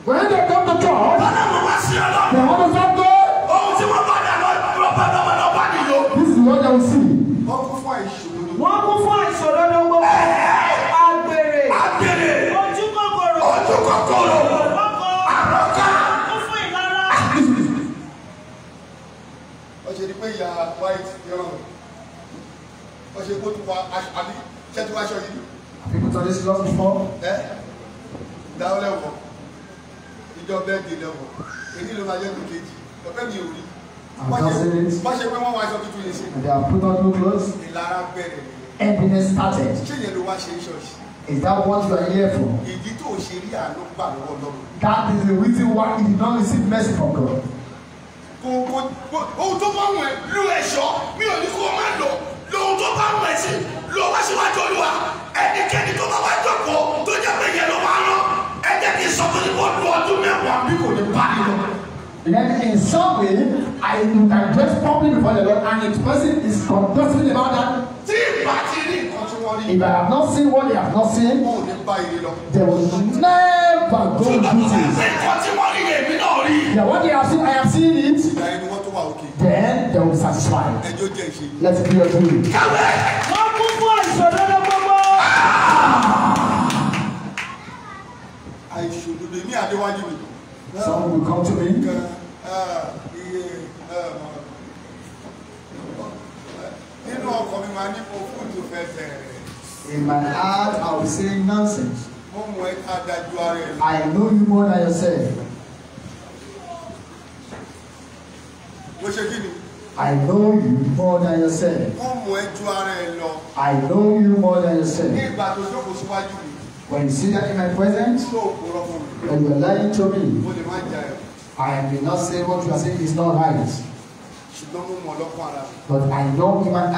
When they come to church. Bọ́lá mo wá sí ọlọ́run. They always have God. Ohun tí wọ́n bá dà lọ́pàá lọ́pàá lọ́pàá nìyó. This is what I will see. kòkòrò àrọ́ká. wọ́n ṣe ni pé ìyá white yọrùn wọ́n ṣe kó tún wa àbí ṣé tún wá aṣọ yìí. people tell this love before. ẹ dáwọ́ lẹ́wọ̀ ìjọ bẹ́ẹ̀ di lẹ́wọ̀ èyí ló máa jẹ́ kó kejì ọ̀pẹ́ mi ò rí. wọ́n ṣe pé wọ́n wá aṣọ tuntun yìí sí. they are put on new clothes. ìlara bẹ̀rẹ̀ nìyẹn. emptiness started. ṣé yẹn ló wá ṣe é ṣọ́ọ̀ṣì. Is that what you are here for? Èyí tó o ṣe rí àánú gbà lọ́wọ́ lọ́rùn. That is the reason why he did not receive mercy from God. Kò kò ohun tó bá wọ̀n lu ẹ̀ṣọ́ mi ò ní kó o máa lọ lóhun tó bá wọ̀n sí lọ wá síwájú Olúwa ẹnikẹ́ni tó bá wá jókòó tó jẹ́ pé yẹn ló máa rán ẹ jẹ́ kí n sọ fún ìwọ lu ọdún mẹ́wàá bí kò ní bá nínú. Then in some way, I, I just probably before the Lord and the person is confessing about that If I have not seen what they have not seen, oh, they will never go do this. Yeah, what they have seen, I have seen it. Then they will be satisfied. Let's clear through it. àìṣòdodo ní àdéwájú mi. some will come to me. Ah, ah, nínú ọkọ You know ní mo fún ìjọba ẹsẹ̀ rẹ̀. In my heart, I will say nonsense. I know you more than yourself. I know you more than yourself. I know you more than yourself. When you see that in my presence, when you are lying to me, I will not say what you are saying is not right but I know even my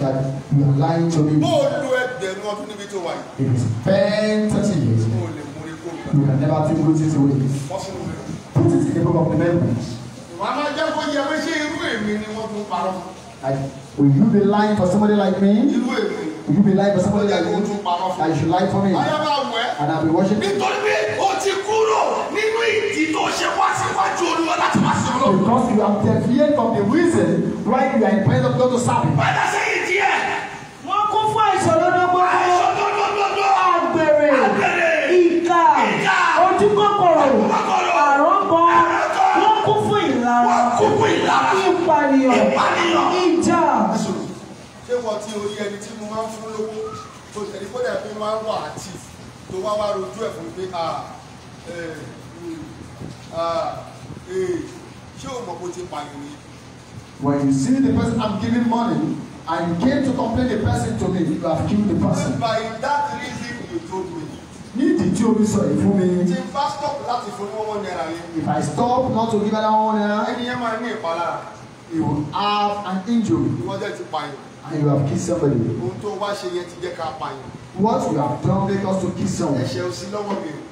that you are lying to me. it is ten thirty years. you can never take good things away. put it in the book of remembrance. wọ́n will you be lying for somebody like me. will you be lying for somebody like me. that you should lie for me. and I'll be watching níwájú olúwa láti wá sí because you have deviated from the reason why you are in presence of God to serve him. bẹ́ẹ̀ ṣe yìí díẹ̀. wọ́n kún fún àìsàn lọ́dọ́gbọ́n. àìsàn lọ́dọ́gbọ́n. àgbèrè ìkà ojúkòkòrò àrọ́gbọ́ wọ́n kún fún ìlara. wọ́n kún fún ìlara. ìpànìyàn ìjà. ṣé wọ́n ti orí ẹni tí mo máa ń fún lówó tó tẹ̀lé kó dẹ̀ fi máa ń wà á tì tó wá wá rojú ẹ̀ fún pé ah. Eh, hmm, ah Eh, when you see the person i'm giving money and you came to complain the person to me you have killed the person. by that reason you told me. ní ìdí tí omi sọ yìí fún mi. tí bá stop láti fún ní one naira yẹn. if i stop not to give another one naira. ẹni yẹn máa ní ìpalára. you have an injury. ìwọ́n jẹ́ ti pààyàn. and you have killed somebody. ohun tó wá ṣe yẹn ti jẹ́ ká pààyàn. what you have done make us to kill someone. ẹ̀ṣẹ̀ òsì lọ́wọ́ mi o.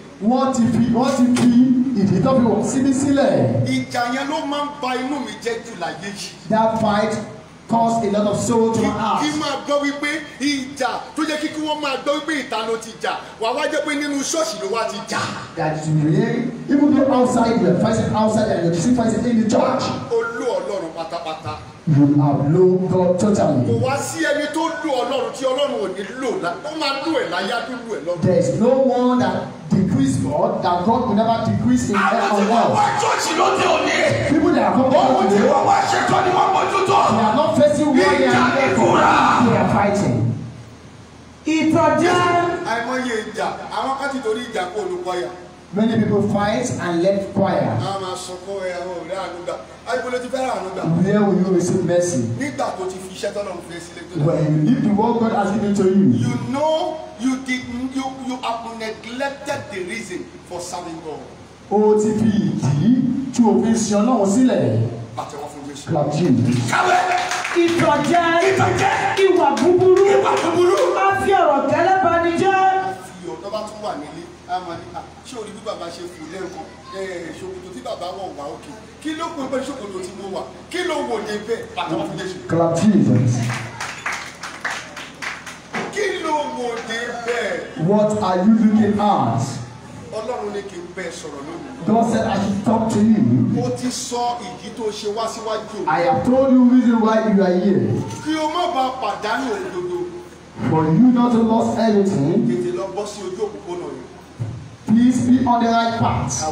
wọ́n ti fi wọ́n ti fi ìdí tó fi wọ̀ síbí sílẹ̀. ìjà yẹn ló máa ń ba inú mi jẹ́ jù láyé yìí. that fight caused a lot of sorrow to my heart. kí máa gbọ́ wípé ìjà tó jẹ́ kí wọ́n máa gbọ́ wípé ìta ti jà wà wá jẹ́ pé nínú ṣọ́ọ̀ṣì ló wá ti jà. that is real even though outside you are fighting outside and you are still fighting in the church. olú ọlọ́run pátápátá you have low God totally. kò wá sí ẹni tó lù ọlọ́run tí ọlọ́run ò ní lò ó máa lù ẹ̀ láyé á tún ẹ̀ lọ́run. there is no one that decrease God that God will never decrease in heaven or earth. àwọn tí wọ́n wá ṣọ́ọ̀ṣì lóde òní. people that are coming to today. ohun tí wọ́n wá ṣètò ni wọ́n mójútó. they are not facing one year. ìjà ni kúra. they are fighting. ìtọ́jà. àìmọye ìjà àwọn kan ti torí ìjà kó olùkọ́ yà. Many people fight and left choir. Where will you receive mercy? When you did the work God has given to you. You know you did you you have neglected the reason for serving God. O ti fi ìdí tí o fi sin Ọlọ́run sílẹ̀. Clap Jim. Kàwé. Ìtọ̀jẹ. Ìwà búburú. Ìwà búburú. Má fi ọ̀rọ̀ tẹ́lẹ̀ bá jẹ́. Fi ọ̀dọ́ bá tún wà nílé àmọ́ ní ṣé o rí bí bàbá ṣe kù lẹ́ẹ̀kan ṣòkòtò tí bàbá wọ̀ wá òkè kí ló pè pé ṣòkòtò tí mo wà kí ló wò dé bẹ́ẹ̀ bàtà wọn fi lè ṣe. kí ló wò dé bẹ́ẹ̀. what are you looking at. ọlọ́run ní kí n bẹ́ẹ̀ sọ̀rọ̀ lónìí. God said I should talk to you. Ó ti sọ ìdí tó ṣe wá síwájú. I have told you reason why you are here. Kí o má bàa pàdánù òdodo. For you not to lose anything. Tètè lọ bọ́ sí ojú òpópónà yìí please be on the right path.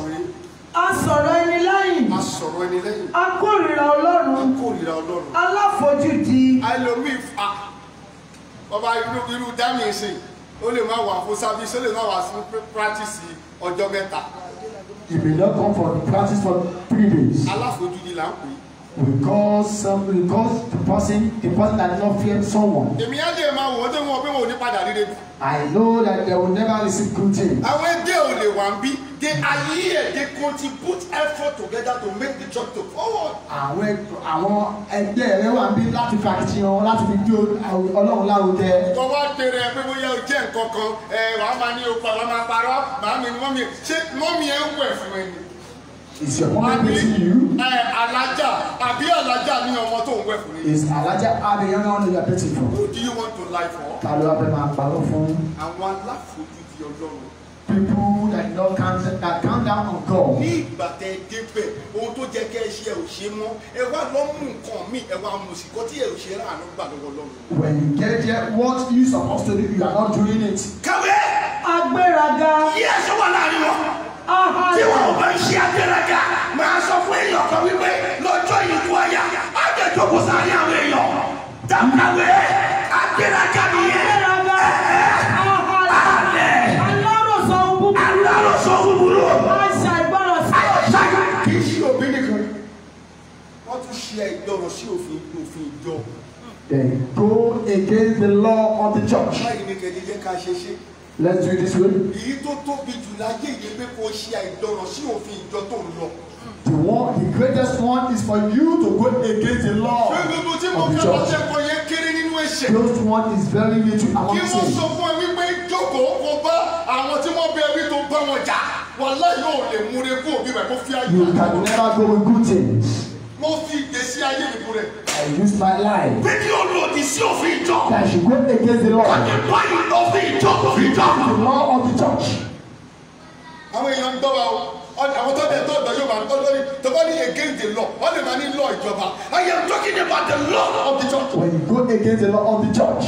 A sọ̀rọ̀ ẹni lẹ́yìn. A sọ̀rọ̀ ẹni lẹ́yìn. A kórìíra Ọlọ́run. A kórìíra Ọlọ́run. Aláfojúdi. Àìlòmí fa. Bàbá irú irú dámì ìsìn, ó lè má wà fún sábísì, ó lè má wà fún pírátìsì ọjọ́ mẹ́ta. He may not come for practice for three days. Aláfojúdi là ń pè é because um, because the person the person that not fear someone. èmi á lè máa wọ̀ ọ́ wọn pé wọn ò ní padà rí rebi. I know that they will never receive good thing. àwọn èdè ò lè wà ń bí they are here they contribute effort together to make the church to forward. àwọn àwọn ẹgbẹ́ rẹ wà ń bí láti fàkìyàn láti fi dí ọlọ́run lárugẹ. tó wá tẹ̀rẹ̀ pé bóyá o jẹ́ nǹkan kan wàá máa ní o pa wàá máa parọ́ màámi ni mọ́mi ṣé mọ́mi ẹ̀ ń wẹ̀ fún ẹni. Is your mom beating you? Ẹ eh, alaja, àbí alaja ni ọmọ tó ń wẹ̀ fún yín. Is alaja abi the young one you are beating for? Who oh, do you want to lie for? Ta ló wá fẹ́ máa parọ́ fún? Àwọn aláfojúdi Ọlọ́run. People that no count that count down on God. Ní ìgbà tẹ débẹ̀, ohun tó jẹ́ kẹ́ ẹ ṣe ẹ ò ṣe mọ́, ẹ wá lọ mú nǹkan mi, ẹ wá mú sí tí ẹ ò ṣe ráàánú gbà lọ́wọ́ lọ́run. When you get there, what you suppose to do, you are not doing it. Kàwé! Agbéraga. Yẹ́sọ̀ wà láàrin wọn tí wọn ò bá ń ṣe àgbéraga màá sọ fún èèyàn kan wípé lọ́jọ́ ìkú ọ̀yà á jẹ́ jókòó sáré àwọn èèyàn dàgbàwé àgbéraga nìyẹn àlẹ́ alárọ̀sọ búburú kì í ṣe òbí nìkan wọ́n tún ṣe ìgbọràn sí òfin òfin ìjọ. They go against the law of the church. báyìí ni kẹ́lí yẹ ká ṣe ṣe let's do it this way. èyí tó tóbi jù láyé yìí pé kò ṣe àìdọ̀rọ̀ sí òfin ìjọ tó ń lọ. The one, the greatest one is for you to go against the law of the church. Those one is very little among sin. Kí wọ́n sọ fún ẹ wípé jókòó kó bá àwọn tí wọ́n bẹ rí tó bá wọn jà. Wàhálà yóò lè múre fún òbí rẹ̀ kó fi àyè. You can never go with good things mo fi ìgbésí ayé mi bú I use my life. Bí kí o lòdì sí òfin ìjọ. That should go against the law. Kàkí báyìí òfin ìjọ òfin ìjọ. The law of the church. Àwọn èèyàn ń dọ́wà o àwọn tó dẹ̀ tó dọ̀ yóò máa tọ́ lórí tó bá ní against the law wọ́n lè máa ní law ìjọba I am talking about the law of the church. When you go against the law of the church.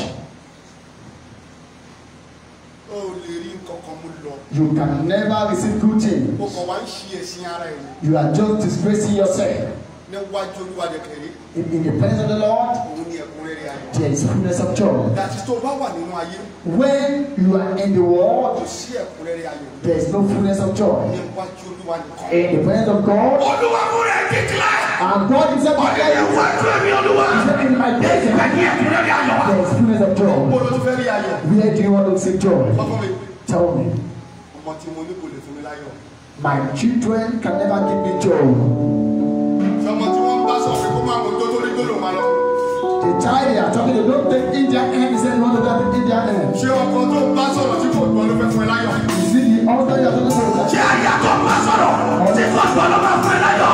O lè rí nkankan mú lọ. You can never receive good things. O kàn wá ń ṣe ẹ̀sìn ara ẹ̀. You are just disgracing yourself níwájú in the presence of the lord. there is fullness of joy. when you are in the world. there is no fullness of joy. in the presence of God. olúwa and God is there. ọ̀nà ìwájú ẹ̀mí olúwa. he said in my presence. there is fullness of joy. níbo where do you want to see joy. tell me. my children can never give me joy. The child they are talking, they don't take in their hand, they say no, they don't take in their hand. Ṣé ọkọ tó to bá sọ̀rọ̀ tí kò gbọ́ ló fẹ́ fún ẹ láyọ̀? Is it the other you are talking about? Ṣé àyà tó ń bá sọ̀rọ̀ tí kò gbọ́ ló fẹ́ fún ẹ láyọ̀?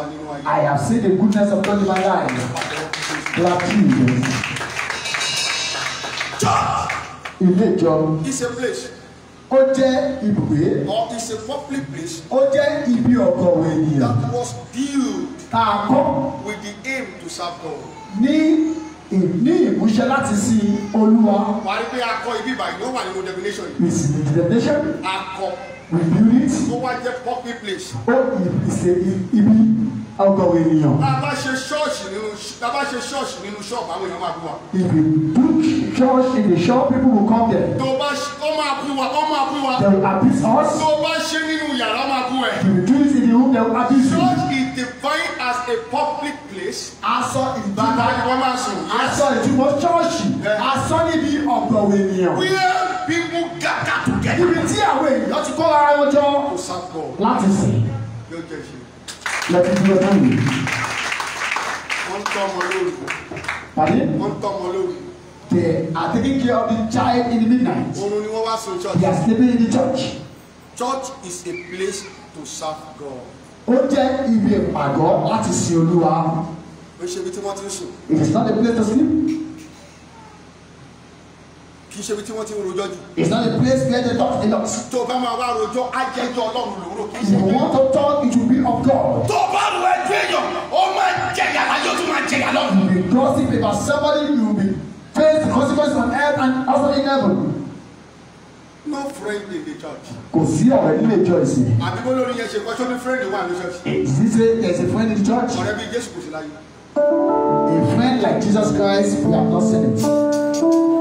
I have seen the goodness of God in my life. Clap Jesus. Church. Ilé ìjọ. It's a place. Ó jẹ́ ibùgbé. Or it's a public place. Ó jẹ́ ibi ọ̀gọ̀wọ̀ ènìyàn. That was built. Tá kọ́. With the aim to serve God. Ní ní ìmúṣẹ láti sin olúwa. wà á rí pé akọ ibi ìbàyìí ló wà nínú definition yìí. is the definition. akọ. we build it. ó wá jẹ́ public place. ó ìpèsè ibi ọgọ́wé ènìyàn. bàbá ṣe ṣọ́ọ̀ṣì nínú bàbá ṣe ṣọ́ọ̀ṣì nínú ṣọ́ọ̀bù àwọn èèyàn máa bú wa. if you do church in the shop people will come there. tó bá ó máa bú wa ó máa bú wa. they will abuse us. tó bá ṣe nínú yàrá máa bú ẹ. if you do this in the room they will abuse you. church is defined as a public place. aṣọ ìbára aṣọ ìtumọ̀ ṣọ́ọ̀ṣì aṣọ níbi ọgọ́wé ènìyàn. wíyẹn people gather together. ibi tí àwọn èèyàn ti kó ara wọn jọ láti sìn lẹ́tí tí wọ́n tán yìí. wọ́n tọ́ ọmọ lórí. pàdé. wọ́n tọ́ care of the child in the midnight. They are sleeping in the church. Church is a place to serve God. Ó jẹ́ ibi ìpàgọ́ láti sin Olúwa. Ó ṣe ibi It is not a place to sleep kì í ṣe ibi tí wọ́n ti ń rojọ́ jù. it's not a place where they talk a lot. tó o bá máa wá rojọ́ ajẹ́jọ́ ọlọ́run lòwúrò kì í ṣe. you want to talk it will be of God. tó o bá ro ẹjọ́ èèyàn ó máa jẹ̀yà láyé ó tún máa jẹ̀yà lọ. you be gossip about somebody you be face the consequences on earth and also in heaven. no friend in the church. kò sí ọ̀rẹ́ nílé ìjọ ìsìn. àbí bó lórí yẹn ṣe kọ́ sóní friend wà ní church. is this there? is a friend in the church. ọ̀rẹ́ bí Jésù kò sí láyé. a friend like Jesus Christ we have not seen it.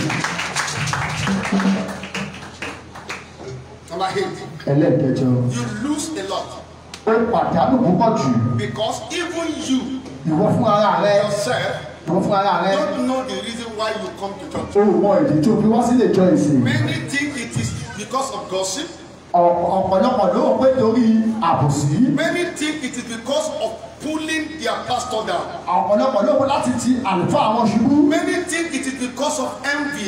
Number eight. You lose a lot. Ó pàdánù púpọ̀ jù. Because even you. Ìwọ fún ara rẹ. Yourself. Ìwọ fún ara rẹ. Don't know the reason why you come to church. O mọ ìdí tó fi wá sílé ìjọ ìsìn. Many think it is because of gossip. Ọ̀pọ̀lọpọ̀ ló ń pè lórí àbòsí. Many think it is because of pulling their pastor down. ọ̀pọ̀lọpọ̀ láti ti àlùfáà wọn ṣubú. many think it is because of envy.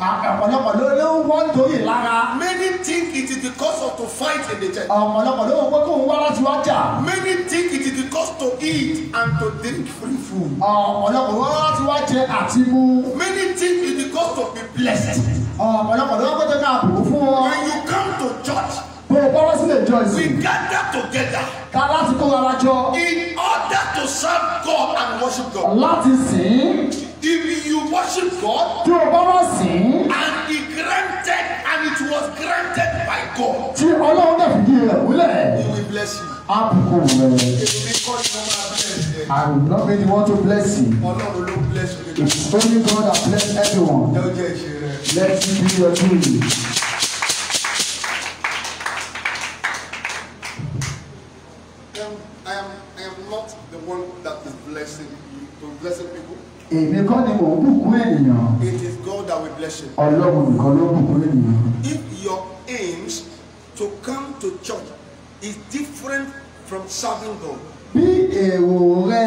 ọ̀pọ̀lọpọ̀ ló ló wọ́n torí lára. many think it is because of to fight in the church. ọ̀pọ̀lọpọ̀ ló wọ́n kó wá láti wá jà. many think it is because to eat and to drink free food. ọ̀pọ̀lọpọ̀ ló wọ́n láti wá jẹ àti mu. many think it is because to be blessed. ọ̀pọ̀lọpọ̀ ló wọ́n kó tó ká àbùkù fún wọn. when you come to church bó o bá wá sílé we gather together. ká láti kó ara jọ. in order to serve God and worship God. láti sìn. if you worship God. tí o bá wá sìn. and he granted and it was granted by God. tí ọlọ́run náà fi di rẹ̀ wúlẹ̀. he will bless you. àbùkù rẹ̀. èmi kọ́ I will not be the one to bless you. ọlọ́run ló bless you. it's only God that bless everyone. Let's be your king. one that is blessing you, to blessing people. Èmi kọ́ ni mò ń bùkún ènìyàn. It is God that will bless you. Ọlọ́run nìkan ló bùkún ènìyàn. If your aims to come to church is different from serving God. Bí èrò rẹ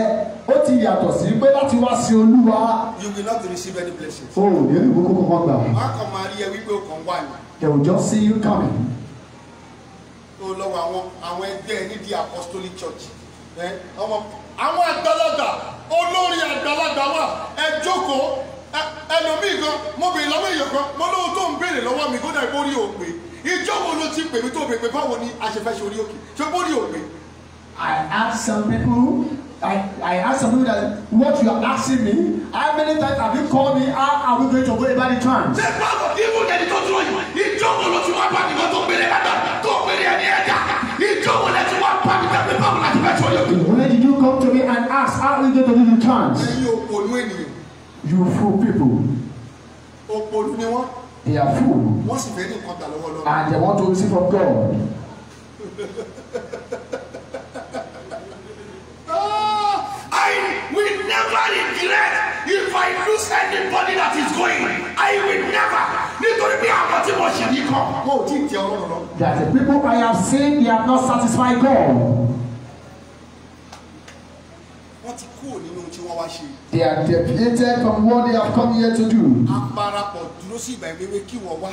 ó ti yàtọ̀ sí pé láti wá sí Olúwa. You will not receive any blessing. O ò ní ìbùkún kankan gbà. Má kàn máa rí ẹ wípé o kàn wá ni. They will just see you coming. Olọ́wọ́ àwọn àwọn ẹgbẹ́ nídìí apostolic church. Ọmọ àwọn àgbàlagbà olórí àgbàlagbà wà ẹ jókòó gan mo bèrè lọ́wọ́ èèyàn kan mo lóhun tó ń béèrè lọ́wọ́ mi kódà ìbórí òpè ìjọ wo ló ti pè mí tó pè pé báwo ni a orí òkè ṣé bórí òpè. I have some people I I have some people that what you are asking me how many times have you called me how are we going to go about it, time. ṣé báwo kí ibùdó ẹni tó dúró yìí ìjọ wo ló ti wá bá nìkan tó péré bàtà tó péré ẹni ẹja ìjọwọ́ did you come to me and ask how you get to the returns? You fool people. They are fools. And they want to receive from God. I will never regret if I lose anybody that is going. I will never. Nítorí pé àwọn tí mo ṣì ní kan, wọn ò tí ì tẹ ọlọ́run lọ. There are people I have seen they have not satisfied God wọ́n ti kúrò nínú ohun tí wọ́n wá ṣe. they are deviated from what they have come here to do. a parapọ̀ dúró sí ìgbà ìwéwé kí wọ́n wá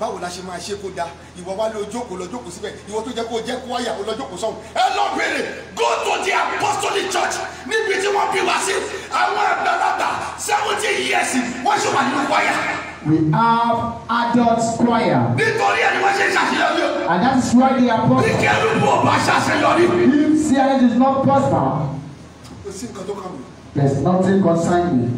báwo la ṣe máa ṣe kó da ìwọ wá lọ jókòó lọ jókòó síbẹ̀ ìwọ tó jẹ́ kó jẹ́ kó wáyà lọ jókòó sọ́hùn. ẹ lọ bèrè go to the apostolic church níbi tí wọ́n bí wá sí àwọn àgbàlagbà seventy years wọ́n ṣe wà nínú wáyà. We have adult choir. Nítorí ẹni wọ́n ṣe ṣàṣeyọrí. And that is why they are prosper. Bí kẹ́rù bò bá ṣàṣeyọrí. If CIS is not prosper. There's nothing concern me.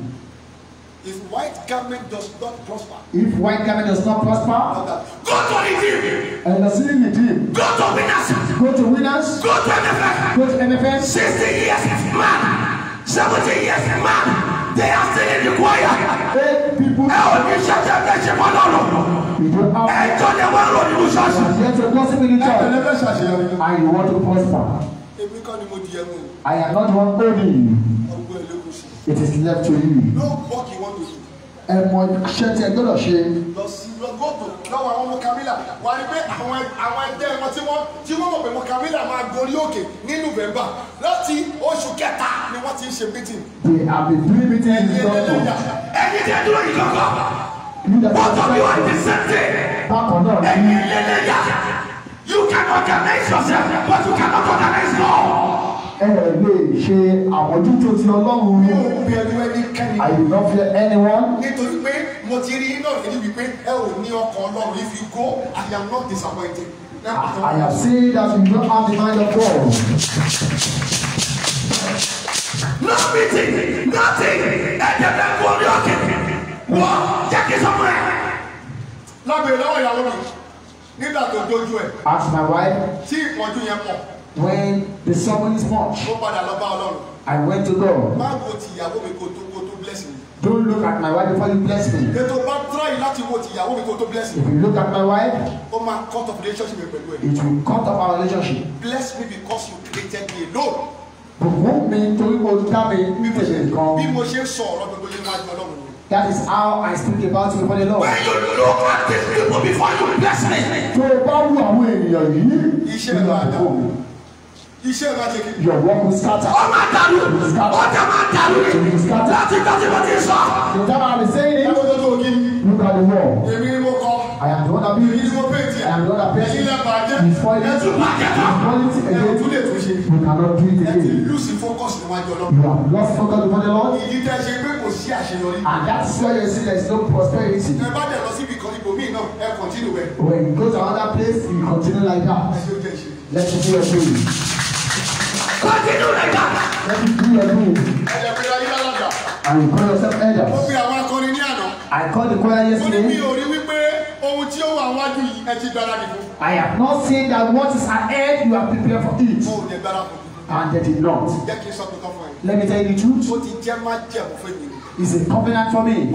If white garment does not prosper. If white garment does not prosper. Go to Redeem. And the city Redeem. Go to Winners. Go to Winners. Go to MFN. Go to MFN. 60 years man. 70 years man. They are still in the choir. Eight people. Hey, ò ní ṣẹ̀ṣẹ̀ fẹ́ ṣe mọ́ lọ́rùn. Ẹjọ́ ni wọ́n rò nínú ṣọ́ọ̀ṣì. Ẹ tẹ̀lé fẹ́ I want to prosper. I am not one holding it is left to you. No work you to do. Ẹ mọ iṣẹ́ tí ẹ gbọ́dọ̀ ṣe. Lọ sí lọ́gọ́tò lọ́wọ́ àwọn ọmọ Kamila wà ní pé àwọn àwọn ẹgbẹ́ wọn tí wọ́n tí wọ́n mọ̀ pé ọmọ Kamila máa gorí òkè ní November láti oṣù kẹta ni wọ́n ti ń ṣe meeting. They have been doing meeting in the doctor. Ẹni tí ẹ dúró yìí kọ́kọ́. Both of you are the same thing. Bákan náà ni. Ẹni lẹ́lẹ́yà. You cannot organize yourself but you cannot organize God ẹ lè ṣe àmójútó ti ọlọ́run. mi ò bẹ ẹni kẹ́ni. I do not fear anyone. nítorí pé mo ti rí iná rẹ̀ níbi pé ẹ ò ní ọkàn ọlọ́run if you go I am not disappointed. I have seen that you don't have the mind of God. No meeting, nothing, ẹ̀jẹ̀ kú orí òkè. Wọ́n jẹ́ kí sọ́kùn Lábẹ̀rẹ̀ lọ́wọ́ ìyàwó mi, nígbà tó dojú ẹ̀. Ask my wife. Tí ìpọ́njú yẹn pọ̀ when the sermon is much. I went to God. don't look at my wife before you bless me. ètò if you look at my wife. ó máa cut off relationship it will cut off our relationship. bless me because you created me alone. bùkún mi torí mo dá mi tètè kan. That is how I speak about you before the Lord. When you look at these people before you bless me. Tó o bá wù àwọn ènìyàn yìí, ìṣe ìlànà iṣẹ́ ma ṣe kí. your work will scatter. ó máa dàrú ó jẹ́ máa dàrú láti dájú bó ti sọ. the time i be saying it. ẹgbẹ́ tó tó kí. look at the wall. èmi ni mo kọ́. I am the one that built it. Mo paint it. I am the one that paint it. Ẹ̀yin lẹ bàjẹ́. You spoil it. Ẹ̀tú bàjẹ́ náà. You spoil it again. Ẹ̀tú lè tún ṣe. You cannot do it again. Ẹ̀tí lose focus níwájú Ọlọ́run. You have lost focus before the Lord. Ìdí tẹ ṣe pé kò sí àṣeyọrí. And that's why you see there is no prosperity. Ẹ bá dẹ̀ lọ síbi kan ibòmíì náà, ẹ continue well. When you go to another place, you continue like that. Ẹ ṣe o jẹ́ ìṣe. Let me do your thing. Let me do your move. Ẹ̀jẹ̀ And call yourself elder. I called the choir yesterday. I have not seen that what is ahead you are prepared for it. And they did not. Let me tell you the truth. Ó It's a covenant for me.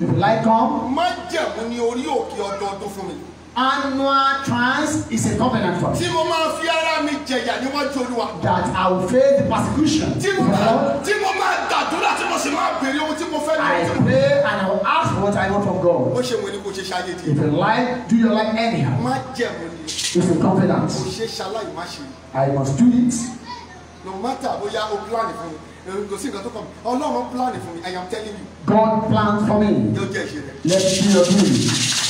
If you like come annual trance is a covenant for me. tí mo máa fi ara mi jẹ̀yà níwájú olúwa. that I will face the persecution. tí mo máa tí mo máa gbàdúrà tí mo sì máa béèrè ohun tí mo fẹ́ I pray and I will ask for what I want from God. ó ṣe wo ni kò ṣe ṣáájú ti. if you like do your life anyhow. má jẹ̀mú ni. it's a covenant. kò ṣe ṣaláì má ṣe. I must do it. no matter bóyá o plan fún mi kò sí nǹkan tó kàn mí ọlọ́run plan fún mi I am telling you. God plans for me. yóò jẹ́ ìṣe rẹ̀. let me do your dream.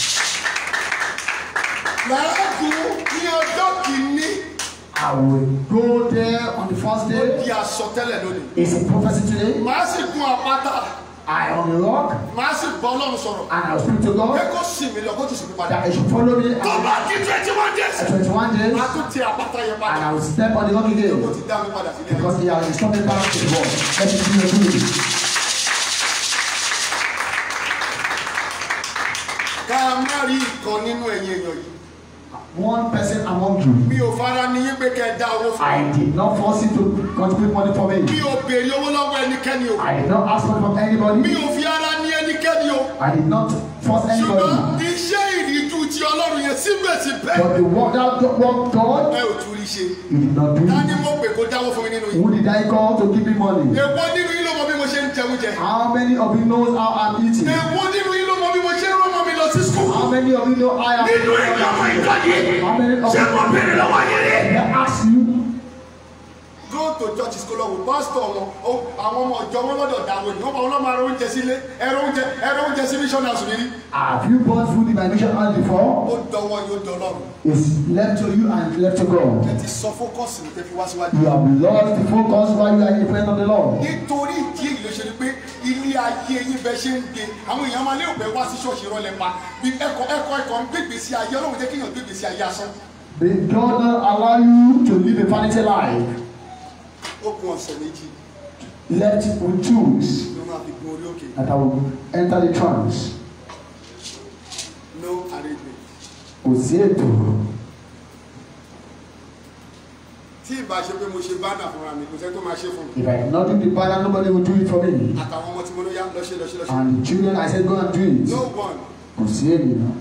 Làákùn ní ọjọ́ kìíní. I will go there on the first day. Ó di àsọtẹ́lẹ̀ lónìí. It's a prophecy today. Màá sì gun àpáta. I unlock. Màá sì bá Ọlọ́run sọ̀rọ̀. And I will speak to God. Pé kó sìn mí lọ, kó tún sìn mí padà. That he should follow me. Tó bá di twenty one days. Twenty one days. Màá tún ti àpáta yẹn padà. And I will step on the rock again. Yóò ti dá mi padà sílẹ̀. Because he has restored me back to the world. Let me see you do it. Ká má rí ìkan nínú ẹ̀yìn èèyàn yìí one person among you. mi ò fara ní yín pé kẹ́ ẹ owó fún mi. I did not force you to contribute money for me. mi ò béèrè owó lọ́wọ́ ẹnikẹ́ni o. I did not ask money from anybody. mi ò fi ara ní ẹnikẹ́ni o. I did not force anybody. ṣùgbọ́n iṣẹ́ ìrìjú ti Ọlọ́run yẹn síbẹ̀síbẹ̀. but the work that work God. ẹ ò tún rí ṣe. you did not do it. dání mo pè kó dáwọ́ fún mi nínú yìí. who did I call to give me money. èwo nínú yín ló bí mo ṣe ń jẹun jẹ. how many of you knows how I'm eating. èwo nínú yín many of you know I Nínú ìjọba ìjọ yìí, ṣé lọ́wọ́ yẹn ni? I ask you go to church scholar wo pastor wọn àwọn ọmọ ọjọ́ wọn lọ́dọ̀ dàwọ̀ ni wọ́n bá wọn lọ́ máa rọ oúnjẹ sílé ẹ̀rọ oúnjẹ ẹ̀rọ oúnjẹ sí mission house have you bought food in my mission hall before. ó dọwọ́ yóò dọlọ́run. it's left to you and left to God. ẹ sọ focus ní tẹ́fi wá síwájú. you have lost the focus while you are in front of the Lord. nítorí ìdí èyí ló ṣe ni pé ilé ayé yín bẹ ṣe ń gbé àwọn èèyàn máa lé òbẹ wá sí ṣọ́ọ̀ṣì rọlẹ̀ pa bí ẹ̀kọ́ ẹ̀kọ́ ẹ̀kọ́ ń gbègbè sí ayé Ọlọ́run jẹ́ kéèyàn gbègbè sí ayé asán. May God allow you to live a vanity life ó gun ọ̀sẹ̀ let we choose that I will enter the trance. no arrangement. kò sí ètò. tí ìbá ṣe pé mo ṣe bánà fúnra mi kò sẹ́ tó máa ṣe fún mi. if I not do the banner nobody will do it for me. àtàwọn ọmọ tí mo ló yá lọ ṣe lọ ṣe lọ ṣe. and the children I said go and do it. no one. kò sí ènìyàn.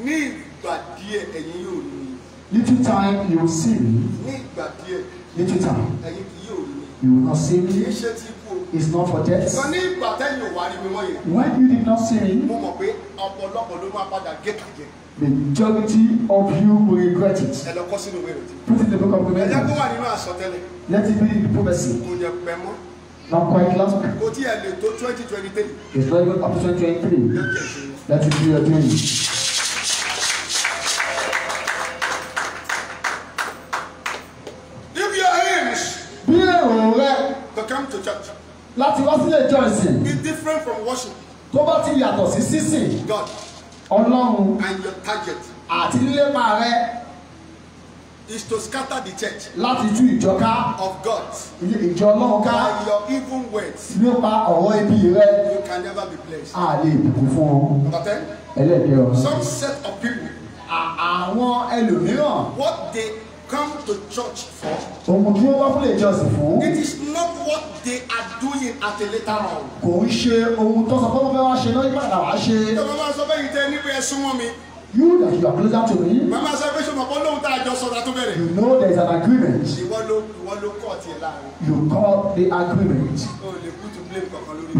ní ìgbà díẹ̀ ẹ̀yin yóò ní little time you see me little time you will not see me it's not for death when you did not see me the majority of you will regret it put it in the book of remembrance let it be in the prophecy not quite last it's not even up to 2023 let it be your dream. come to church. láti wá sílé ìjọsìn. is different from worship. tó bá ti yàtọ̀ sí sísìn. God. Ọlọ́run. and your target. àti lílépa rẹ. is to scatter the church. láti tú ìjọ ká. of God. ìjọ Ọlọ́run ká. by your even words. nípa ọ̀rọ̀ ibi rẹ. you can never be blessed. a lè bùkún fún ọ. number ten. ẹlẹ́dẹ̀ẹ́ ọ. some set of people. àwọn ẹlòmíràn. what they come to church for. Ohun tí wọ́n wá fún lè jọ́sìn fún. It is not what they are doing at a later on. Kò ń ṣe ohun tó sọ pé wọ́n fẹ́ wá ṣe lọ́yìn padà wá ṣe. Ìjọba máa sọ bẹ́yìn tẹ nípa ẹ̀sùn wọn mi. You that you are closer to me. Màmá sọ pé ṣùgbọ́n olóhùn tá a jọ sọ̀rọ̀ tó bẹ̀rẹ̀. You know there is an agreement. Ìwọ ló ìwọ ló kọ́ ọ̀tí ẹ̀ láàrin. You call the agreement. O lè kú tó you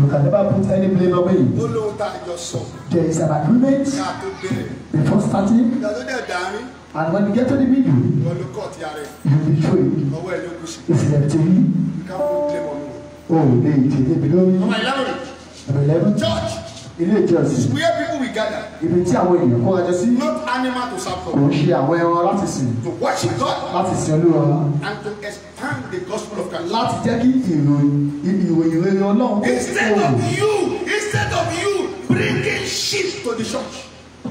can never put any blame on me. ó lóun tá a jọ sọ. there is an agreement. ká tó bẹ̀rẹ̀. before starting. ìgbà tó dẹ̀ dàárín. and when you get to the middle. wọ́n ló kọ̀ ti ara ẹ̀. you be sure. ọwọ́ ẹ̀ ló kù sí. it's left to me. you can't put blame on me. o they, they bí lórí. ọmọ ìlànà. ọmọ ìlànà. church ilé ìjọsìn. where people we gather. ibi tí àwọn ènìyàn kó ẹjọ sí. not animal to serve God. kò ń ṣe àwọn ẹran láti sìn. to worship God. láti sìn olúwa. and to expand the gospel of God. láti jẹ́ kí ìròyìn ìròyìn rere ọlọ́run. instead of you instead of you bringing sheep to the church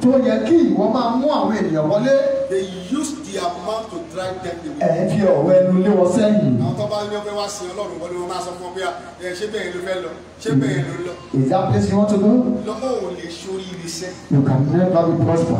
tó yẹ kí ìwọ máa mú àwọn ènìyàn wọlé. they use the amount to drive them away. ẹ fi ọ̀wọ́ ẹnu lé wọn sẹ́yìn. àwọn tó bá ní ọgbẹ́ wá sí ọlọ́run wọlé wọn máa sọ fún ọ pé ah, ẹ ṣé bẹ́ẹ̀ ló fẹ́ lọ ṣé bẹ́ẹ̀ ló lọ. is that place you want to go. lọ́mọ ò lè sórí irisẹ́. you can never be prosper.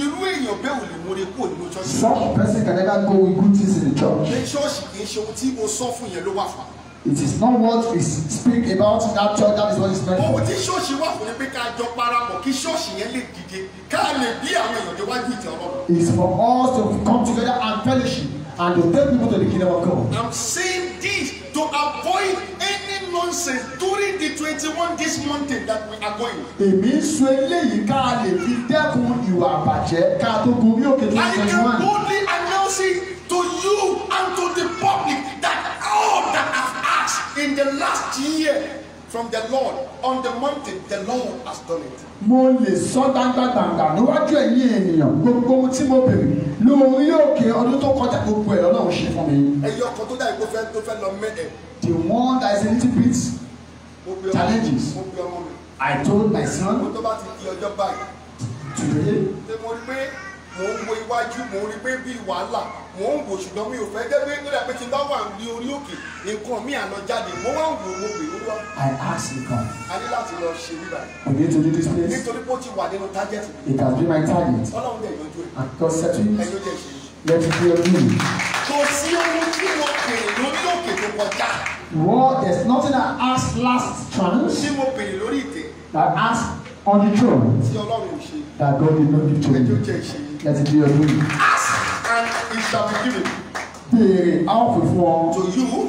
irú èèyàn bẹ́ẹ̀ ò lè múre kó nínú church. such person can never go with good things in the church. ní ṣọ́ọ̀ṣì kì í ṣe ohun tí mo sọ fún yẹn ló wà fún wa it is not what we speak about in that church that is what is meant for. ohun tí ṣọ́ọ̀ṣì wà fún ni pé ká jọ parapọ̀ kí ṣọ́ọ̀ṣì yẹn lè dìde ká lè bí àwọn èèyàn déwájú ìjà ọlọ́run. is for us to come together and fellowship and to take people to the kingdom of God. I'm saying this to avoid any nonsense during the twenty-one this mountain that we are going. èmi ń sọ eléyìí ká lè fi dẹ́kun ìwà àbàjẹ́ ká tó gorí òkè tó ń tẹ̀síwájú. I can only announce it to you and to the public that all that have in the last year from the Lord on the mountain the Lord has done it. mo lè sọ dandandandan níwájú ẹ̀yin ènìyàn gbogbo ohun tí mo bèrè lórí òkè ọdún tó kọjá gbogbo ẹ̀ lọ́nà òṣè fún mi. ẹyọ ọkọ tó dàgbò fẹ́ tó fẹ́ lọ mẹ the one that is a little bit challenges I told my son today mò ń wo iwájú mò ń rí pé bíi wàhálà mò ń wò ṣùgbọ́n mi ò fẹ́ jẹ́ pé nígbà pé ti bá wà ní orí òkè nǹkan mi àná jáde mo wá ń wò mo pè wúwá. I ask you come. a ní láti lọ ṣe bíbá yìí. we need to do this place. nítorí pé ó ti wà nínú target mi. it has been my target. ọlọ́run dẹ̀ yanjú ẹ̀. and God set me. ẹ ló jẹ́ ṣe. let me hear you. kò sí ohun tí mo pè lórí òkè tó kọjá. well there is nothing I ask last chance. ṣé mo pè lórí ìtẹ́. I ask on the throne. tí ọlọ́run ò ṣe. that God did not give to me. ẹ ló jẹ́ ṣe láti dé ọdún yìí. ask and it shall be given. béèrè a ó fún ọ. to you.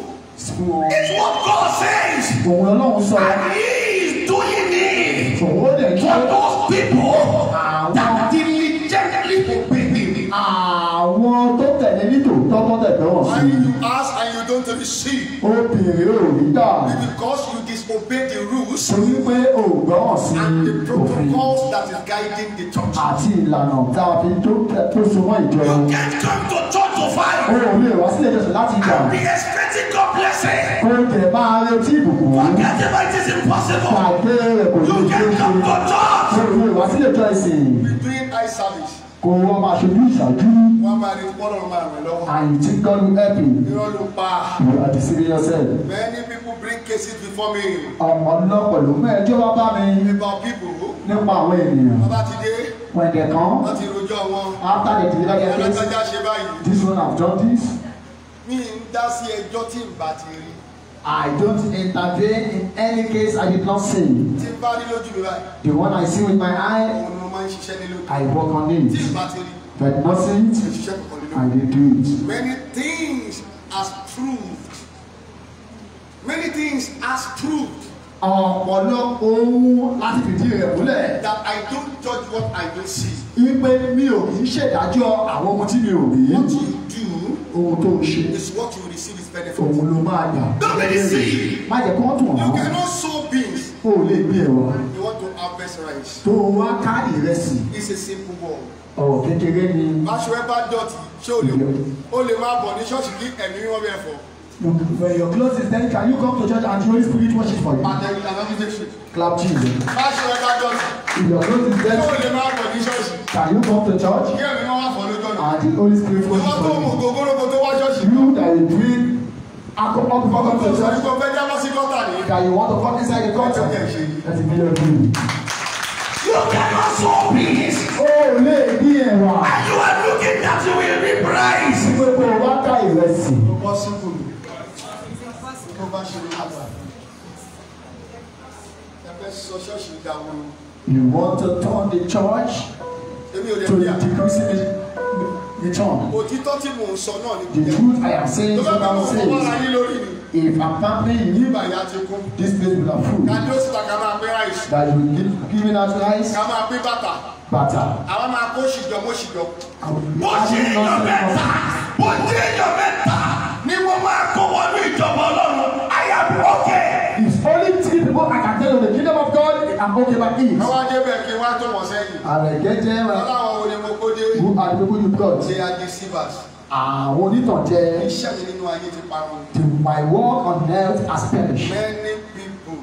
fún ọ. it's what God says. òun ọlọ́run sọ. and he is doing it. òun ó lè kí. for those people. àwọn that diligently obey him. àwọn tó tẹ̀lé ní tòótọ́ tó tẹ̀lé wọn sí. Why you ask and you don't receive. ó béèrè òní dà. because you Obey the rules. torí pé ògbọ́n sí and the protocols that is guiding the church. àti ìlànà tá a tó so mọ́ ìjọ. you can come to church to fight. o lè wá sílé ìjọsìn láti jà. and be expecting God blessing. o jẹ máa retí ìbùkún. forget it but it is impossible. pàdé rẹ̀ kò ní ṣe you can come to church. o lè wá sílé ìjọ we doing eye service kò wọ́n máa ṣojú ìṣàjú. wọ́n máa rí kọ́lọ̀ máa rẹ̀ lọ́wọ́. àyìntí kọ́lu ẹ̀pì. irọ́ pa. you are deceiving yourself. many people bring cases before me. ọmọ náà pẹ̀lú mẹ́ẹ̀ẹ́dẹ́ wá bá mi. about people. nípa àwọn ènìyàn. bàbá ti dé. pẹ̀lẹ́ kan. wọ́n ti rojọ́ wọn. after the delivery of the case. ṣe báyìí. this one have done this. mi ń dá sí ẹjọ́ tí n rí. I don't intervene in any case I did not see The one I see with my eye. I work on it. But nothing. Mo I dey do it. Many things as proved. Many things as proved. That I don't judge what I don't see. What you ohun tó ṣe òun ló máa gbà má jẹ́ kó tún ọ̀nà kó o lè gbé ẹ̀rọ tó o wá ká ìrẹsì ọ̀rọ̀ kékeré ni. báṣọ ẹ bá dọ̀tí ṣé o lè máa bọ̀ ní ṣọ́ọ̀ṣì kí ẹ̀mí wọn bẹ̀ fọ. When your clothes is dirty, can you come to church and the Holy Spirit wash for you? Clap, then you cannot give it. If your clothes is dirty, can you come to church? Yeah, power the holy spirit for you. ìwọ́n tó you that you come up before God to church. that you want to come inside the culture. that's a million people. you cannot sow peas. Oh, lady, and you are looking that you will be praised gbogbo wa ká ìrẹsì. o bọ́ sí kùn. tó bá ṣe you want to turn the church to decrease me return. òtítọ́ tí mò ń sọ náà ni the truth I am saying is what I am saying. tó bá bá wọn fọwọ́ ayé lórí mi. if I pamper you. nígbà yà á ti kú. this place will have food. kàdé oṣù kan ká máa pín rice. that you give giving us rice. ká máa pín bàtà. bàtà. àwọn máa kó ṣìjọ mọ́ ṣìjọ. bó ṣe èèyàn mẹ́ta bó ṣe èèyàn mẹ́ta ni mo máa kó wọnú ìjọba ọlọ́run I am okay àkókè bá kí. káwá débẹ̀ kí wá tó wọ́n sẹ́yìn. àrẹ̀gẹ́ jẹ́ ra. ọlọ́wọ́ wo ni mo kó dé. who are the people ṣe adi sivas. àwọn onítànjẹ. iṣẹ́ mi nínú ayé ti parun. the my work on health has perished. many people.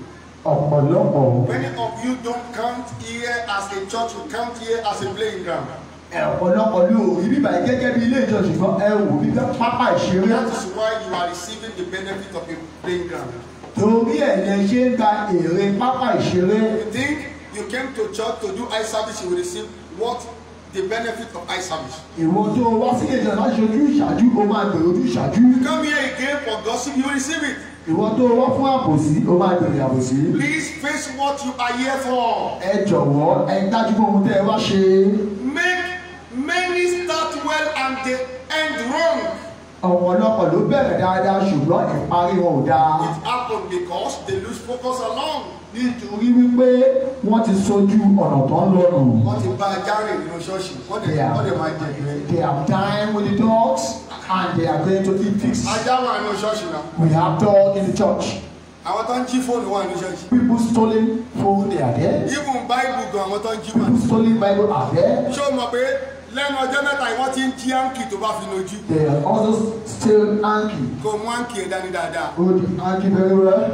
ọ̀pọ̀lọpọ̀. many of you don't count here as a church you count here as a playing ground ọ̀pọ̀lọpọ̀ ló rí bíbá yìí gẹ́gẹ́ bí ilé ìjọ ṣùgbọ́n ẹ wò bíbá pápá ìṣeré. that is why you are receiving the benefit of a playing ground torí ẹ̀ lẹ ṣe ń ta èrè pápá ìṣeré. you think you came to church to do eye service you will receive what the benefit of eye service. ìwọ tó o wá sílé ìjọba láti ojú ìṣáájú o máa bèrè ojú ìṣáájú. you come here again for gossip you receive it. ìwọ tó o wá fún àbòsí o máa bèrè àbòsí. please face what you are here for. ẹ jọ̀wọ́ ẹ dájú fún ohun tẹ́ ẹ wá ṣe. make many start well and they end wrong ọ̀pọ̀lọpọ̀ ló bẹ̀rẹ̀ dáadáa ṣùgbọ́n ìparí wọn ò dáa. it happened because they lose focus along. nítorí wípé wọ́n ti sojú ọ̀nà tó ń lọ nù. wọ́n ti bá a járè nínú ṣọ́ọ̀ṣì wọ́n lè wọ́n lè máa jẹ̀dúrẹ́. they have time with the dogs and they are going to eat pigs. ajá wà nínú ṣọ́ọ̀ṣì náà. we have dog in the church. àwọn tó ń jí fóònù wà ní ṣọ́ọ̀ṣì. people stolen phone they are there. even bible gan àwọn tó ń jí wà. people stolen bible are there. ṣé o mọ̀ pé lẹ́nu ọjọ́ mẹ́ta ìwọ́n ti ń jí áńkì tó bá fi lójú. they are also still áńkì. kò mú áńkì ẹ̀ dání dáadáa. ó di áńkì very well.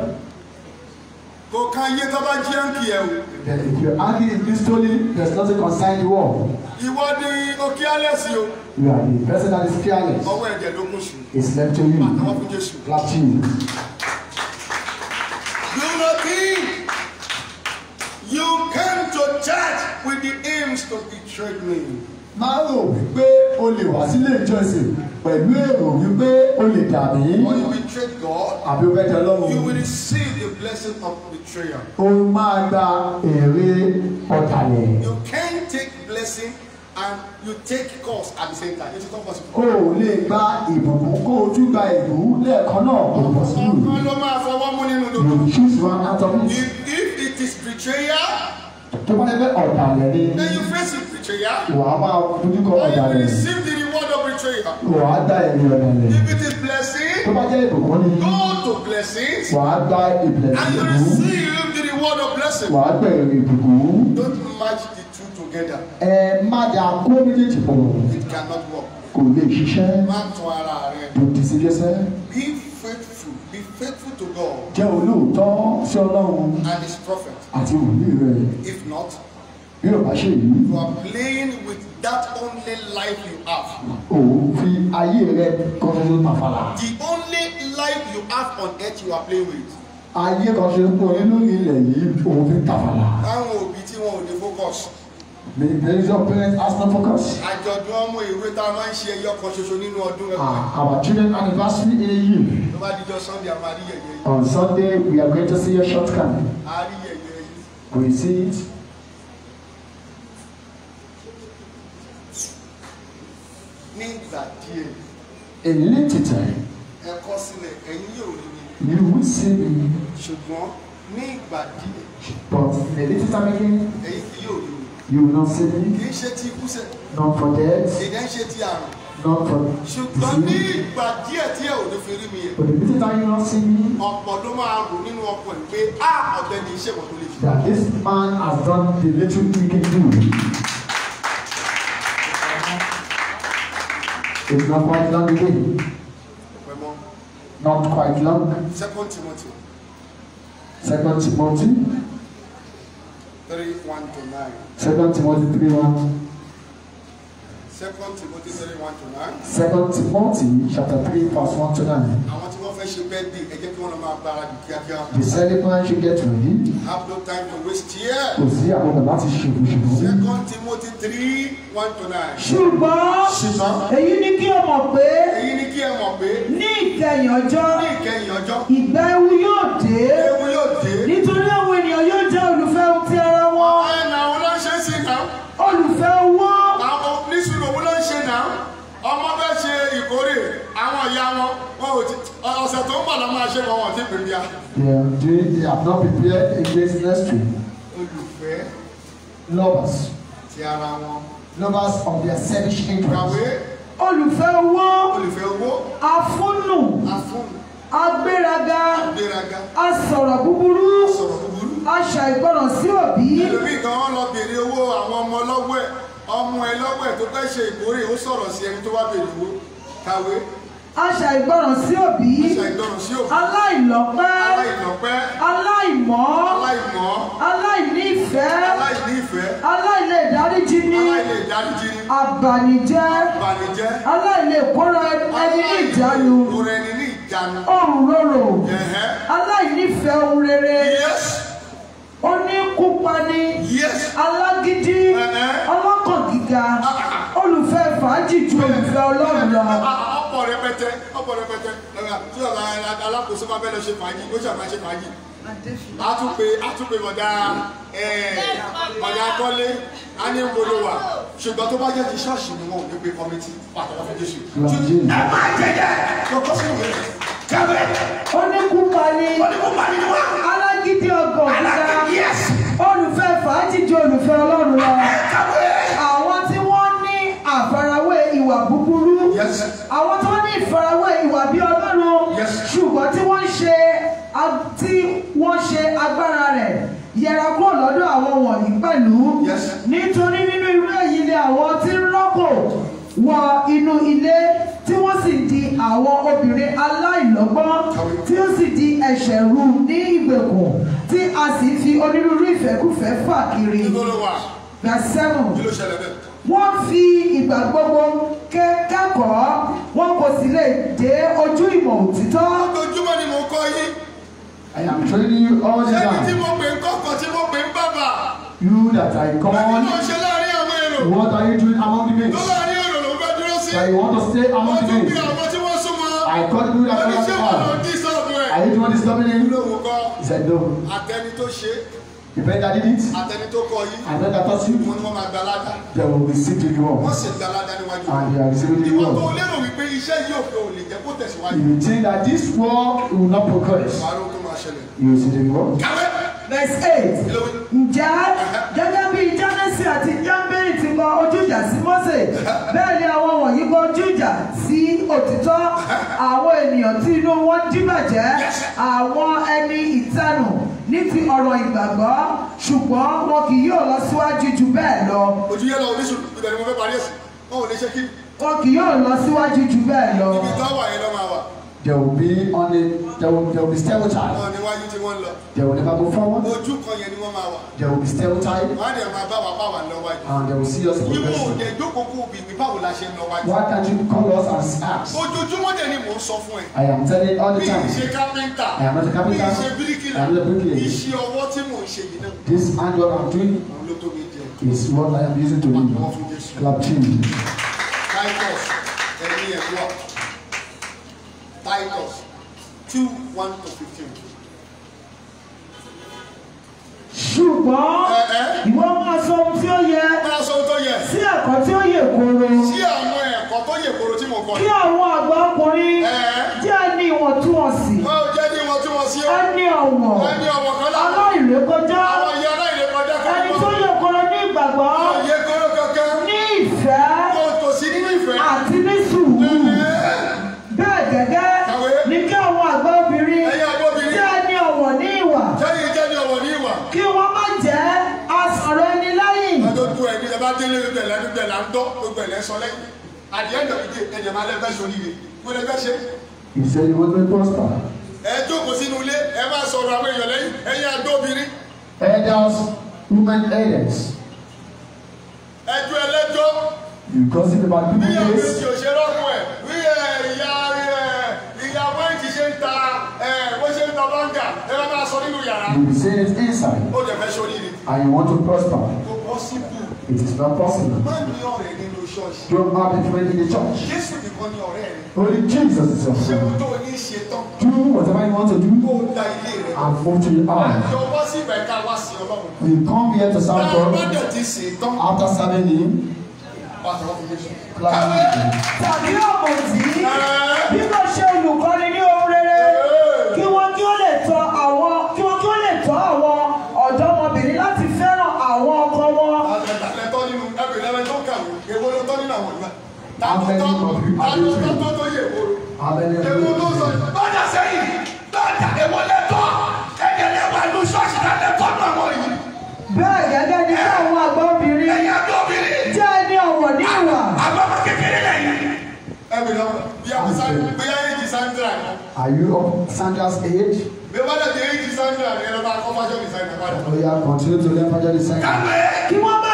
kò kan iye tó bá jí áńkì ẹ̀ o. then if your áńkì is being stolen there is nothing concern you all. ìwọ ni o careless o. you are the person that is careless. ọwọ́ ẹ̀jẹ̀ ló kún sùn. it's left to you. àtàwọn fún Jésù. clap to you. do not think you came to church with the aims to betray me má rò wípé o lè wá sílé ìjọsìn pẹ̀lú èrò wípé o lè dàbí. or you betray God. àbí o bẹ́tẹ̀ lọ́rùn. you will receive the blessing of o máa gba èrè ọ̀tàlẹ̀. you can't take blessing and you take course at the same time. It not possible. O lè gba ìbùkún kó ojú gba ìlú lẹ́ẹ̀kan náà kò bọ̀ sí ìlú. Ọ̀kan ló nínú dodo. You choose one out of it. if it is betrayal tó bá yẹ pé ọ̀dàlẹ̀ then you face with betrayal. yeah? á máa fojú kọ ọ̀dàlẹ̀. and you receive the reward of betrayal. wà á dá ẹ̀rí ọ̀dàlẹ̀. if it is blessing. tó bá jẹ́ ìbùkún ni. go to blessing. wà á ìbùkún. and you receive the reward of blessing. wà á bẹ̀rẹ̀ ìbùkún. don't match the two together. ẹ má dà kó méjèèjì pọ̀. it cannot work. kò lè ṣiṣẹ́. má tún ara rẹ. kò ti ṣe jẹ́sẹ́. if faithful to God. jẹ́ olóòótọ́ sí Ọlọ́run. and his prophet. àti wòlíì rẹ̀. if not. bí o bá ṣe yìí. you are playing with that only life you have. o fi ayé rẹ kan ṣoṣo máa the only life you have on earth you are playing with. ayé kan ṣe ń pọ̀ nínú ilẹ̀ yìí òun fi tàfàlà. báwọn òbí tí wọn ò ní focus. May the religious parents ask for cause. Àjọ̀dún ọmọ ìwé tá a máa ń ṣe ẹyọ kan ṣoṣo nínú ọdún ẹ̀kọ́. Ah, our children anniversary in a year. Tó bá dijọ́ Sunday, a máa rí On Sunday, we are going to see a short camp. A rí yẹ̀yẹ́ yìí. We see it. Ní ìgbà díẹ̀. A little time. Ẹ̀kọ́ sílẹ̀, ẹ̀yin yóò rí mi. You will see me. Ṣùgbọ́n ní ìgbà díẹ̀. But a little time again. Ẹ̀yin kì yóò rí mi. You will not see me. Kì í ṣe ti ikú Not for death. Ìdẹ́ ń ṣe ti àrùn. Not for disease. But the reason that you will not see me. Ọ̀pọ̀ ló máa rò nínú ọkọ̀ ẹ̀ pé That this man has done the little thing he can do. It's not quite long again. Not quite long. Second Timothy. Second Timothy. 3 1 to 9. Second Timothy 3 1. Second Timothy 3 1 to 9. Second Timothy chapter 3 verse 1 to 9. Àwọn tí wọ́n fẹ́ ṣe bẹ́ẹ̀ dì ẹ̀jẹ̀ kí wọ́n máa should get ready. Have no time to waste here. Kò sí àkókò láti ṣubú ṣubú. Second Timothy 3 1 to 9. Shuba, ṣùgbọ́n èyí ni kí ẹ mọ̀ pé. Èyí ni kí ẹ mọ̀ pé. Ní ìkẹyìn ọjọ́. Ní ìkẹyìn ọjọ́. Ìgbà ewu yóò dé. Ewu yóò dé. náà. olùfẹ́ owó. àwọn oníṣirò owó ló ń ṣe náà ọmọ bẹ́ẹ̀ ṣe ìkórè àwọn ìyá wọn wọn tó ń bọ̀ lọ́ máa ṣe wọn wọn ti pèmí a. they they have not prepared against next week. olùfẹ́. lovers. ti ara wọn. lovers of their selfish interest. kàwé. olùfẹ́ owó. olùfẹ́ owó. afúnù. afúnù. agbéraga. agbéraga. asọ̀rọ̀ búburú. asọ̀rọ̀ búburú aṣọ ìgbọràn sí òbí. ẹlòmíì kan wọn lọ béèrè owó àwọn ọmọ lọ́wọ́ ẹ̀ ọmọ ẹ lọ́wọ́ ẹ̀ tó fẹ́ ṣe ìkórè ó sọ̀rọ̀ sí ẹni tó wá béèrè owó kàwé. aṣà ìgbọràn sí òbí. aṣà ìgbọràn sí òbí. aláìlọ́pẹ́. aláìlọ́pẹ́. aláìmọ́. aláìmọ́. aláìnífẹ́. aláìnífẹ́. aláìlè dáríjì ni. aláìlè dáríjì ni. àbànújẹ́. àbànújẹ́. aláìlè kóra ẹni ní ìjánu. kóra ẹni ní ìjánu. òrùn rorò. aláìnífẹ́ ohun rere. yẹ́sù oníkúpa ni alágídí ọlọ́kàn gíga ah, ah, ah. olùfẹ́ fàájì ju olùfẹ́ ọlọ́run lọ. ọ̀pọ̀ rẹpẹtẹ ọ̀pọ̀ rẹpẹtẹ tí ọba alákòóso bá bẹ́ẹ̀ lọ ṣe fàájì ó ṣàbá ṣe fàájì àtúnpè àtúnpè bọ̀dá bọ̀dá kọ́lé a ní gbolo wa ṣùgbọ́n tó bá jẹ́ ti ṣọ́ọ̀ṣì ni wọn ò ní pe kọ́mítì pàtàkì jésù. ẹ máa jẹjẹ oníkúpani alágídí ọgàn gíga olùfẹ́ fàájì ju olùfẹ́ ọlọ́run lọ àwọn tí wọ́n ní àfarawé ìwà búburú àwọn tí wọ́n ní ìfarawé ìwà bí ọlọ́run ṣùgbọ́n tí wọ́n ṣe tí wọ́n ṣe agbára rẹ̀ yẹra kúrò lọ́dọ̀ àwọn wọ̀nyí pẹ̀lú nítorí nínú irú èyí ni àwọn tí ń rọ́pò wọ inú ilé tí wọ́n sì di àwọn obìnrin aláìlọ́gbọ́n tí ó sì di ẹ̀ṣẹ̀ rú ní ìgbèkùn tí a sì fi onírúurú ìfẹ́kùfẹ́ fà kiri. verse seven wọ́n fi ìgbà gbogbo kẹ́kọ̀ọ́ wọn kò sì lè dé ojú ìmọ̀ òtítọ́. ojoojúmọ́ ni mo kọ́ yín. I am training you all the time. Ṣé tí mo pè ń kọ́kọ́ tí mo pè ń bàbà? You that I call. Bẹ́ẹ̀ni mo ṣe láàrin àwọn èrò. What are you doing among the men? Lọ́wọ́ àárín èrò ló ń bá dúró sí. I want to stay among the men. Wọ́n tún bí àwọn tí wọ́n. I called Buddha for that. I hate what is coming in. He said, No. Àtẹni tó ṣe the men that did it. àtẹni tó kọ yìí. àtẹni tó tọ́ sí. mo ní wọn máa gba aládá. they will receive the reward. wọ́n sì gba aládá níwájú. and they are receiving the reward. ìwọ tó lérò wípé iṣẹ́ yìí ò fẹ́ ò lè jẹ́ kó tẹ̀síwájú. you think that this war will not progress. ìwádìí tó máa ṣẹlẹ̀. you see the reward. kàwé. verse eight. ǹjẹ́ gẹ́gẹ́ bí jánẹ́sì àti jámbẹ́rì ti kọ ojú ìjà sí Mósè bẹ́ẹ̀ ni àwọn wọ̀nyí kọ ojú ìjà sí òtítọ́ àwọn ènìyàn tí inú wọn díbàjẹ́ àwọn ẹni ìtanù ní ti ọ̀rọ̀ ìgbàgbọ́ ṣùgbọ́n wọn kì yóò lọ síwájú ju bẹ́ẹ̀ lọ. ojú yẹn lọ oníṣù ìgbà ni mo fẹ́ parí ẹ̀sìn wọn ò ní ṣe kí. wọn kì yóò lọ síwájú ju bẹ́ẹ̀ lọ. ibi táwa yẹn lọ máa wà. There will be only. There will, there will be stereotyped. Wọ́n ní tí wọ́n lọ. They will never go forward. Ojú kan yẹn ni wọ́n máa wà. They will be stereotyped. Wọ́n á dẹ̀ máa bá wa bá wa lọ wájú. And they will see us for the best. Ibo òde jókòókò bìbí báwo la ṣe ń lọ wájú. Why can't you call us and ask? Ojoojúmọ́ dẹ̀ ni mò ń sọ fún ẹ. I am telling all the time. Mi ì ṣe kápẹ́ntà. I am not a carpenter. Mi ì ṣe bíríkìlà. I am not a bricklayer. Iṣẹ́ ọwọ́ tí mò ń ṣe yìí This hand work I am doing is what I am using to win. Clap team. Titus, Titus 2 1 to 15. ṣùgbọ́n ìwọ máa sọ ohun tí ó yẹ sí ẹ̀kọ́ tí ó yè kóró sí àwọn ẹ̀kọ́ tó yè kóró tí mo kọ́ kí àwọn àgbà ọkùnrin jẹ́ ẹni ìwọ̀ntúnwọ̀nsì ẹni ọ̀wọ̀ aláìrékọjá yẹn gbogbo ẹ̀ là ń tọ́ gbogbo ẹ̀ lẹ́ sọ lẹ́yìn at the end of the day ẹ̀jẹ̀ máa lẹ́fẹ́ sóríire kó lè fẹ́ ṣe. ìṣèlú wọn fẹ́ pọ́sítà. ẹ jókòó sínú ilé ẹ máa sọ̀rọ̀ àwọn èèyàn elders women elders. ẹjọ́ ẹlẹ́jọ́. you gossip about people days. níyàwó èsì òṣèré ọkùn ẹ̀ wí ẹ̀ ìyá ìyàwó èjì ṣe ń ta bó ṣe ń ta báńgà ẹ bá máa sọ nínú yàrá. you say it inside. ó lè fẹ́ sóríire. and you want to prosper. kò possible it is not possible. Don't have a friend in the church. Only Jesus is your friend. Do whatever you want to do and move to your house. You come here to serve God after serving Him. Tàbí ọ̀bùn tí bí mo ṣe olùkọ́ni ní How many of you have been trained? How many of you have been trained? Bọ́dà sẹ́yìn, bọ́dà èwo lẹ́tọ̀, ẹ̀jẹ̀ lẹ́wà ìlú náà lẹ́tọ̀ yìí. Bẹ́ẹ̀ gẹ́gẹ́ ni kí àwọn àgbà obìnrin jẹ́ ẹni ọ̀wọ̀ ní ìwà. Àgbà ọmọ kékeré lẹ́yìn. Ẹ̀mí lọ, bóyá èjì Sandra. Are you of Sandra's age? Bí wọ́n dàbí èjì Sandra ni ẹ̀rọ bá kọ́ fájọ́ ìsáyìn náà padà. Oya continue to learn fájọ́ ìsáyìn. Kí wọ́n b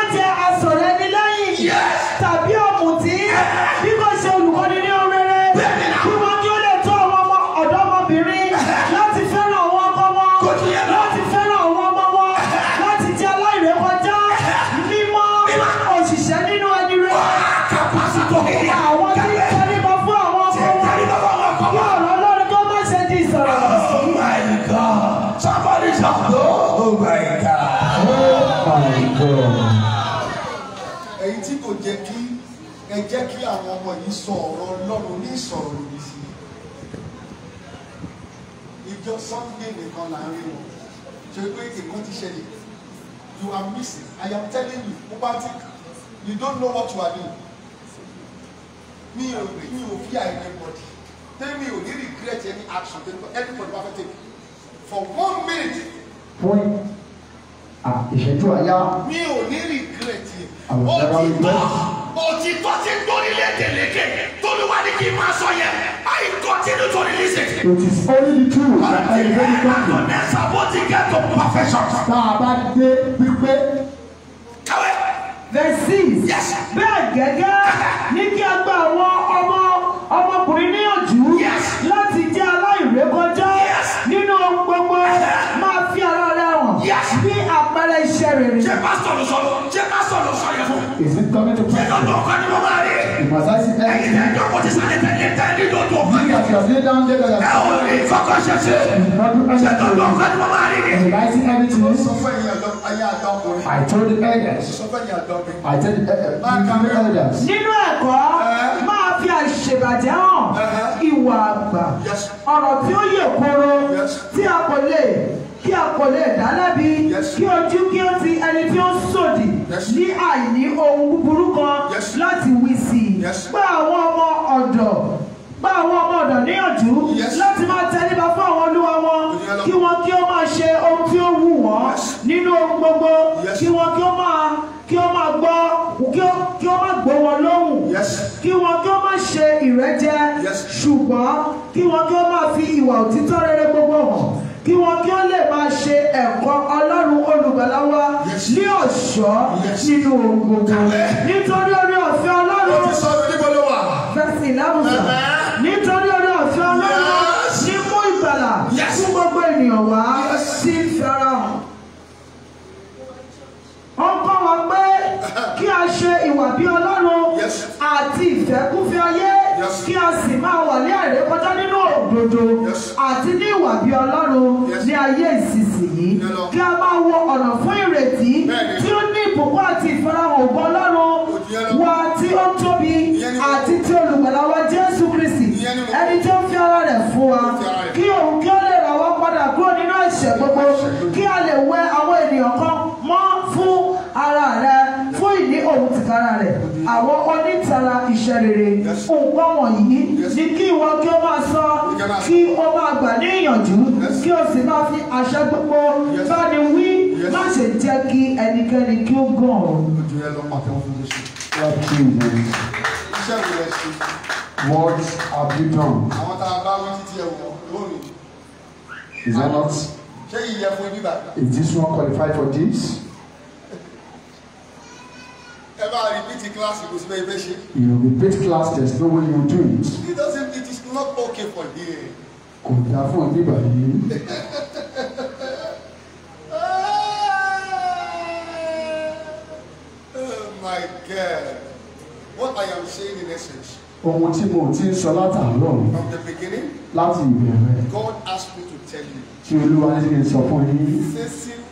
sọ ọ̀rọ̀ ọlọ́run ní ìsọ̀rọ̀ lòdì sí ìjọ sunday nìkan là wọn ṣe pé nǹkan ti ṣẹlẹ̀ you are missing i am telling you ó bá ti you don't know what you are doing mi ò mi ò fi àìní bọ̀dì tẹ́mi ò ní regret any action tẹ́mi everybody wá fẹ́ take for one minute. Point. Ah, ìṣẹ́jú àyà. mi ò ní regret yẹn. ó ti bá òtítọ́ ti gbóni léde léde tóluwa ni kì í máa sọ yẹn I continue to release it. it is only the truth that I dey very happy. ọ̀rẹ́ ẹ̀ka bó ti get to perfection. tá a bá dé pípé. kàwé. verse six. yes. bẹ́ẹ̀ gẹ́gẹ́ ní kí a gba àwọn ọmọ ọmọkùnrin níyànjú. yes. láti jẹ́ aláìrékọjá. yes. nínú ohun gbogbo máa fi ara rẹ̀ hàn. yes. bí àpẹẹrẹ iṣẹ́ rere. ṣé pásítọ̀ ló sọ ṣé pásítọ̀ ló sọ yẹn fún mi. Is it coming to pass? Nínú ọkọ ni mo máa rí. Ìmọ̀sá sí ẹ́. Ẹyin náà jókòó ti sáré tẹ́lẹ̀ tẹ́lẹ̀ nínú ọkọ. Ní àti àti ilé dáhùn dé dára. Ẹ ò rí ìfọkànṣẹ́ṣe. Nínú ọkọ ni mo máa rí ni. Ìgbà tí ẹni tí I told the elders. I told the elders. Nínú ẹ̀kọ́, máa fi àṣebàjẹ́ hàn. Ìwà àgbà. Ọ̀rọ̀ tí ó yè kóró. Tí a kò lè kí a kò lè dá lẹ́bi kí ojú kí ó ti ẹni tí ó sòdì ní àìní ohun búburú kan láti wí sí i gba àwọn ọmọ ọ̀dọ̀ gba àwọn ọmọ ọ̀dọ̀ níyànjú láti máa tẹríba fún àwọn olúwa wọn kí wọn kí ó máa ṣe ohun tí ó wù wọ́n nínú ohun gbogbo kí wọn kí ó máa kí ó máa gbọ́ kí ó máa gbọ́ wọn lóhùn kí wọn kí ó máa ṣe ìrẹ́jẹ ṣùgbọ́n kí wọn kí ó máa fi ìwà òtítọ́ rere gbogbo hàn kí wọn kí wọn lè máa ṣe ẹ̀kọ́ ọlọ́run olùgbàlà wa ní ọ̀ṣọ́ nínú ohun gbogbo nítorí orí ọ̀fẹ́ ọlọ́run fẹsí láwùjọ nítorí orí ọ̀fẹ́ ọlọ́run ní mú ìgbàlà fún gbogbo ènìyàn wá sí farahàn. ó ń kọ́ wọn pé kí a ṣe ìwà bí ọlọ́run àti ìfẹ́kúfẹ́ ayé kí a sì máa wà ní àrékọjá nínú òdodo àti ní ìwà bí ọlọ́run ní ayé ìsinsìnyí kí a máa wo ọ̀nà fún ìrètí tí ó ní ìbùkún àti ìfarahàn ògbó ọlọ́run wa tí ó tóbi àti ti olùgbàlà wa jésù kristi ẹni tí ó fi ara rẹ̀ fún wa kí òun kí ó lè rà wá padà kúrò nínú ẹ̀ṣẹ̀ gbogbo kí a lè wẹ àwọn ènìyàn kan mọ́ fún ara rẹ̀ fún ìní òun tìkára rẹ̀ àwọn onítara ìṣẹ̀rere nǹkan wọ̀nyí ni kí ìwọ kí o máa sọ kí o máa gbà ní ìyànjú kí o sì máa fi àṣẹ gbogbo bá ní wí má ṣe jẹ́ kí ẹnikẹ́ni kí ó gàn ọ́. What have you done? Is that not? Is this one qualified for this? ẹ máa repeat class kò sí bẹ́ẹ̀ bẹ́ẹ̀ ṣe. you repeat class there no way you do it. it doesn't it is not okay for here. kò dáa fún ọ nígbà yìí. Oh my God what I am saying in essence. ohun tí mo ti ń sọ látàárọ̀. from the beginning. láti ìbẹ̀rẹ̀. God asked me to tell you. tí olúwa ní kí n sọ fún yín. facing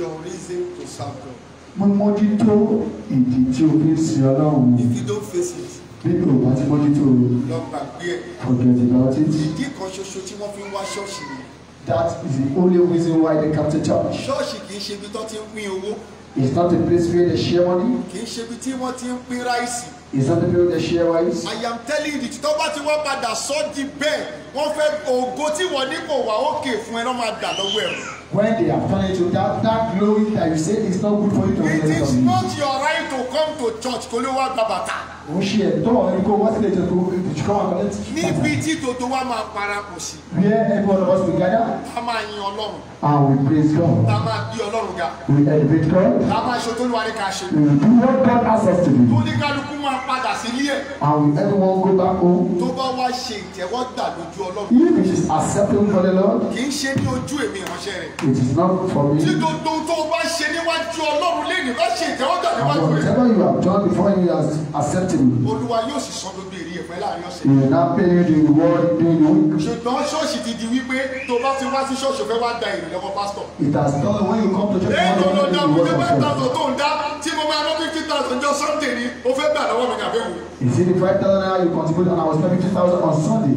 your reason to serve God mímójútó ìdí tí o fi ń sin ọlọ́run bí o bá ti mójútó o forget about it. ìdí kan ṣoṣo tí wọ́n fi ń wá ṣọ́ọ̀ṣì ni. that is the only reason why they come to church. ṣọ́ọ̀ṣì kì í ṣe ibi tó ti ń pín owó. It's not a place where they share money. Kì í ṣe ibi tí wọ́n ti ń pín ráìsì. It's not a place where they share rice. I am telling you, tó bá ti wọ́n padà sọ́ di bẹ́ẹ̀, wọ́n fẹ́ ògo tí wọ́n ní kò wá òkè fún ẹ náà máa dà lọ́wọ́ ẹ̀rọ when they have done it to that that glory that you say is not good for you to get from me. it is not your right to come to church kolowa gbàbàtà. o ṣe ẹ̀tọ́ ẹni kó wá sílẹ̀ jẹ́ tó ìdíjú kan wà kọ́lẹ́ tì. níbi tí tòtò wa máa para kò sí. where everyone was together. a máa yin ọlọ́run. and we praise God. a máa bí ọlọ́run ga. we elevate God. a máa ṣe tó lùwárí ká ṣe. we do what God ask us to do. tó ní kálukú máa padà sílé ẹ̀. and we everyone go back home. tó bá wá ṣe ìtẹ́wọ́gbà lójú ọlọ́run. if it is acceptable for the Lord. kì í ṣe ní ojú èmi ìránṣẹ́ rẹ̀ it is not for me. tí gbogbo tó o bá ṣe níwájú ọlọ́run lẹ́yìn bá ṣe ìtẹ́wọ́gbà níwájú rẹ̀. whatever you have done before you are accepting. olúwa yóò sì sọ gbogbo èrè ẹ̀fẹ́ láàrin ọ̀sẹ̀. ìrìnà pé the reward dey no. ṣùgbọ́n ṣọ́ọ̀ṣì ti di wípé tó bá ti wá sí ṣọ́ọ̀ṣì fẹ́ wá da èrè lọ́wọ́ pásítọ̀. it has done when you come to church. ẹ̀ẹ́dọ̀ ló dá mo fẹ́ five thousand tó ń dá tí mo máa ná fifty thousand jọ sunday ni o fẹ́ gbà lọ́wọ́ mi kàfẹ́ wò. you it the five thousand naira you contribute and I was paying fifty thousand on Sunday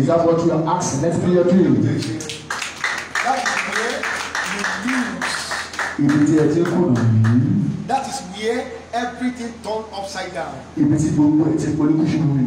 is that what you are asking next period three. ibi tí ẹ ti kùnà yìí. that is where everything turned upside down. ibi tí gbogbo ẹ̀ ti pẹ̀lú kí ṣubú mi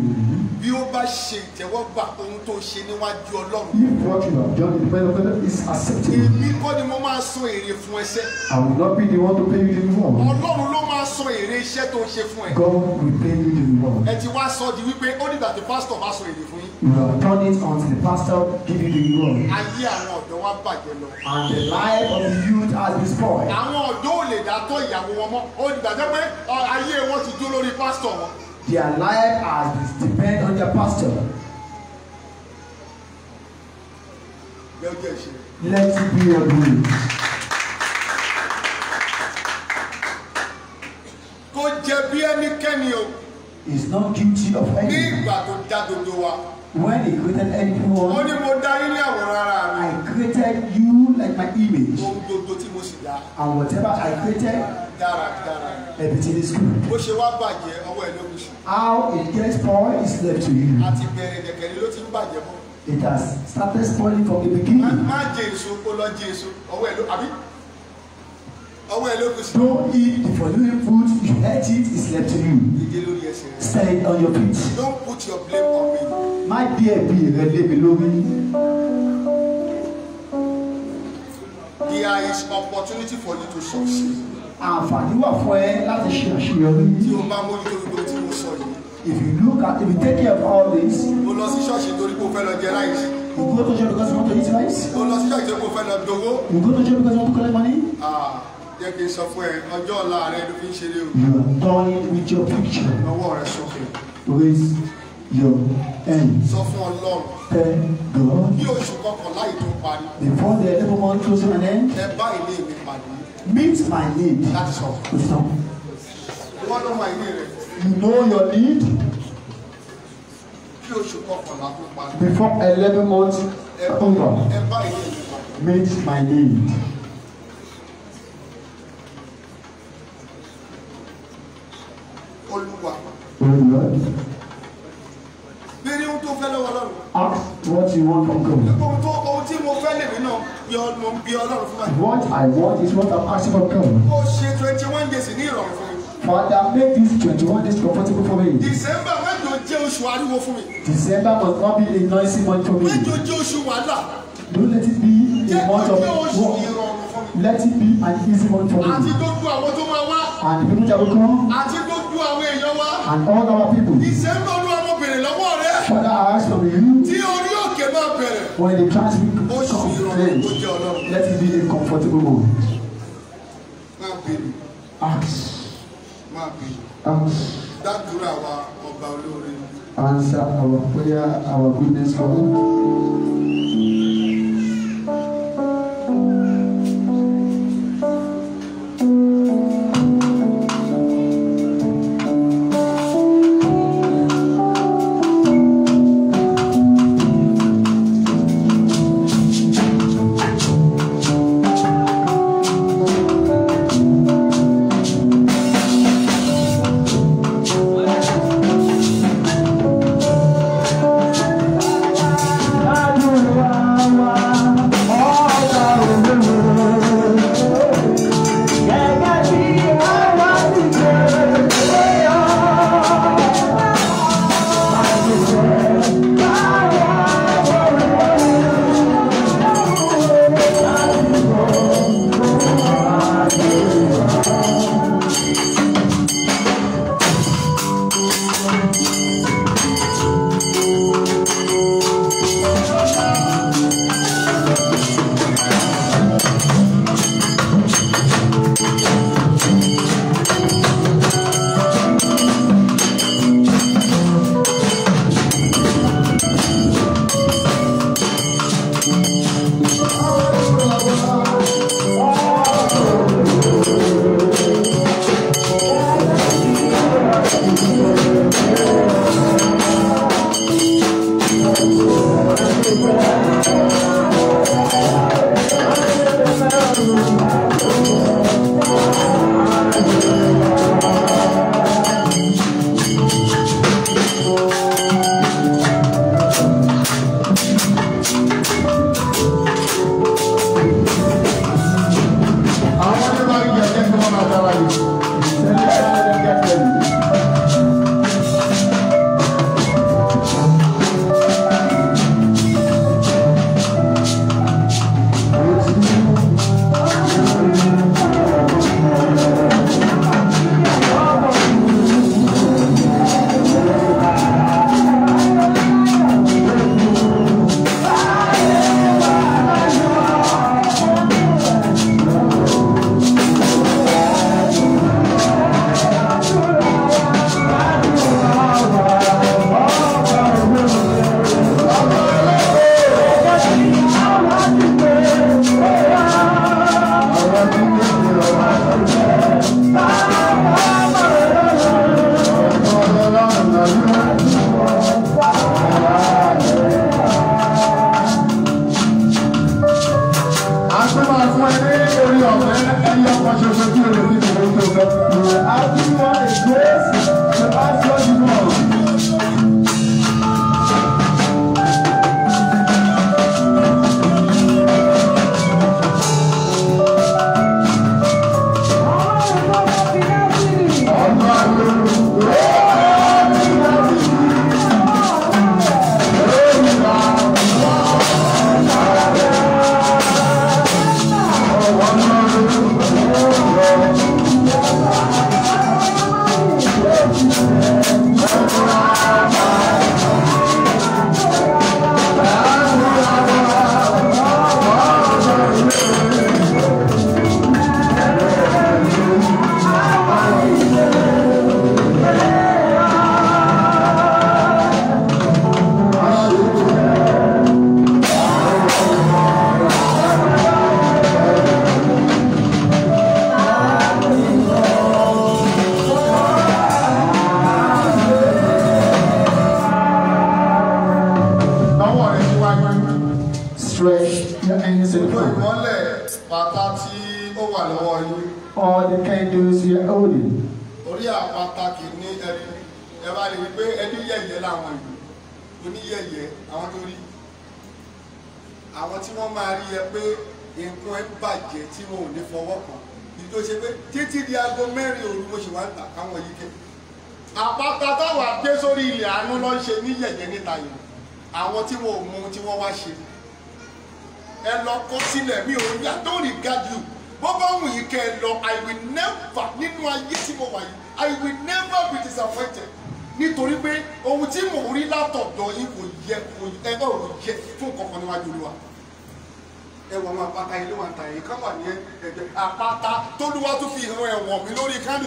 bí ó bá ṣe ìtẹ́wọ́gbà ohun tó ṣe níwájú ọlọ́run. if what you have done in front of is acceptable. èmi kọ́ ni mo máa san èrè fún ẹsẹ̀. I will not be the one to pay you the reward. ọlọ́run ló máa san èrè iṣẹ́ tó ń ṣe fún ẹ. God will pay you the reward. ẹ ti wá sọ di wípé ó nígbà tí pastor bá san èrè fún yín. you have done it until the pastor give you the reward. ayé àwọn ọ̀dọ́ wa bàjẹ́ lọ. and the life of the youth has been spoiled. àwọn ọ̀dọ́ ò lè dá tọ́ ìyàwó wọn mọ́ ó nígbà tó pé ayé wọn ti dúró lórí pásítọ̀ wọn. Their life has depend on their pastor. Let it be your will. Kò jẹ̀bi ẹnikẹ́ni o. He is not guilty of anything. Ní ìgbà tó dá dodo wa. When he created anyone. Ó ní mo dá ilé àwòrán ara mi. I created you like my image. Ohun gbogbo tí mo sì dá. And whatever I created. Dára dára. Everything is good. Bó ṣe wá bàjẹ́ ọwọ́ ẹ ló kù How it gets poor is left to you. Àti bẹ̀rẹ̀ gẹ̀gẹ̀rẹ̀ ló ti ń bàjẹ́ mọ́. It has started spoiling from the beginning. Má jẹ èso kó lọ jẹ èso ọwọ́ ẹ ló àbí ọwọ́ ẹ ló kù sí. don't eat the following food you ate it is left to you. ìdí lórí ẹsẹ̀ rẹ. on your feet. don't put your blame on me. My bí ẹ̀bi rẹ lé mi lórí. there is opportunity for you to succeed. àǹfààní wà fún ẹ láti ṣe àṣeyọrí. tí o bá mójútó gbogbo tí mo sọ yìí. if you look at if you take care of all this. mo lọ sí ṣọ́ọ̀ṣì torí pé o fẹ́ lọ jẹ ráìsì. you go to church because you want to eat rice. mo lọ sí ṣọ́ọ̀ṣì torí pé o fẹ́ lọ dowó. you go to church because you want to collect money. Ah jẹ́ kí n sọ fún ẹ ọjọ́ ọ̀la rẹ ló fi ń ṣeré o. you are toying with your picture. ọwọ́ rẹ sókè. raise your hand. sọ fún ọlọ́run. thank God. bí oṣù kọkànlá yìí tó parí. before the eleven month closing and end. ẹ bá ilé mi pàdé. meet my need. that's all. o sọ. wọ́n ló máa ilé rẹ. you know your need. bí oṣù kọkànlá tó parí. before eleven month, ẹ bá ilé mi pàdé. meet my need. olúwa. béèrè ohun tó fẹ́ lọ́wọ́ ọlọ́run. ask what you want from God. ohun tó ohun tí mo fẹ́ lè náà bí ọlọ́run fún mi. what I want is what I'm asking from God. ó ṣe twenty one days ní ìrọ̀rùn fún mi. Father, make this 21 days comfortable for me. December when mẹ́jọ jẹ́ oṣù ariwo fún mi. December must not be a noisy month for me. When Mẹ́jọ jẹ́ oṣù wàhálà. Don't let it be a month of war. Let it be an easy month for me. Àti gbogbo àwọn tó máa wá. And people that will come. Àti gbogbo and all our people. Ìṣẹ́nu Olúwa mo bèrè lọ́wọ́ rẹ. Father, I ask from you. Tí orí òkè máa bẹ̀rẹ̀. When the trans people come to let it be a comfortable moment. Máa bèrè. Ask. Máa bèrè. Ask. Dádúrà wa ọba olóore. Answer our prayer, our goodness for you.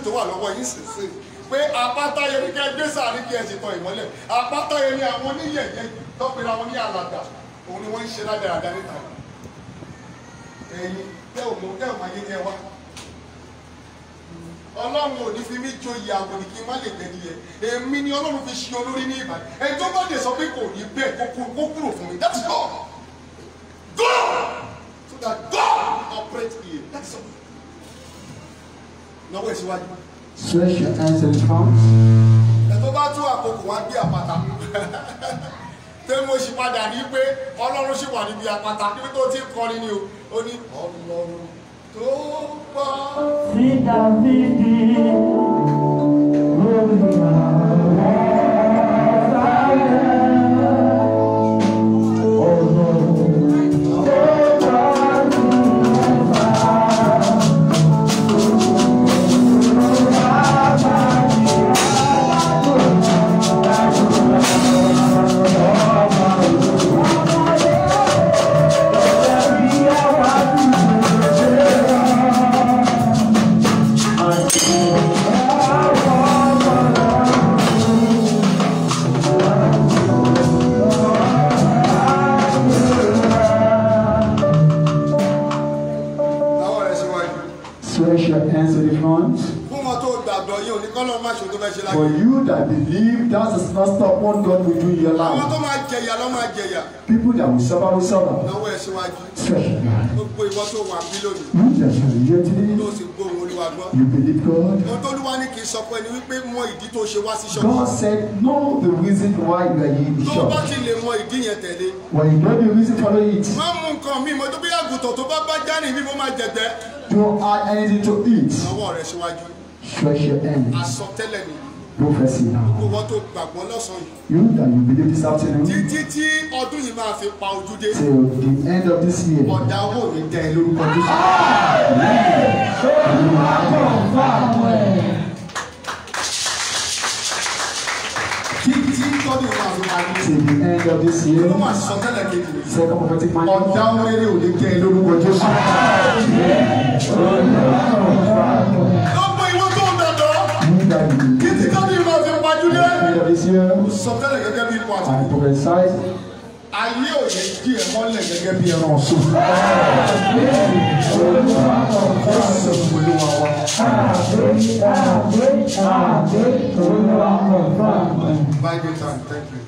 tó wà lọ́wọ́ yìí sísìn pé apátáyé ní kẹ́ gbé kí ẹ sì tọ ìmọ́lẹ̀ apátáyé ní àwọn oníyẹ̀yẹ tọ́pẹ̀rẹ̀ àwọn ní alàgbà òun ni wọ́n ń ṣe ládàradà níta ẹ̀yin tẹ́ ò mọ tẹ́ ò máa yé kẹ́ wá ọlọ́run ò ní fi mí joyè àbòdì kí n má lè tẹ̀lé yẹ èmi ni ọlọ́run fi ṣe olórí ní ìbàdàn ẹ̀ bá dé sọ pé kò ní bẹ́ẹ̀ kó kúrò fún mi that's all. lọ́wọ́ ìṣíwájú. stretch your hands and front. ẹ tó bá tún àkókò wá bí àpáta tẹ́lẹ̀ mo sì padà rí pé ọlọ́run sì wà níbi àpáta níbi tó ti ń kọrin ni o ó ní ọlọ́run tó gbọ́. sí dàbídì lórí àná. for you that believe that is not stop what God will do in your life. àwọn tó máa jẹyà ló máa jẹyà. people that will suffer will suffer. náwó ẹ síwájú. gbogbo ìwọ tó wà bí lónìí. you just relate to it. tó sì gbóhùn olúwa gbọ́. you believe God. ohun tó lúwa ní kì í sọ fún ẹni wípé mọ ìdí tó ṣe wá sí ṣọ́kọ. God said no, the reason why you are in the shop. tó bá ti lè mọ ìdí yẹn tẹ̀lé. when you know the reason follow it. má mú nǹkan mi mọ́ tó bí àgùntàn tó bá bá jẹ́rìí mi mo máa jẹ̀gbẹ́. don't add anything to it. ọwọ́ rẹ̀ síwájú. stretch your hands. àsọtẹ́lẹ̀ nìyí prophecy now. gbogbo wọn tó gbàgbọ́ lọ́sàn-án yìí. you that you believe this afternoon. títí tí ọdún yìí máa fi pa ojú dé. till the end of this year. ọ̀dà owó mi tẹ ẹ lórúkọ ah! jésù. olúwa kò fà wẹ̀. títí tọ́dún yìí máa fi pa ojú. till the end of this year. olúwa sọ tẹ́lẹ̀ kejì. second prophetic man. ọ̀dà owó eré òní tẹ ẹ lórúkọ jésù. olúwa kò fà wẹ̀. lọ́pọ̀ ìwé tó Dieu. Vous sortez les gars qui thank you.